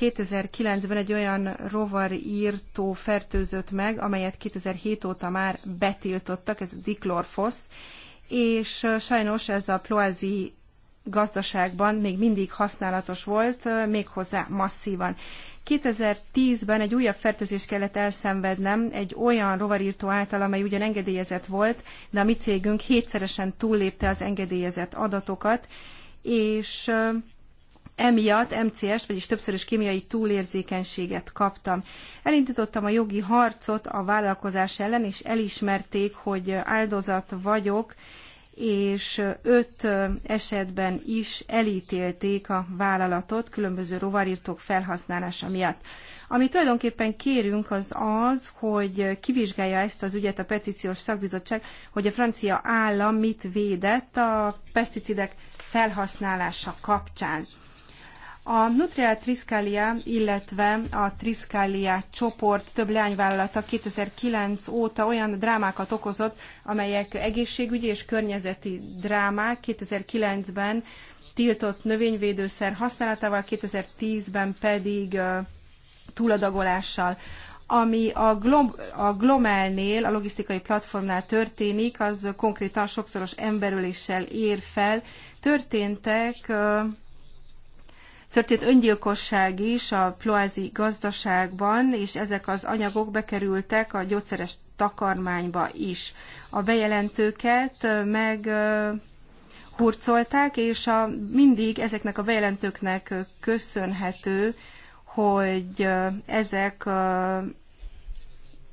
2009-ben egy olyan rovarírtó fertőzött meg, amelyet 2007 óta már betiltottak, ez a diklorfosz, és sajnos ez a ploázi gazdaságban még mindig használatos volt, méghozzá masszívan. 2010-ben egy újabb fertőzést kellett elszenvednem egy olyan rovarírtó által, amely ugyan engedélyezett volt, de a mi cégünk hétszeresen túllépte az engedélyezett adatokat, és emiatt MCS-t, vagyis többszörös kémiai túlérzékenységet kaptam. Elindítottam a jogi harcot a vállalkozás ellen, és elismerték, hogy áldozat vagyok, és öt esetben is elítélték a vállalatot különböző rovarírtók felhasználása miatt. Ami tulajdonképpen kérünk az az, hogy kivizsgálja ezt az ügyet a petíciós szakbizottság, hogy a francia állam mit védett a peszticidek felhasználása kapcsán. A Nutria Triskalia illetve a Triskalia csoport több leányvállalata 2009 óta olyan drámákat okozott, amelyek egészségügyi és környezeti drámák 2009-ben tiltott növényvédőszer használatával, 2010-ben pedig túladagolással ami a, Glom, a Glomelnél, a logisztikai platformnál történik, az konkrétan sokszoros emberüléssel ér fel. Történtek történt öngyilkosság is a ploázi gazdaságban, és ezek az anyagok bekerültek a gyógyszeres takarmányba is. A bejelentőket meg hurcolták, és a, mindig ezeknek a bejelentőknek köszönhető, hogy ezek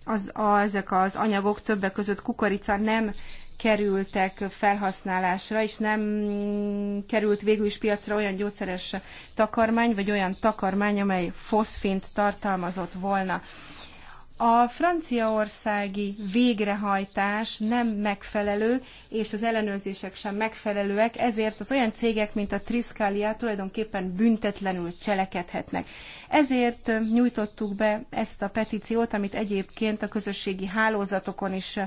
az, a, ezek az anyagok többek között kukorica nem kerültek felhasználásra, és nem került végül is piacra olyan gyógyszeres takarmány, vagy olyan takarmány, amely foszfint tartalmazott volna. A franciaországi végrehajtás nem megfelelő, és az ellenőrzések sem megfelelőek, ezért az olyan cégek, mint a Triscalia tulajdonképpen büntetlenül cselekedhetnek. Ezért nyújtottuk be ezt a petíciót, amit egyébként a közösségi hálózatokon is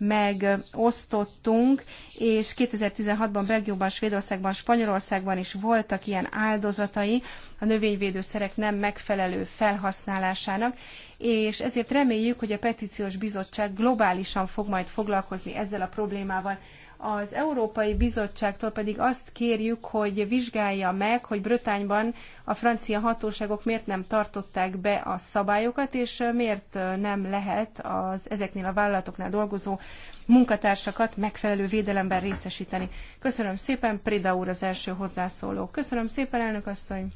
megosztottunk, és 2016-ban Belgiumban, Svédországban, Spanyolországban is voltak ilyen áldozatai a növényvédőszerek nem megfelelő felhasználásának, és ezért reméljük, hogy a petíciós bizottság globálisan fog majd foglalkozni ezzel a problémával. Az Európai Bizottságtól pedig azt kérjük, hogy vizsgálja meg, hogy Brötányban a francia hatóságok miért nem tartották be a szabályokat, és miért nem lehet az ezeknél a vállalatoknál dolgozó munkatársakat megfelelő védelemben részesíteni. Köszönöm szépen, Prida úr az első hozzászóló. Köszönöm szépen, elnök asszony!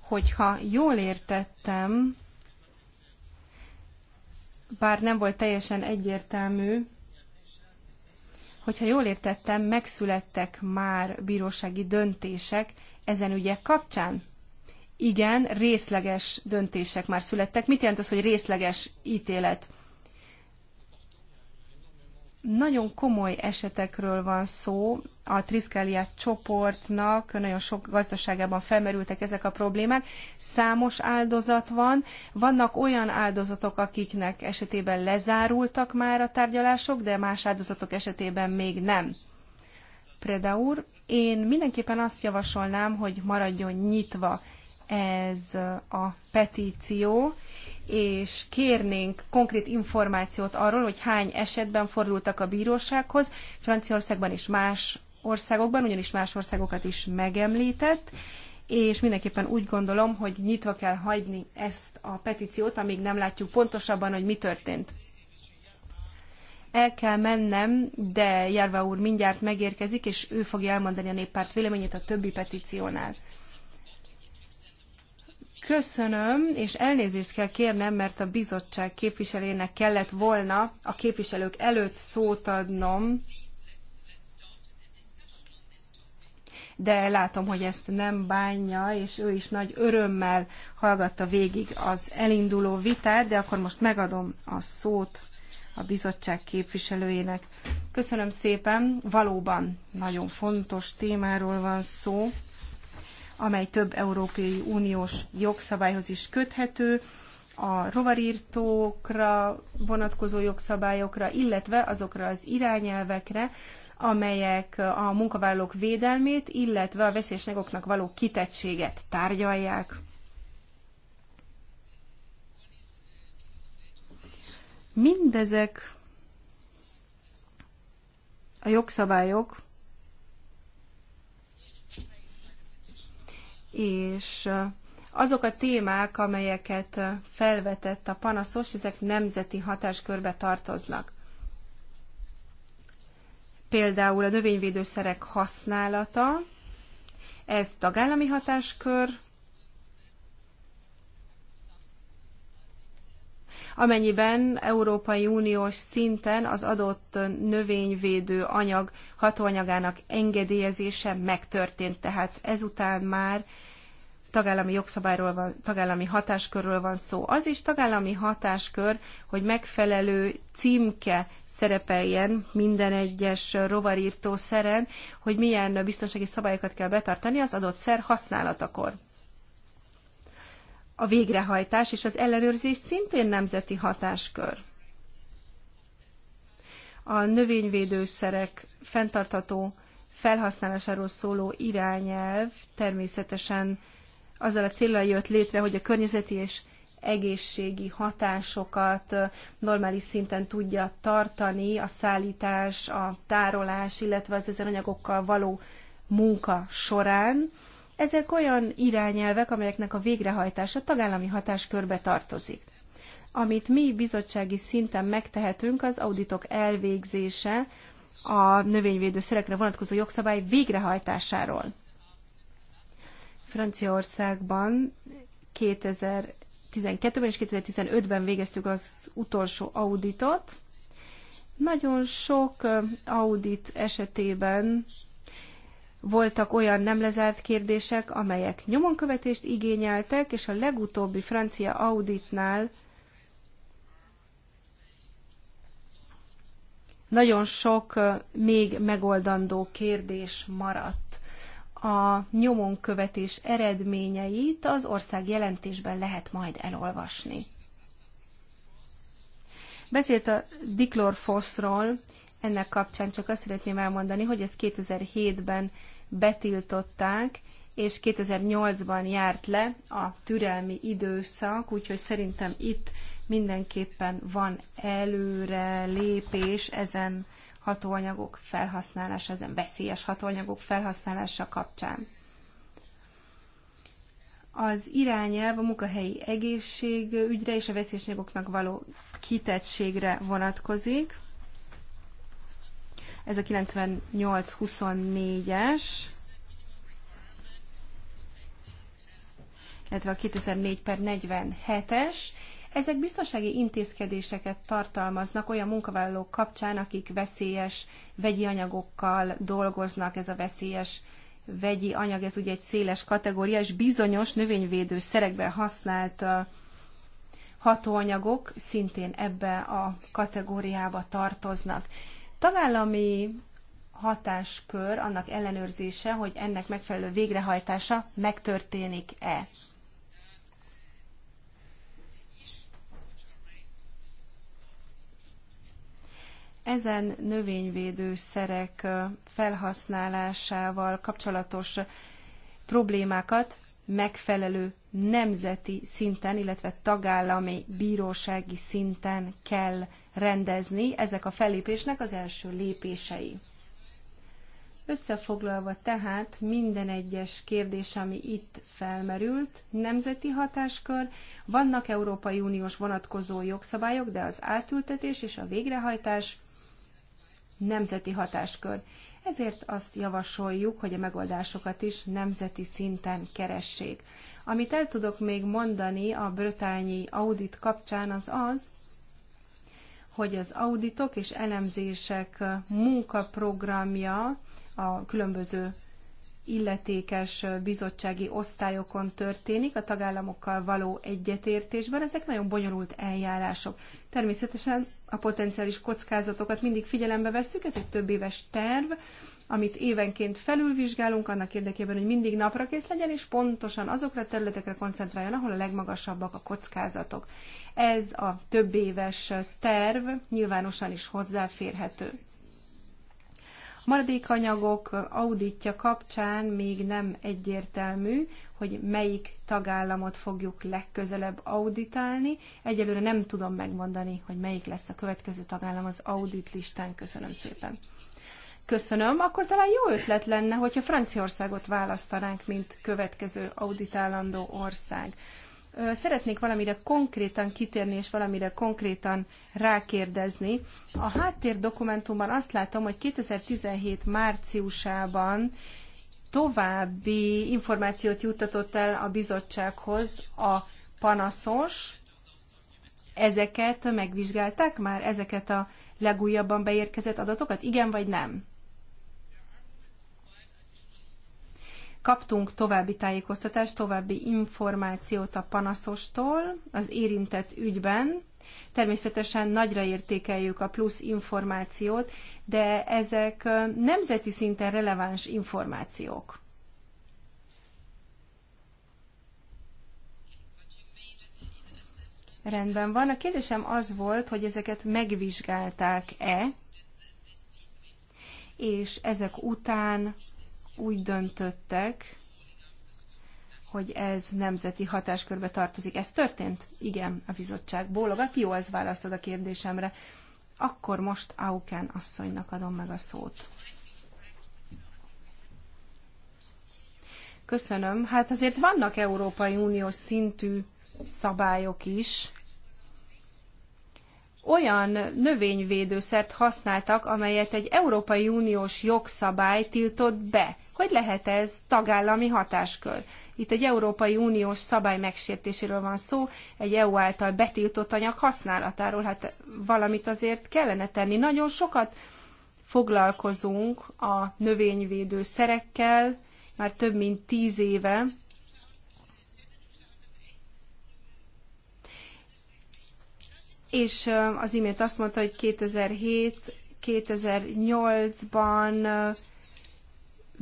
Hogyha jól értettem, bár nem volt teljesen egyértelmű, Hogyha jól értettem, megszülettek már bírósági döntések ezen ügyek kapcsán? Igen, részleges döntések már születtek. Mit jelent az, hogy részleges ítélet? Nagyon komoly esetekről van szó, a Triskeliát csoportnak nagyon sok gazdaságában felmerültek ezek a problémák. Számos áldozat van, vannak olyan áldozatok, akiknek esetében lezárultak már a tárgyalások, de más áldozatok esetében még nem. Preda úr, én mindenképpen azt javasolnám, hogy maradjon nyitva ez a petíció, és kérnénk konkrét információt arról, hogy hány esetben fordultak a bírósághoz, Franciaországban és más országokban, ugyanis más országokat is megemlített, és mindenképpen úgy gondolom, hogy nyitva kell hagyni ezt a petíciót, amíg nem látjuk pontosabban, hogy mi történt. El kell mennem, de Járva úr mindjárt megérkezik, és ő fogja elmondani a néppárt véleményét a többi petíciónál. Köszönöm, és elnézést kell kérnem, mert a bizottság képviselőjének kellett volna a képviselők előtt szót adnom. de látom, hogy ezt nem bánja, és ő is nagy örömmel hallgatta végig az elinduló vitát, de akkor most megadom a szót a bizottság képviselőjének. Köszönöm szépen, valóban nagyon fontos témáról van szó amely több Európai Uniós jogszabályhoz is köthető, a rovarírtókra vonatkozó jogszabályokra, illetve azokra az irányelvekre, amelyek a munkavállalók védelmét, illetve a veszélyes anyagoknak való kitettséget tárgyalják. Mindezek a jogszabályok és azok a témák, amelyeket felvetett a panaszos, ezek nemzeti hatáskörbe tartoznak. Például a növényvédőszerek használata, ez tagállami hatáskör, amennyiben Európai Uniós szinten az adott növényvédő anyag hatóanyagának engedélyezése megtörtént. Tehát ezután már tagállami jogszabályról van, tagállami hatáskörről van szó. Az is tagállami hatáskör, hogy megfelelő címke szerepeljen minden egyes rovarírtószeren, hogy milyen biztonsági szabályokat kell betartani az adott szer használatakor. A végrehajtás és az ellenőrzés szintén nemzeti hatáskör. A növényvédőszerek fenntartató felhasználásáról szóló irányelv természetesen azzal a célral jött létre, hogy a környezeti és egészségi hatásokat normális szinten tudja tartani a szállítás, a tárolás, illetve az ezen anyagokkal való munka során, ezek olyan irányelvek, amelyeknek a végrehajtása tagállami hatáskörbe tartozik. Amit mi bizottsági szinten megtehetünk, az auditok elvégzése a növényvédőszerekre vonatkozó jogszabály végrehajtásáról. Franciaországban 2012-ben és 2015-ben végeztük az utolsó auditot. Nagyon sok audit esetében voltak olyan nem lezárt kérdések, amelyek nyomonkövetést igényeltek, és a legutóbbi francia auditnál nagyon sok még megoldandó kérdés maradt. A nyomonkövetés eredményeit az ország jelentésben lehet majd elolvasni. Beszélt a diklorfoszról, ennek kapcsán csak azt szeretném elmondani, hogy ez 2007-ben betiltották, és 2008-ban járt le a türelmi időszak, úgyhogy szerintem itt mindenképpen van előre lépés ezen hatóanyagok felhasználása, ezen veszélyes hatóanyagok felhasználása kapcsán. Az irányelv a munkahelyi egészségügyre és a veszélyes anyagoknak való kitettségre vonatkozik. Ez a 9824-es, illetve a 2004 per 47-es. Ezek biztonsági intézkedéseket tartalmaznak olyan munkavállalók kapcsán, akik veszélyes vegyi anyagokkal dolgoznak, ez a veszélyes vegyi anyag, ez ugye egy széles kategória, és bizonyos növényvédő szerekben használt hatóanyagok szintén ebbe a kategóriába tartoznak tagállami hatáskör annak ellenőrzése, hogy ennek megfelelő végrehajtása megtörténik-e. Ezen növényvédőszerek felhasználásával kapcsolatos problémákat megfelelő nemzeti szinten, illetve tagállami bírósági szinten kell rendezni ezek a fellépésnek az első lépései. Összefoglalva tehát minden egyes kérdés, ami itt felmerült, nemzeti hatáskör, vannak Európai Uniós vonatkozó jogszabályok, de az átültetés és a végrehajtás nemzeti hatáskör. Ezért azt javasoljuk, hogy a megoldásokat is nemzeti szinten keressék. Amit el tudok még mondani a brötányi audit kapcsán az az, hogy az auditok és elemzések munkaprogramja a különböző illetékes bizottsági osztályokon történik, a tagállamokkal való egyetértésben. Ezek nagyon bonyolult eljárások. Természetesen a potenciális kockázatokat mindig figyelembe vesszük, ez egy több éves terv, amit évenként felülvizsgálunk, annak érdekében, hogy mindig naprakész legyen, és pontosan azokra a területekre koncentráljon, ahol a legmagasabbak a kockázatok. Ez a több éves terv nyilvánosan is hozzáférhető. A maradékanyagok auditja kapcsán még nem egyértelmű, hogy melyik tagállamot fogjuk legközelebb auditálni. Egyelőre nem tudom megmondani, hogy melyik lesz a következő tagállam az audit listán. Köszönöm szépen köszönöm, akkor talán jó ötlet lenne, hogyha Franciaországot választanánk, mint következő auditálandó ország. Szeretnék valamire konkrétan kitérni, és valamire konkrétan rákérdezni. A háttér dokumentumban azt látom, hogy 2017 márciusában további információt juttatott el a bizottsághoz a panaszos. Ezeket megvizsgálták már, ezeket a legújabban beérkezett adatokat? Igen vagy nem? Kaptunk további tájékoztatást, további információt a panaszostól az érintett ügyben. Természetesen nagyra értékeljük a plusz információt, de ezek nemzeti szinten releváns információk. Rendben van. A kérdésem az volt, hogy ezeket megvizsgálták-e, és ezek után úgy döntöttek, hogy ez nemzeti hatáskörbe tartozik. Ez történt? Igen, a bizottság bólogat. Jó, ez választod a kérdésemre. Akkor most Auken asszonynak adom meg a szót. Köszönöm. Hát azért vannak Európai Uniós szintű szabályok is. Olyan növényvédőszert használtak, amelyet egy Európai Uniós jogszabály tiltott be. Hogy lehet ez tagállami hatáskör? Itt egy Európai Uniós szabály megsértéséről van szó, egy EU által betiltott anyag használatáról. Hát valamit azért kellene tenni. Nagyon sokat foglalkozunk a növényvédő szerekkel, már több mint tíz éve, és az imént azt mondta, hogy 2007-2008-ban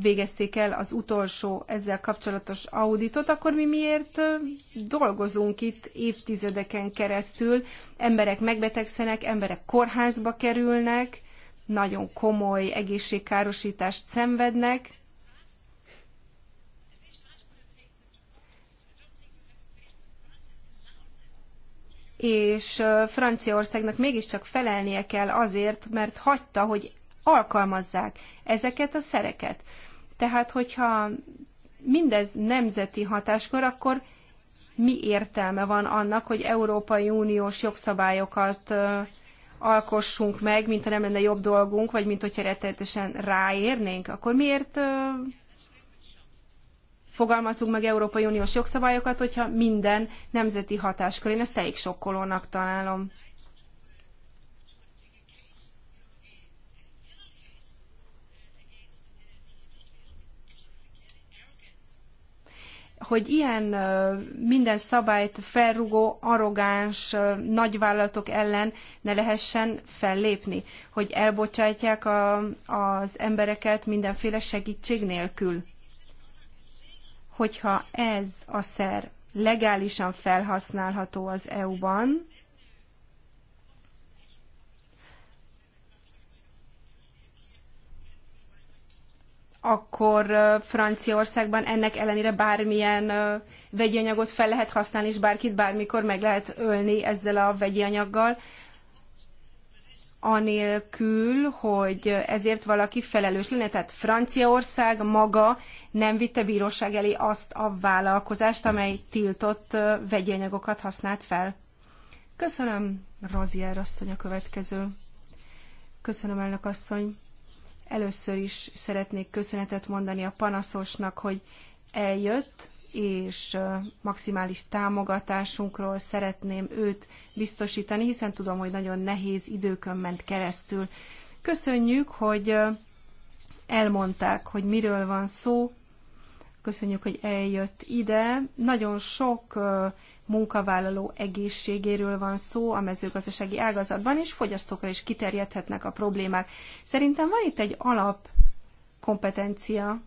végezték el az utolsó ezzel kapcsolatos auditot, akkor mi miért dolgozunk itt évtizedeken keresztül? Emberek megbetegszenek, emberek kórházba kerülnek, nagyon komoly egészségkárosítást szenvednek, és Franciaországnak mégiscsak felelnie kell azért, mert hagyta, hogy alkalmazzák ezeket a szereket. Tehát, hogyha mindez nemzeti hatáskor, akkor mi értelme van annak, hogy Európai Uniós jogszabályokat alkossunk meg, mint ha nem lenne jobb dolgunk, vagy mint hogyha rettenetesen ráérnénk, akkor miért fogalmazunk meg Európai Uniós jogszabályokat, hogyha minden nemzeti hatáskör. Én ezt elég sokkolónak találom. hogy ilyen minden szabályt felrugó, arrogáns nagyvállalatok ellen ne lehessen fellépni, hogy elbocsátják a, az embereket mindenféle segítség nélkül. Hogyha ez a szer legálisan felhasználható az EU-ban, akkor Franciaországban ennek ellenére bármilyen vegyi anyagot fel lehet használni, és bárkit bármikor meg lehet ölni ezzel a vegyi anyaggal, anélkül, hogy ezért valaki felelős lenne. Tehát Franciaország maga nem vitte bíróság elé azt a vállalkozást, amely tiltott vegyi anyagokat használt fel. Köszönöm, Rozier asszony a következő. Köszönöm, elnök asszony. Először is szeretnék köszönetet mondani a panaszosnak, hogy eljött, és maximális támogatásunkról szeretném őt biztosítani, hiszen tudom, hogy nagyon nehéz időkön ment keresztül. Köszönjük, hogy elmondták, hogy miről van szó, köszönjük, hogy eljött ide. Nagyon sok munkavállaló egészségéről van szó a mezőgazdasági ágazatban, és fogyasztókra is kiterjedhetnek a problémák. Szerintem van itt egy alap kompetencia,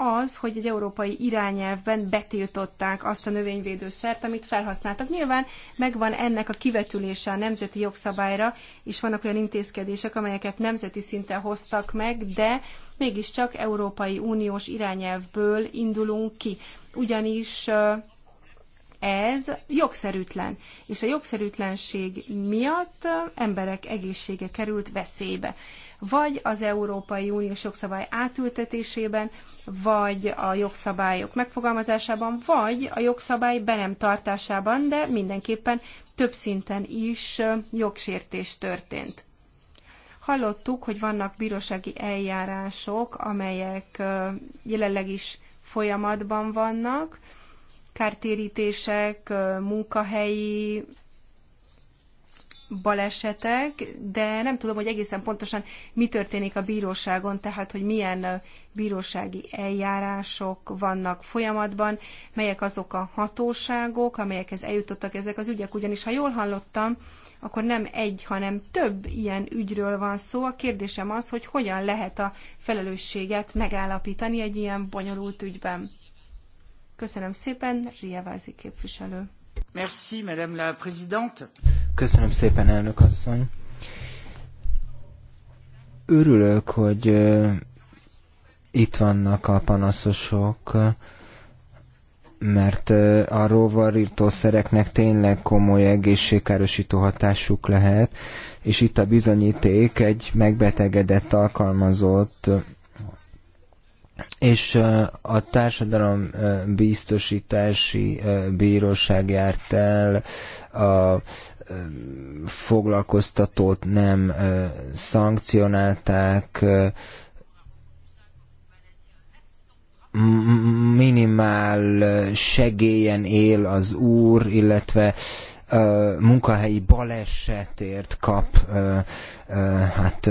az, hogy egy európai irányelvben betiltották azt a növényvédőszert, amit felhasználtak. Nyilván megvan ennek a kivetülése a nemzeti jogszabályra, és vannak olyan intézkedések, amelyeket nemzeti szinten hoztak meg, de mégiscsak Európai Uniós irányelvből indulunk ki ugyanis ez jogszerűtlen, és a jogszerűtlenség miatt emberek egészsége került veszélybe. Vagy az Európai Uniós jogszabály átültetésében, vagy a jogszabályok megfogalmazásában, vagy a jogszabály be nem tartásában, de mindenképpen több szinten is jogsértés történt. Hallottuk, hogy vannak bírósági eljárások, amelyek jelenleg is folyamatban vannak, kártérítések, munkahelyi balesetek, de nem tudom, hogy egészen pontosan mi történik a bíróságon, tehát hogy milyen bírósági eljárások vannak folyamatban, melyek azok a hatóságok, amelyekhez eljutottak ezek az ügyek. Ugyanis, ha jól hallottam, akkor nem egy, hanem több ilyen ügyről van szó. A kérdésem az, hogy hogyan lehet a felelősséget megállapítani egy ilyen bonyolult ügyben. Köszönöm szépen, Rievázi képviselő. Merci, Madame la Présidente. Köszönöm szépen, elnök asszony. Örülök, hogy itt vannak a panaszosok, mert a rovarirtószereknek tényleg komoly egészségkárosító hatásuk lehet, és itt a bizonyíték egy megbetegedett alkalmazott és a társadalom biztosítási bíróság járt el a foglalkoztatót nem szankcionálták, minimál segélyen él az úr, illetve munkahelyi balesetért kap hát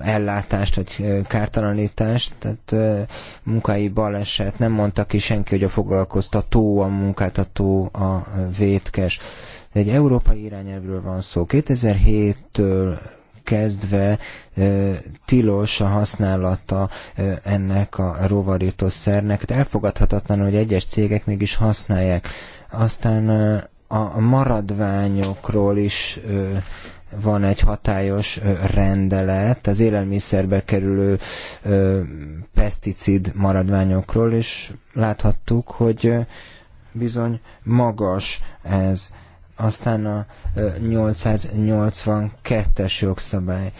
ellátást vagy kártalanítást, tehát munkahelyi baleset, nem mondta ki senki, hogy a foglalkoztató, a munkáltató, a vétkes. De egy európai irányelvről van szó. 2007-től kezdve tilos a használata ennek a rovarítószernek. Elfogadhatatlan, hogy egyes cégek mégis használják. Aztán a maradványokról is van egy hatályos rendelet az élelmiszerbe kerülő peszticid maradványokról, és láthattuk, hogy bizony magas ez aztán a 882-es jogszabály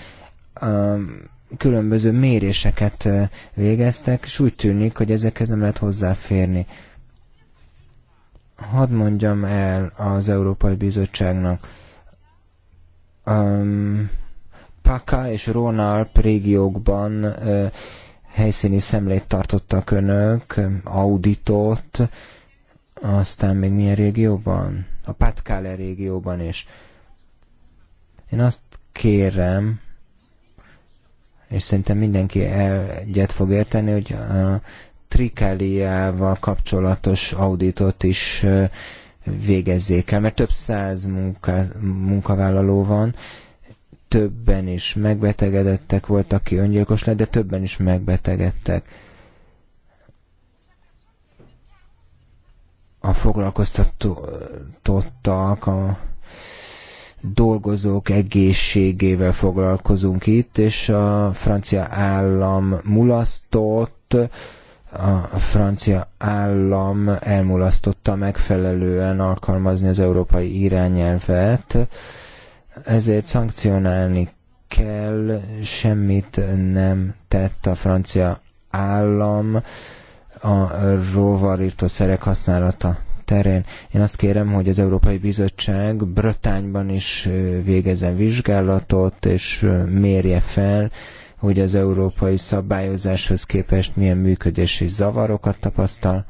különböző méréseket végeztek, és úgy tűnik, hogy ezekhez nem lehet hozzáférni. Hadd mondjam el az Európai Bizottságnak, um, Paka és Ronalp régiókban uh, helyszíni szemlét tartottak önök, auditot, aztán még milyen régióban? a Patkále régióban is. Én azt kérem, és szerintem mindenki egyet fog érteni, hogy a Trikáliával kapcsolatos auditot is végezzék el, mert több száz munka, munkavállaló van, többen is megbetegedettek, volt, aki öngyilkos lett, de többen is megbetegedtek a foglalkoztatottak, a dolgozók egészségével foglalkozunk itt, és a francia állam mulasztott, a francia állam elmulasztotta megfelelően alkalmazni az európai irányelvet, ezért szankcionálni kell, semmit nem tett a francia állam, a szerek használata terén. Én azt kérem, hogy az Európai Bizottság Brötányban is végezzen vizsgálatot, és mérje fel, hogy az európai szabályozáshoz képest milyen működési zavarokat tapasztal.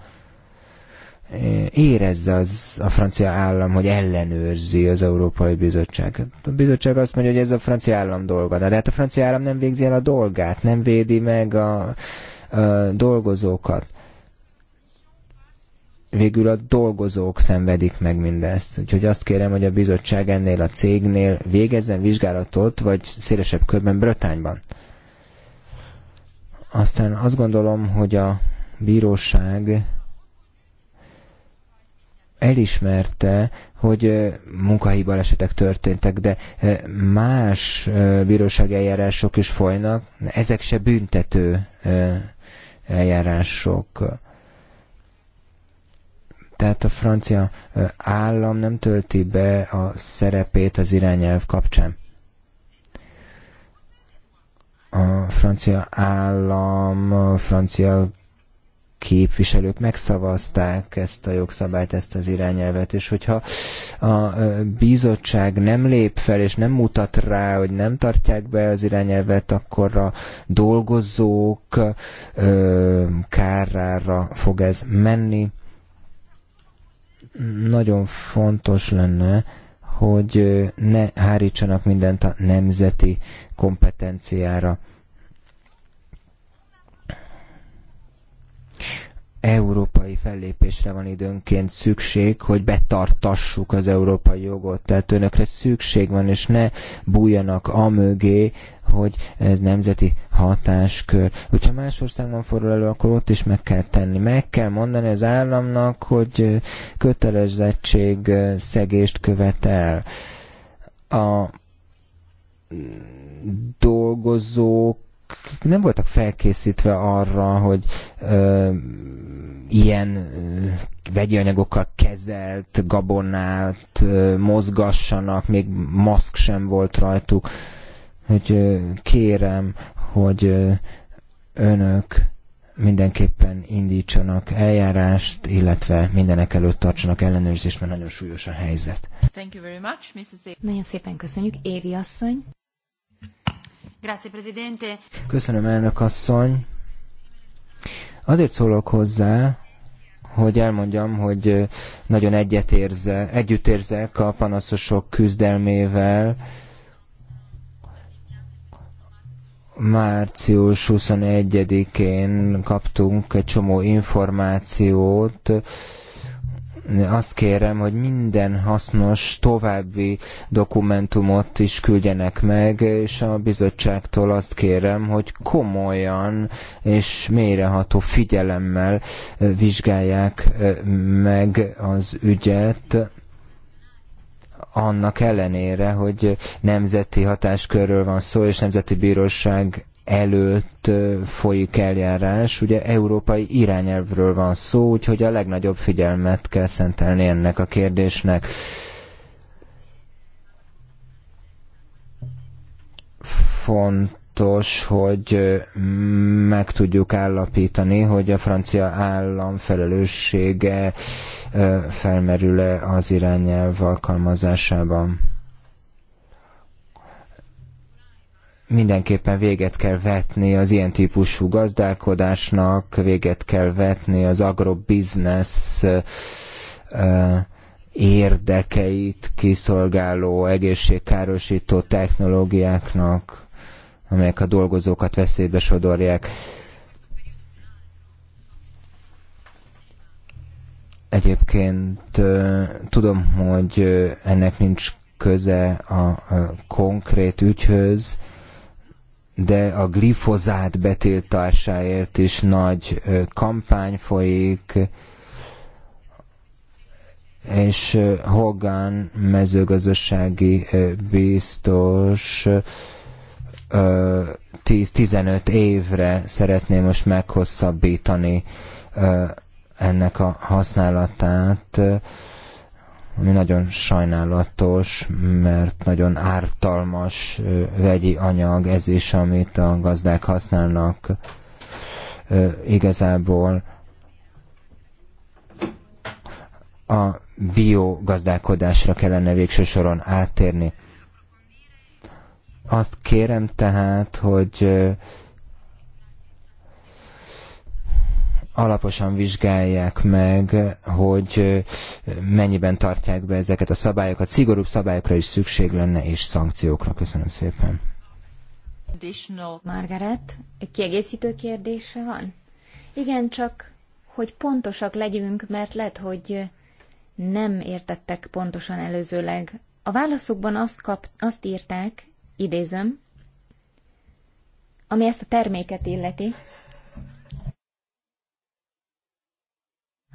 Érezze az a francia állam, hogy ellenőrzi az Európai Bizottság. A bizottság azt mondja, hogy ez a francia állam dolga, de hát a francia állam nem végzi el a dolgát, nem védi meg a, a dolgozókat végül a dolgozók szenvedik meg mindezt. Úgyhogy azt kérem, hogy a bizottság ennél a cégnél végezzen vizsgálatot, vagy szélesebb körben Brötányban. Aztán azt gondolom, hogy a bíróság elismerte, hogy munkahelyi balesetek történtek, de más bírósági eljárások is folynak, ezek se büntető eljárások tehát a francia állam nem tölti be a szerepét az irányelv kapcsán. A francia állam, a francia képviselők megszavazták ezt a jogszabályt, ezt az irányelvet, és hogyha a bizottság nem lép fel, és nem mutat rá, hogy nem tartják be az irányelvet, akkor a dolgozók ö, kárára fog ez menni nagyon fontos lenne, hogy ne hárítsanak mindent a nemzeti kompetenciára. európai fellépésre van időnként szükség, hogy betartassuk az európai jogot. Tehát önökre szükség van, és ne bújjanak amögé, hogy ez nemzeti hatáskör. Hogyha más országban fordul elő, akkor ott is meg kell tenni. Meg kell mondani az államnak, hogy kötelezettség szegést követel. A dolgozók nem voltak felkészítve arra, hogy ö, ilyen ö, vegyi anyagokkal kezelt gabonát ö, mozgassanak, még maszk sem volt rajtuk. Ö, hogy kérem, hogy önök mindenképpen indítsanak eljárást, illetve mindenek előtt tartsanak ellenőrzést, mert nagyon súlyos a helyzet. Thank you very much, Mrs. A nagyon szépen köszönjük, Évi asszony. Grazie, Presidente. Köszönöm, elnök asszony. Azért szólok hozzá, hogy elmondjam, hogy nagyon egyetérzek, együttérzek a panaszosok küzdelmével, március 21-én kaptunk egy csomó információt, azt kérem, hogy minden hasznos további dokumentumot is küldjenek meg, és a bizottságtól azt kérem, hogy komolyan és mélyreható figyelemmel vizsgálják meg az ügyet, annak ellenére, hogy nemzeti hatáskörről van szó, és nemzeti bíróság előtt folyik eljárás. Ugye európai irányelvről van szó, úgyhogy a legnagyobb figyelmet kell szentelni ennek a kérdésnek. Font fontos, hogy meg tudjuk állapítani, hogy a francia állam felelőssége felmerül-e az irányelv alkalmazásában. Mindenképpen véget kell vetni az ilyen típusú gazdálkodásnak, véget kell vetni az agrobiznesz érdekeit kiszolgáló egészségkárosító technológiáknak amelyek a dolgozókat veszélybe sodorják. Egyébként tudom, hogy ennek nincs köze a konkrét ügyhöz, de a glifozát betiltásáért is nagy kampány folyik, és Hogan mezőgazdasági biztos 10-15 évre szeretné most meghosszabbítani ennek a használatát, ami nagyon sajnálatos, mert nagyon ártalmas vegyi anyag ez is, amit a gazdák használnak igazából a biogazdálkodásra kellene végső soron áttérni. Azt kérem tehát, hogy alaposan vizsgálják meg, hogy mennyiben tartják be ezeket a szabályokat. Szigorúbb szabályokra is szükség lenne, és szankciókra. Köszönöm szépen. Margaret, egy kiegészítő kérdése van? Igen, csak hogy pontosak legyünk, mert lehet, hogy nem értettek pontosan előzőleg. A válaszokban azt, kap, azt írták, idézem, ami ezt a terméket illeti.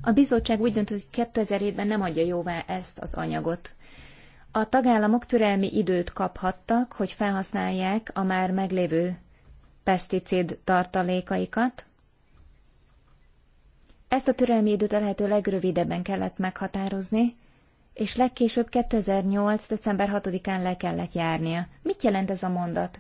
A bizottság úgy döntött, hogy 2000 évben nem adja jóvá ezt az anyagot. A tagállamok türelmi időt kaphattak, hogy felhasználják a már meglévő peszticid tartalékaikat. Ezt a türelmi időt a lehető legrövidebben kellett meghatározni, és legkésőbb 2008. december 6-án le kellett járnia. Mit jelent ez a mondat?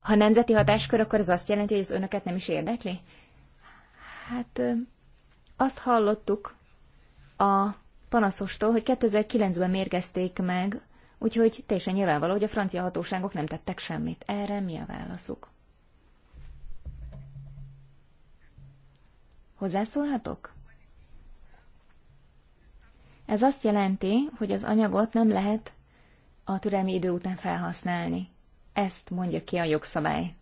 Ha nemzeti hatáskör, akkor ez azt jelenti, hogy ez önöket nem is érdekli? Hát azt hallottuk a panaszostól, hogy 2009-ben mérgezték meg, úgyhogy teljesen nyilvánvaló, hogy a francia hatóságok nem tettek semmit. Erre mi a válaszuk? Hozzászólhatok? Ez azt jelenti, hogy az anyagot nem lehet a türelmi idő után felhasználni. Ezt mondja ki a jogszabály.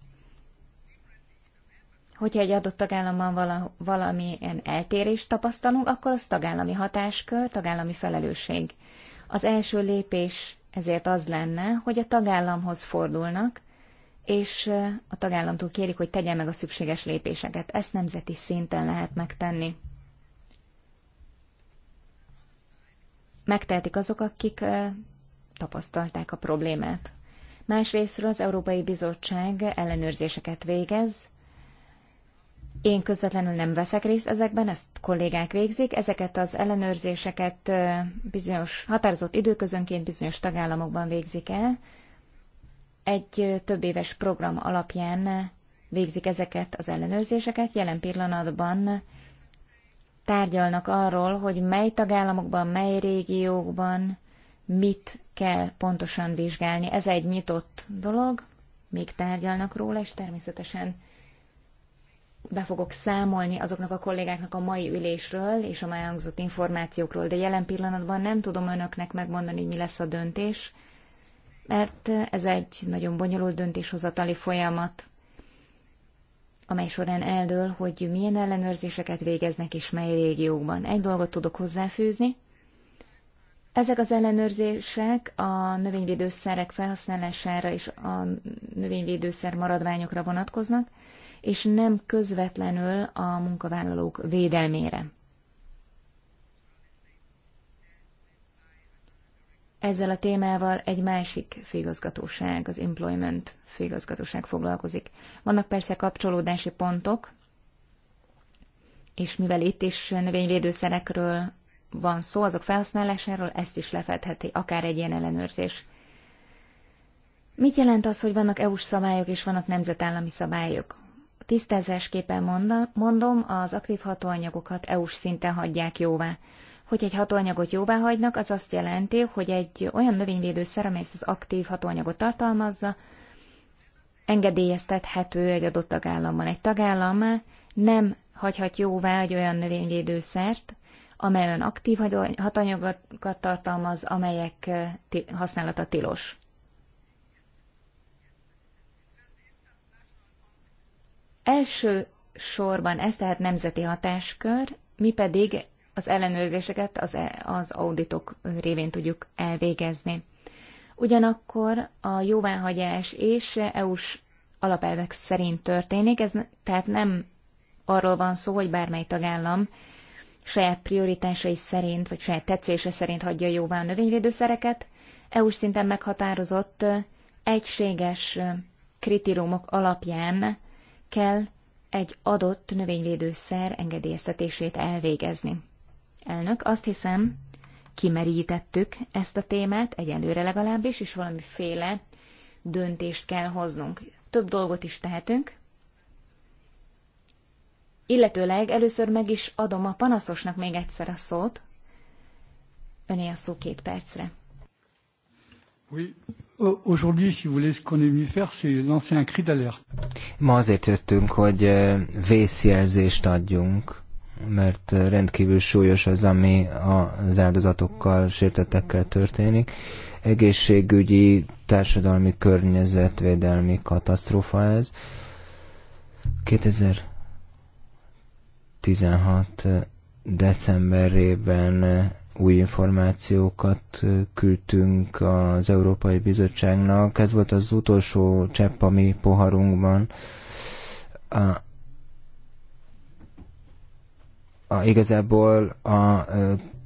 Hogyha egy adott tagállamban vala, valamilyen eltérést tapasztalunk, akkor az tagállami hatáskör, tagállami felelősség. Az első lépés ezért az lenne, hogy a tagállamhoz fordulnak, és a tagállamtól kérik, hogy tegye meg a szükséges lépéseket. Ezt nemzeti szinten lehet megtenni. Megtehetik azok, akik tapasztalták a problémát. Másrésztről az Európai Bizottság ellenőrzéseket végez. Én közvetlenül nem veszek részt ezekben, ezt kollégák végzik. Ezeket az ellenőrzéseket bizonyos határozott időközönként bizonyos tagállamokban végzik el, egy több éves program alapján végzik ezeket az ellenőrzéseket. Jelen pillanatban tárgyalnak arról, hogy mely tagállamokban, mely régiókban mit kell pontosan vizsgálni. Ez egy nyitott dolog, még tárgyalnak róla, és természetesen be fogok számolni azoknak a kollégáknak a mai ülésről és a már hangzott információkról, de jelen pillanatban nem tudom önöknek megmondani, hogy mi lesz a döntés mert ez egy nagyon bonyolult döntéshozatali folyamat, amely során eldől, hogy milyen ellenőrzéseket végeznek és mely régiókban. Egy dolgot tudok hozzáfűzni. Ezek az ellenőrzések a növényvédőszerek felhasználására és a növényvédőszer maradványokra vonatkoznak, és nem közvetlenül a munkavállalók védelmére. Ezzel a témával egy másik főigazgatóság, az Employment főigazgatóság foglalkozik. Vannak persze kapcsolódási pontok, és mivel itt is növényvédőszerekről van szó, azok felhasználásáról, ezt is lefedheti akár egy ilyen ellenőrzés. Mit jelent az, hogy vannak EU-s szabályok és vannak nemzetállami szabályok? Tisztázásképpen mondom, az aktív hatóanyagokat EU-s szinten hagyják jóvá. Hogy egy hatóanyagot jóvá hagynak, az azt jelenti, hogy egy olyan növényvédőszer, amely az aktív hatóanyagot tartalmazza, engedélyeztethető egy adott tagállamban. Egy tagállam nem hagyhat jóvá egy olyan növényvédőszert, amely olyan aktív hatanyagokat tartalmaz, amelyek eh, használata tilos. Első sorban ez tehát nemzeti hatáskör, mi pedig az ellenőrzéseket az, e- az auditok révén tudjuk elvégezni. Ugyanakkor a jóváhagyás és EU-s alapelvek szerint történik, ez tehát nem arról van szó, hogy bármely tagállam saját prioritásai szerint, vagy saját tetszése szerint hagyja jóvá a növényvédőszereket, EU-s szinten meghatározott egységes kritériumok alapján kell egy adott növényvédőszer engedélyeztetését elvégezni. Elnök, azt hiszem, kimerítettük ezt a témát, egyelőre legalábbis, és valamiféle döntést kell hoznunk. Több dolgot is tehetünk, Illetőleg először meg is adom a panaszosnak még egyszer a szót. Öné a szó két percre. Oui. Aujourd'hui, si vous voulez, ce qu'on est venu faire, c'est lancer un cri d'alerte. Ma azért jöttünk, hogy eh, vészjelzést adjunk mert eh, rendkívül súlyos az, ami az áldozatokkal, sértettekkel történik. Egészségügyi, társadalmi környezetvédelmi katasztrófa ez. 2016 eh, decemberében eh, új információkat küldtünk az Európai Bizottságnak. Ez volt az utolsó csepp a mi poharunkban a, igazából a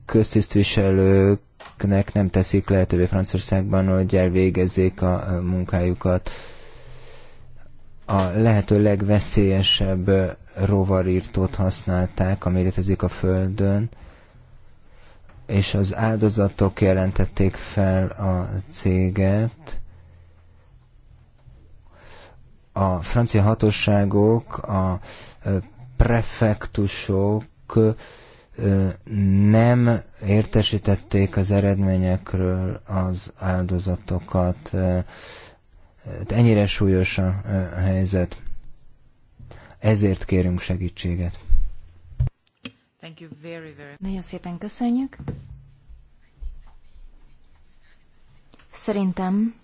köztisztviselőknek nem teszik lehetővé Franciaországban, hogy elvégezzék a munkájukat. A lehető legveszélyesebb rovarírtót használták, ami létezik a Földön, és az áldozatok jelentették fel a céget. A francia hatóságok, a prefektusok nem értesítették az eredményekről az áldozatokat. Ennyire súlyos a helyzet. Ezért kérünk segítséget. Thank you very, very... Nagyon szépen köszönjük. Szerintem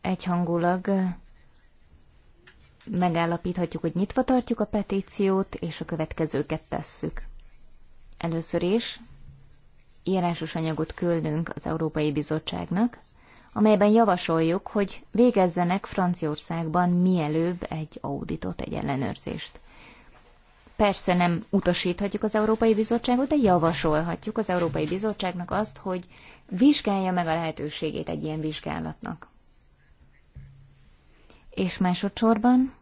egyhangulag megállapíthatjuk, hogy nyitva tartjuk a petíciót, és a következőket tesszük. Először is írásos anyagot küldünk az Európai Bizottságnak, amelyben javasoljuk, hogy végezzenek Franciaországban mielőbb egy auditot, egy ellenőrzést. Persze nem utasíthatjuk az Európai Bizottságot, de javasolhatjuk az Európai Bizottságnak azt, hogy vizsgálja meg a lehetőségét egy ilyen vizsgálatnak. És másodszorban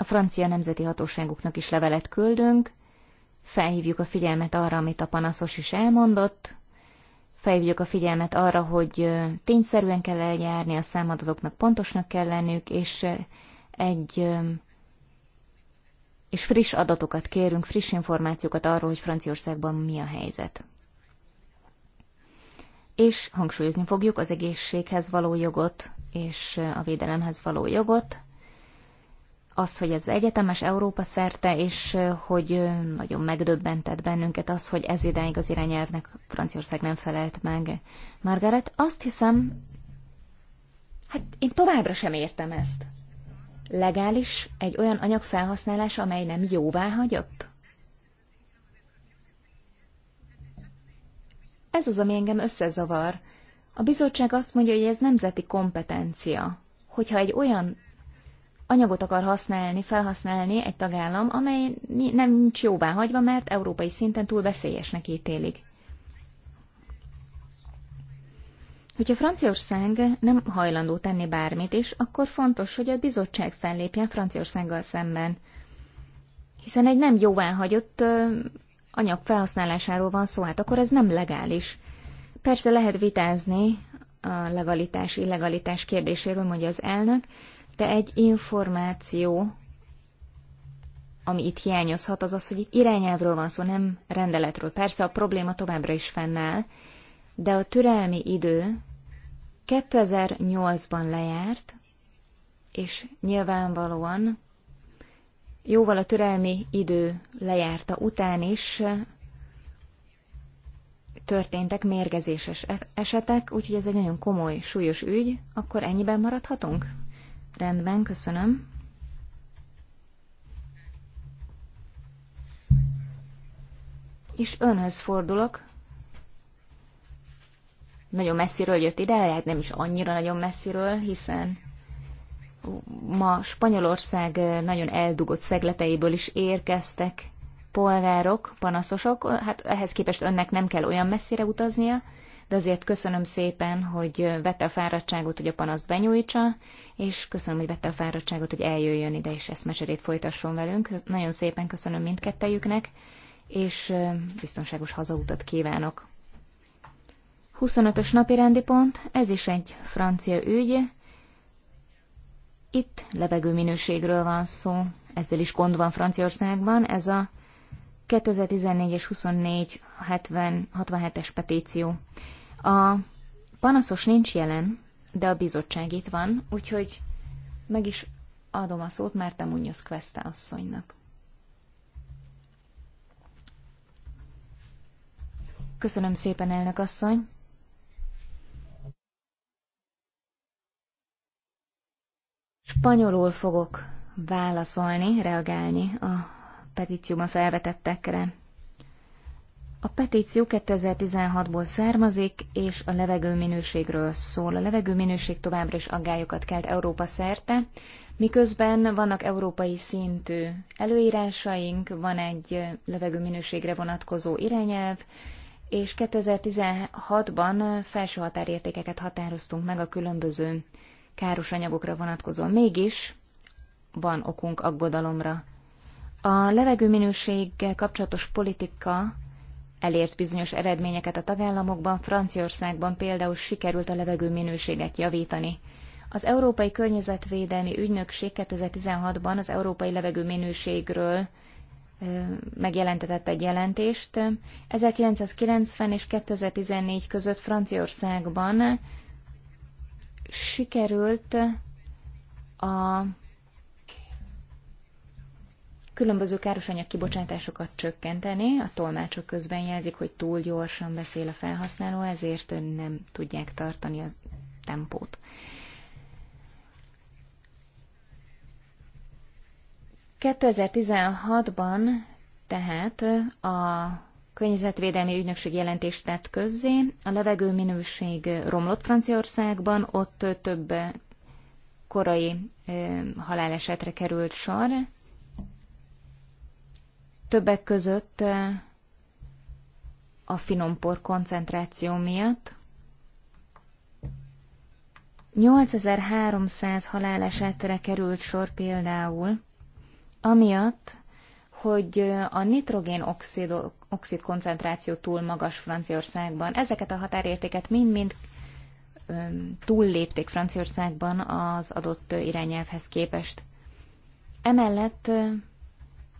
a francia nemzeti hatóságoknak is levelet küldünk, felhívjuk a figyelmet arra, amit a panaszos is elmondott, felhívjuk a figyelmet arra, hogy tényszerűen kell eljárni, a számadatoknak pontosnak kell lennük, és egy és friss adatokat kérünk, friss információkat arról, hogy Franciaországban mi a helyzet. És hangsúlyozni fogjuk az egészséghez való jogot és a védelemhez való jogot, azt, hogy ez egyetemes Európa szerte, és hogy nagyon megdöbbentett bennünket az, hogy ez ideig az irányelvnek Franciaország nem felelt meg. Margaret, azt hiszem, hát én továbbra sem értem ezt. Legális egy olyan anyag felhasználása, amely nem jóvá hagyott? Ez az, ami engem összezavar. A bizottság azt mondja, hogy ez nemzeti kompetencia. Hogyha egy olyan anyagot akar használni, felhasználni egy tagállam, amely nem nincs jóvá hagyva, mert európai szinten túl veszélyesnek ítélik. Hogyha Franciaország nem hajlandó tenni bármit is, akkor fontos, hogy a bizottság fellépjen Franciaországgal szemben. Hiszen egy nem hagyott anyag felhasználásáról van szó, hát akkor ez nem legális. Persze lehet vitázni a legalitás, illegalitás kérdéséről, mondja az elnök, de egy információ, ami itt hiányozhat, az az, hogy itt irányelvről van szó, nem rendeletről. Persze a probléma továbbra is fennáll, de a türelmi idő 2008-ban lejárt, és nyilvánvalóan jóval a türelmi idő lejárta után is történtek mérgezéses esetek, úgyhogy ez egy nagyon komoly, súlyos ügy, akkor ennyiben maradhatunk? Rendben, köszönöm. És önhöz fordulok. Nagyon messziről jött ide, hát nem is annyira nagyon messziről, hiszen ma Spanyolország nagyon eldugott szegleteiből is érkeztek polgárok, panaszosok, hát ehhez képest önnek nem kell olyan messzire utaznia, de azért köszönöm szépen, hogy vette a fáradtságot, hogy a panaszt benyújtsa, és köszönöm, hogy vette a fáradtságot, hogy eljöjjön ide, és ezt mesedét folytasson velünk. Nagyon szépen köszönöm mindkettejüknek, és biztonságos hazautat kívánok. 25-ös napi rendi pont, ez is egy francia ügy. Itt minőségről van szó, ezzel is gond van Franciaországban. Ez a 2014 és 24 67-es petíció. A panaszos nincs jelen, de a bizottság itt van, úgyhogy meg is adom a szót Márta Munoz Questa asszonynak. Köszönöm szépen, elnök asszony! Spanyolul fogok válaszolni, reagálni a petícióban felvetettekre. A petíció 2016-ból származik, és a levegőminőségről szól. A levegőminőség továbbra is aggályokat kelt Európa szerte, miközben vannak európai szintű előírásaink, van egy levegőminőségre vonatkozó irányelv, és 2016-ban felső határértékeket határoztunk meg a különböző káros anyagokra vonatkozóan. Mégis van okunk aggodalomra. A levegőminőséggel kapcsolatos politika elért bizonyos eredményeket a tagállamokban, Franciaországban például sikerült a levegő minőséget javítani. Az Európai Környezetvédelmi Ügynökség 2016-ban az európai levegő minőségről megjelentetett egy jelentést. 1990 és 2014 között Franciaországban sikerült a különböző károsanyag kibocsátásokat csökkenteni, a tolmácsok közben jelzik, hogy túl gyorsan beszél a felhasználó, ezért nem tudják tartani a tempót. ...2016-ban tehát a környezetvédelmi ügynökség jelentést tett közzé. A levegő minőség romlott Franciaországban, ott több korai halálesetre került sor, Többek között eh, a finompor koncentráció miatt. 8300 halálesetre került sor például, amiatt, hogy eh, a nitrogén oxid, oxid koncentráció túl magas Franciaországban. Ezeket a határértéket mind-mind túllépték Franciaországban az adott eh, irányelvhez képest. Emellett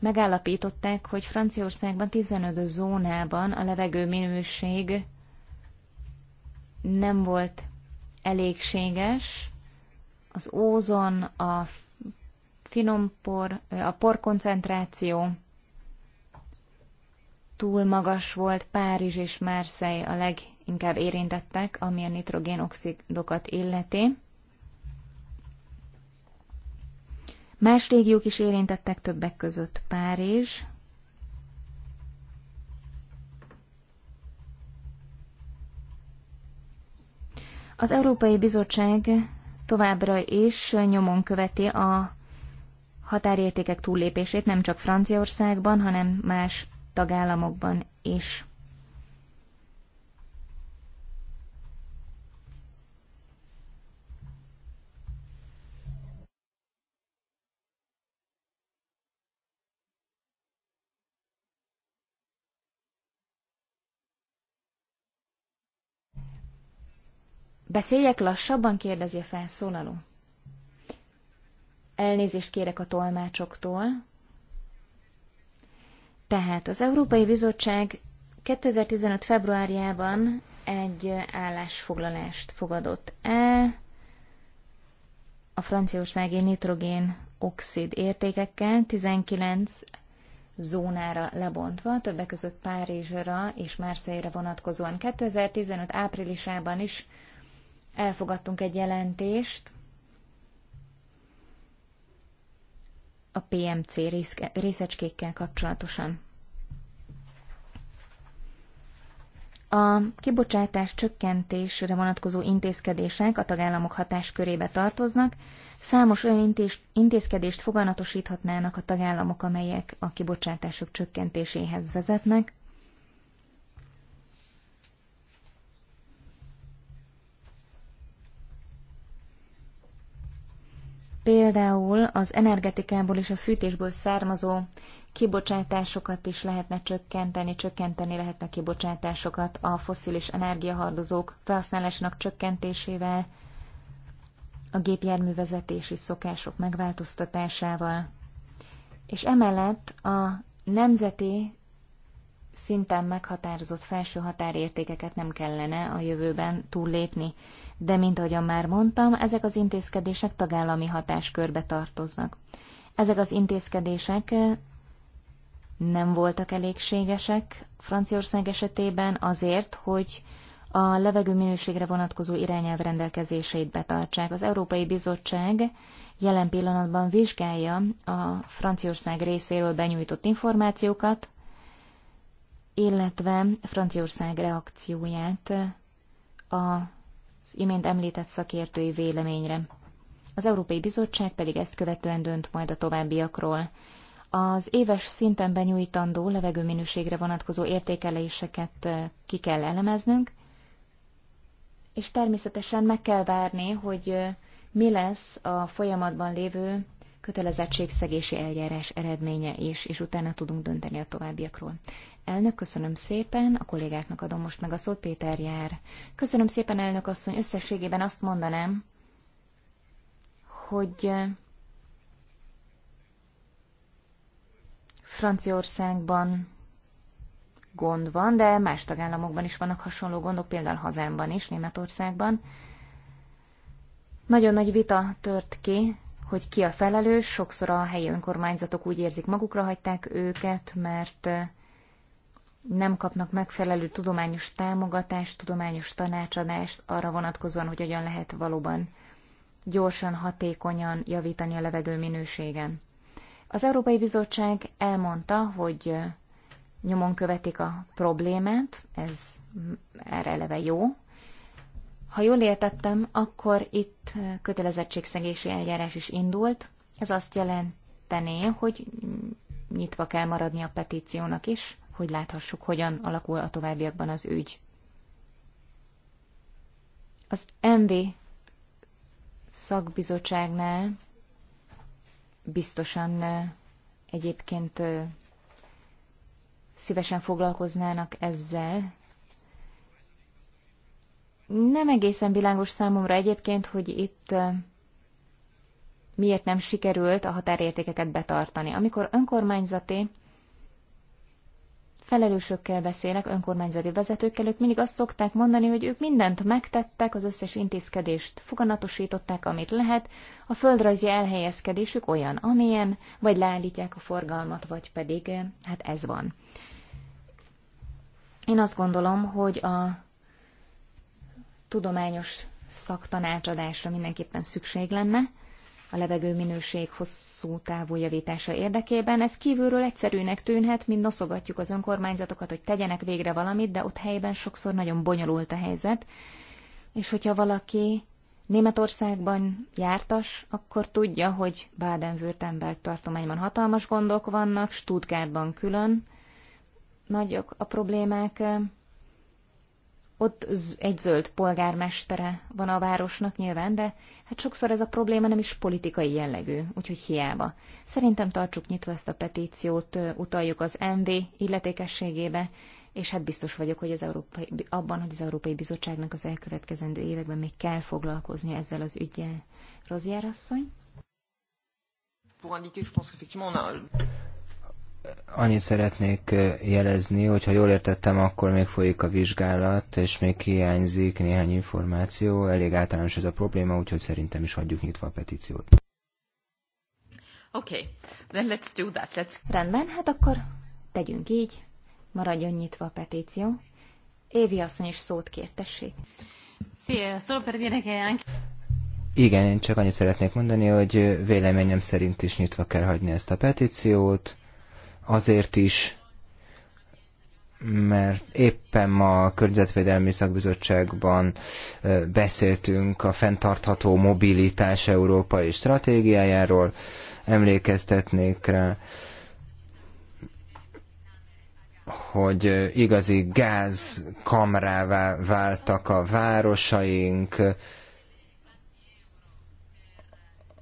megállapították, hogy Franciaországban 15 zónában a levegő minőség nem volt elégséges, az ózon, a finom por, a porkoncentráció túl magas volt, Párizs és Marseille a leginkább érintettek, ami a nitrogénoxidokat illeti. Más régiók is érintettek többek között Párizs, Az Európai Bizottság továbbra is nyomon követi a határértékek túllépését nem csak Franciaországban, hanem más tagállamokban is. Beszéljek lassabban, kérdezi a felszólaló. Elnézést kérek a tolmácsoktól. Tehát az Európai Bizottság 2015. februárjában egy állásfoglalást fogadott el a franciaországi nitrogén oxid értékekkel 19 zónára lebontva, többek között Párizsra és Márszejre vonatkozóan. 2015 áprilisában is elfogadtunk egy jelentést a PMC részecskékkel kapcsolatosan. A kibocsátás csökkentésre vonatkozó intézkedések a tagállamok hatáskörébe tartoznak, számos olyan intézkedést foganatosíthatnának a tagállamok, amelyek a kibocsátások csökkentéséhez vezetnek. Például az energetikából és a fűtésből származó kibocsátásokat is lehetne csökkenteni, csökkenteni lehetne kibocsátásokat a foszilis energiahordozók felhasználásának csökkentésével, a gépjárművezetési szokások megváltoztatásával. És emellett a nemzeti szinten meghatározott felső határértékeket nem kellene a jövőben túllépni de mint ahogyan már mondtam, ezek az intézkedések tagállami hatáskörbe tartoznak. Ezek az intézkedések eh, nem voltak elégségesek Franciaország esetében azért, hogy a levegő minőségre vonatkozó irányelv rendelkezéseit betartsák. Az Európai Bizottság jelen pillanatban vizsgálja a Franciaország részéről benyújtott információkat, illetve Franciaország reakcióját eh, a imént említett szakértői véleményre. Az Európai Bizottság pedig ezt követően dönt majd a továbbiakról. Az éves szinten benyújtandó levegőminőségre vonatkozó értékeléseket ki kell elemeznünk, és természetesen meg kell várni, hogy mi lesz a folyamatban lévő kötelezettségszegési eljárás eredménye is, és utána tudunk dönteni a továbbiakról. Elnök, köszönöm szépen, a kollégáknak adom most meg a szót, Péter jár. Köszönöm szépen, elnök asszony, összességében azt mondanám, hogy eh, Franciaországban gond van, de más tagállamokban is vannak hasonló gondok, például hazámban is, Németországban. Nagyon nagy vita tört ki hogy ki a felelős. Sokszor a helyi önkormányzatok úgy érzik, magukra hagyták őket, mert eh, nem kapnak megfelelő tudományos támogatást, tudományos tanácsadást arra vonatkozóan, hogy hogyan lehet valóban gyorsan, hatékonyan javítani a levegő minőségen. Az Európai Bizottság elmondta, hogy eh, nyomon követik a problémát, ez erre eleve jó, ha jól értettem, akkor itt kötelezettségszegési eljárás is indult. Ez azt jelentené, hogy nyitva kell maradni a petíciónak is, hogy láthassuk, hogyan alakul a továbbiakban az ügy. Az MV szakbizottságnál biztosan egyébként szívesen foglalkoznának ezzel, nem egészen világos számomra egyébként, hogy itt miért nem sikerült a határértékeket betartani. Amikor önkormányzati felelősökkel beszélek, önkormányzati vezetőkkel, ők mindig azt szokták mondani, hogy ők mindent megtettek, az összes intézkedést foganatosították, amit lehet, a földrajzi elhelyezkedésük olyan, amilyen, vagy leállítják a forgalmat, vagy pedig hát ez van. Én azt gondolom, hogy a tudományos szaktanácsadásra mindenképpen szükség lenne a levegő minőség hosszú távú javítása érdekében. Ez kívülről egyszerűnek tűnhet, mind noszogatjuk az önkormányzatokat, hogy tegyenek végre valamit, de ott helyben sokszor nagyon bonyolult a helyzet. És hogyha valaki Németországban jártas, akkor tudja, hogy Baden-Württemberg tartományban hatalmas gondok vannak, Stuttgartban külön nagyok a problémák, ott egy zöld polgármestere van a városnak nyilván, de hát sokszor ez a probléma nem is politikai jellegű, úgyhogy hiába. Szerintem tartsuk nyitva ezt a petíciót, utaljuk az MV illetékességébe, és hát biztos vagyok, hogy az Európai, abban, hogy az Európai Bizottságnak az elkövetkezendő években még kell foglalkoznia ezzel az ügyel. Rozier asszony? annyit szeretnék jelezni, hogy ha jól értettem, akkor még folyik a vizsgálat, és még hiányzik néhány információ. Elég általános ez a probléma, úgyhogy szerintem is hagyjuk nyitva a petíciót. Oké, okay. then let's do that. Let's... Rendben, hát akkor tegyünk így. Maradjon nyitva a petíció. Évi asszony is szót kértessék. Szia, solo szóval per dire che Igen, én csak annyit szeretnék mondani, hogy véleményem szerint is nyitva kell hagyni ezt a petíciót azért is, mert éppen ma a Környezetvédelmi Szakbizottságban beszéltünk a fenntartható mobilitás európai stratégiájáról, emlékeztetnék rá, hogy igazi gázkamrává váltak a városaink,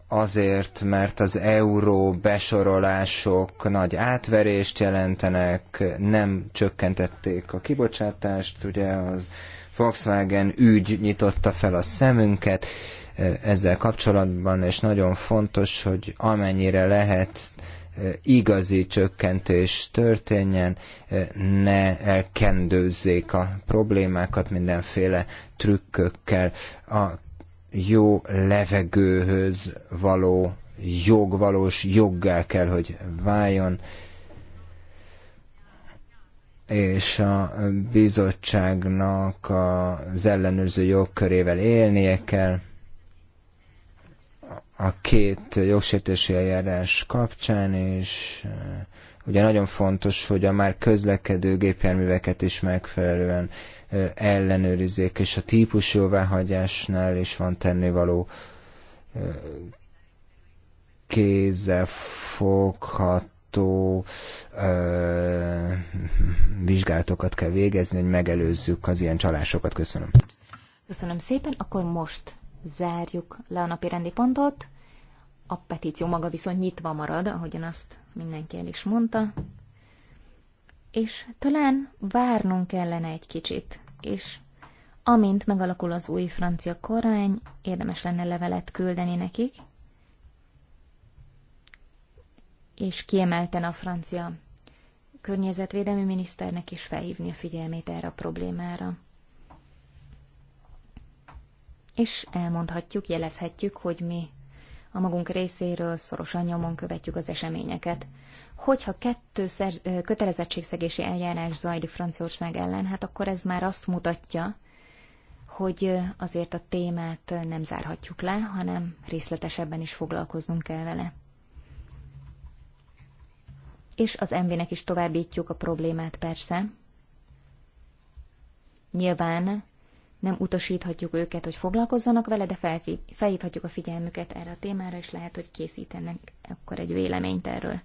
azért, mert az euró besorolások nagy átverést jelentenek, nem csökkentették a kibocsátást, ugye az Volkswagen ügy nyitotta fel a szemünket e, ezzel kapcsolatban, és nagyon fontos, hogy amennyire lehet e, igazi csökkentés történjen, e, ne elkendőzzék a problémákat mindenféle trükkökkel. A jó levegőhöz való jog, valós joggá kell, hogy váljon és a bizottságnak az ellenőrző jogkörével élnie kell a két jogsértési eljárás kapcsán, és eh, ugye nagyon fontos, hogy a már közlekedő gépjárműveket is megfelelően ellenőrizzék, és a típus jóváhagyásnál is van tennivaló kézzel fogható vizsgálatokat kell végezni, hogy megelőzzük az ilyen csalásokat. Köszönöm. Köszönöm szépen, akkor most zárjuk le a napi rendi pontot. A petíció maga viszont nyitva marad, ahogyan azt mindenki el is mondta és talán várnunk kellene egy kicsit, és amint megalakul az új francia korány, érdemes lenne levelet küldeni nekik, és kiemelten a francia környezetvédelmi miniszternek is felhívni a figyelmét erre a problémára. És elmondhatjuk, jelezhetjük, hogy mi a magunk részéről szorosan nyomon követjük az eseményeket. Hogyha kettő szerz, kötelezettségszegési eljárás zajlik Franciaország ellen, hát akkor ez már azt mutatja, hogy azért a témát nem zárhatjuk le, hanem részletesebben is foglalkozunk kell vele. És az MV-nek is továbbítjuk a problémát persze. Nyilván nem utasíthatjuk őket, hogy foglalkozzanak vele, de felhívhatjuk a figyelmüket erre a témára, és lehet, hogy készítenek akkor egy véleményt erről.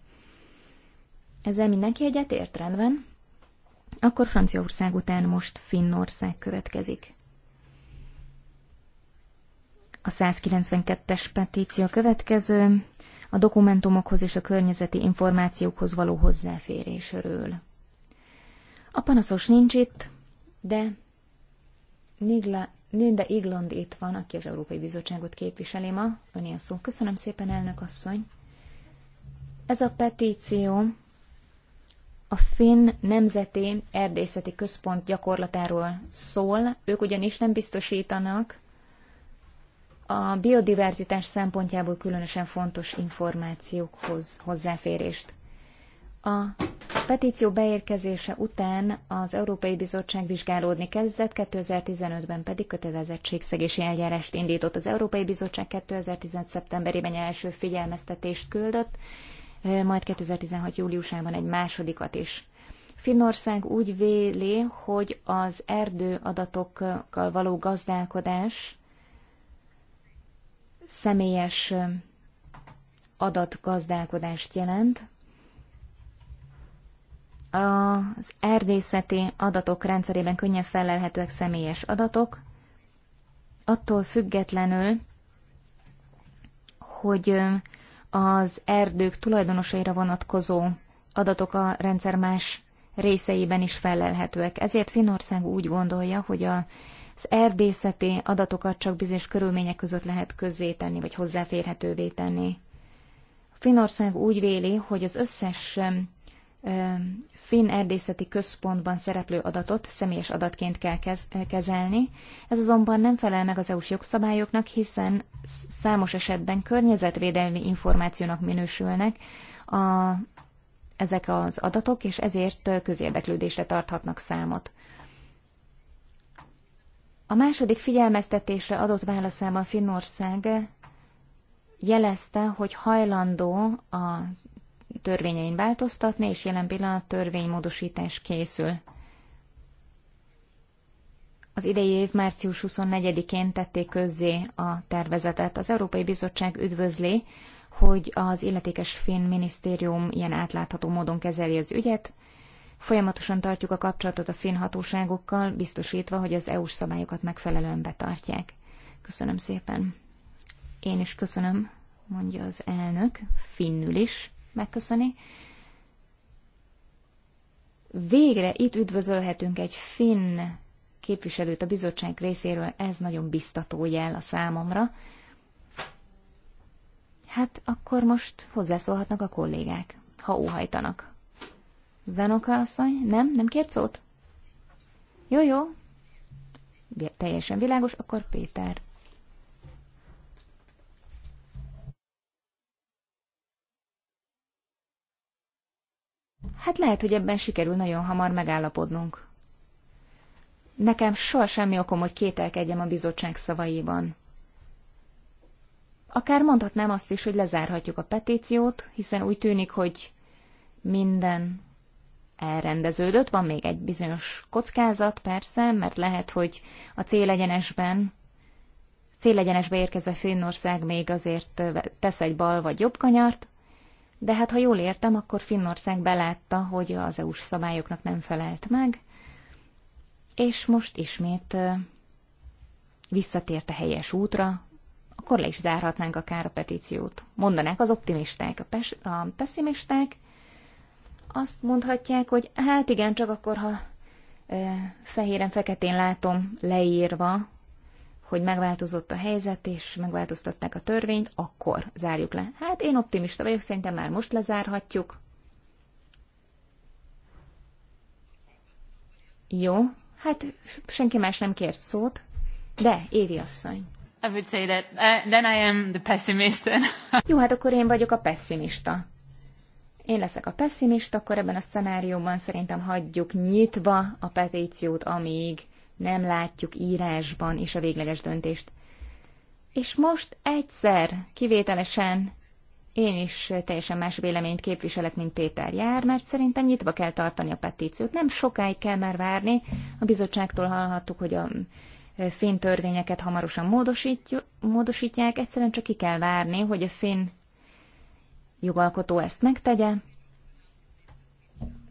Ezzel mindenki egyetért? Rendben. Akkor Franciaország után most Finnország következik. A 192-es petíció következő a dokumentumokhoz és a környezeti információkhoz való hozzáférésről. A panaszos nincs itt, de Nigla, Linda Igland itt van, aki az Európai Bizottságot képviseli ma. Öné a szó. Köszönöm szépen, elnök asszony. Ez a petíció a Finn Nemzeti Erdészeti Központ gyakorlatáról szól, ők ugyanis nem biztosítanak a biodiverzitás szempontjából különösen fontos információkhoz hozzáférést. A petíció beérkezése után az Európai Bizottság vizsgálódni kezdett, 2015-ben pedig kötelezettségszegési eljárást indított. Az Európai Bizottság 2015. szeptemberében első figyelmeztetést küldött, majd 2016. júliusában egy másodikat is. Finnország úgy véli, hogy az erdő adatokkal való gazdálkodás személyes adatgazdálkodást jelent. Az erdészeti adatok rendszerében könnyen felelhetőek személyes adatok, attól függetlenül, hogy az erdők tulajdonosaira vonatkozó adatok a rendszer más részeiben is felelhetőek. Ezért Finnország úgy gondolja, hogy a, az erdészeti adatokat csak bizonyos körülmények között lehet közzétenni, vagy hozzáférhetővé tenni. Finnország úgy véli, hogy az összes Finn Erdészeti Központban szereplő adatot személyes adatként kell eh, kezelni. Ez azonban nem felel meg az EU-s jogszabályoknak, hiszen számos esetben környezetvédelmi információnak minősülnek a, ezek az adatok, és ezért eh, közérdeklődésre tarthatnak számot. A második figyelmeztetésre adott válaszában Finnország jelezte, hogy hajlandó a törvényein változtatni, és jelen pillanat törvénymódosítás készül. Az idei év március 24-én tették közzé a tervezetet. Az Európai Bizottság üdvözli, hogy az illetékes finn minisztérium ilyen átlátható módon kezeli az ügyet. Folyamatosan tartjuk a kapcsolatot a finn hatóságokkal, biztosítva, hogy az EU-s szabályokat megfelelően betartják. Köszönöm szépen. Én is köszönöm, mondja az elnök, finnül is megköszöni. Végre itt üdvözölhetünk egy finn képviselőt a bizottság részéről, ez nagyon biztató jel a számomra. Hát akkor most hozzászólhatnak a kollégák, ha óhajtanak. Zdenoka asszony, nem? Nem kért szót? Jó, jó. Teljesen világos, akkor Péter. Hát lehet, hogy ebben sikerül nagyon hamar megállapodnunk. Nekem soha semmi okom, hogy kételkedjem a bizottság szavaiban. Akár mondhatnám azt is, hogy lezárhatjuk a petíciót, hiszen úgy tűnik, hogy minden elrendeződött, van még egy bizonyos kockázat, persze, mert lehet, hogy a célegyenesben, célegyenesbe érkezve Finnország még azért tesz egy bal vagy jobb kanyart, de hát ha jól értem, akkor Finnország belátta, hogy az EU-s szabályoknak nem felelt meg, és most ismét visszatért a helyes útra, akkor le is zárhatnánk akár a petíciót. Mondanák az optimisták, a, pes- a pessimisták azt mondhatják, hogy hát igen, csak akkor, ha fehéren-feketén látom leírva hogy megváltozott a helyzet, és megváltoztatták a törvényt, akkor zárjuk le. Hát én optimista vagyok, szerintem már most lezárhatjuk. Jó, hát senki más nem kért szót, de Évi asszony. I would say that uh, then I am the pessimist. (laughs) Jó, hát akkor én vagyok a pessimista. Én leszek a pessimista, akkor ebben a szenárióban szerintem hagyjuk nyitva a petíciót, amíg nem látjuk írásban is a végleges döntést. És most egyszer, kivételesen én is teljesen más véleményt képviselek, mint Péter Jár, mert szerintem nyitva kell tartani a petíciót. Nem sokáig kell már várni. A bizottságtól hallhattuk, hogy a finn törvényeket hamarosan módosítják. Egyszerűen csak ki kell várni, hogy a finn jogalkotó ezt megtegye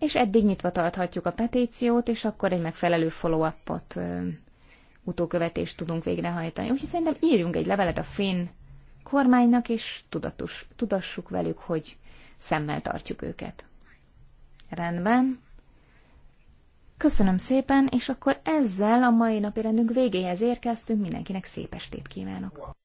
és eddig nyitva tarthatjuk a petíciót, és akkor egy megfelelő follow-upot, utókövetést tudunk végrehajtani. Úgyhogy szerintem írjunk egy levelet a finn kormánynak, és tudatos, tudassuk velük, hogy szemmel tartjuk őket. Rendben. Köszönöm szépen, és akkor ezzel a mai napi rendünk végéhez érkeztünk. Mindenkinek szép estét kívánok!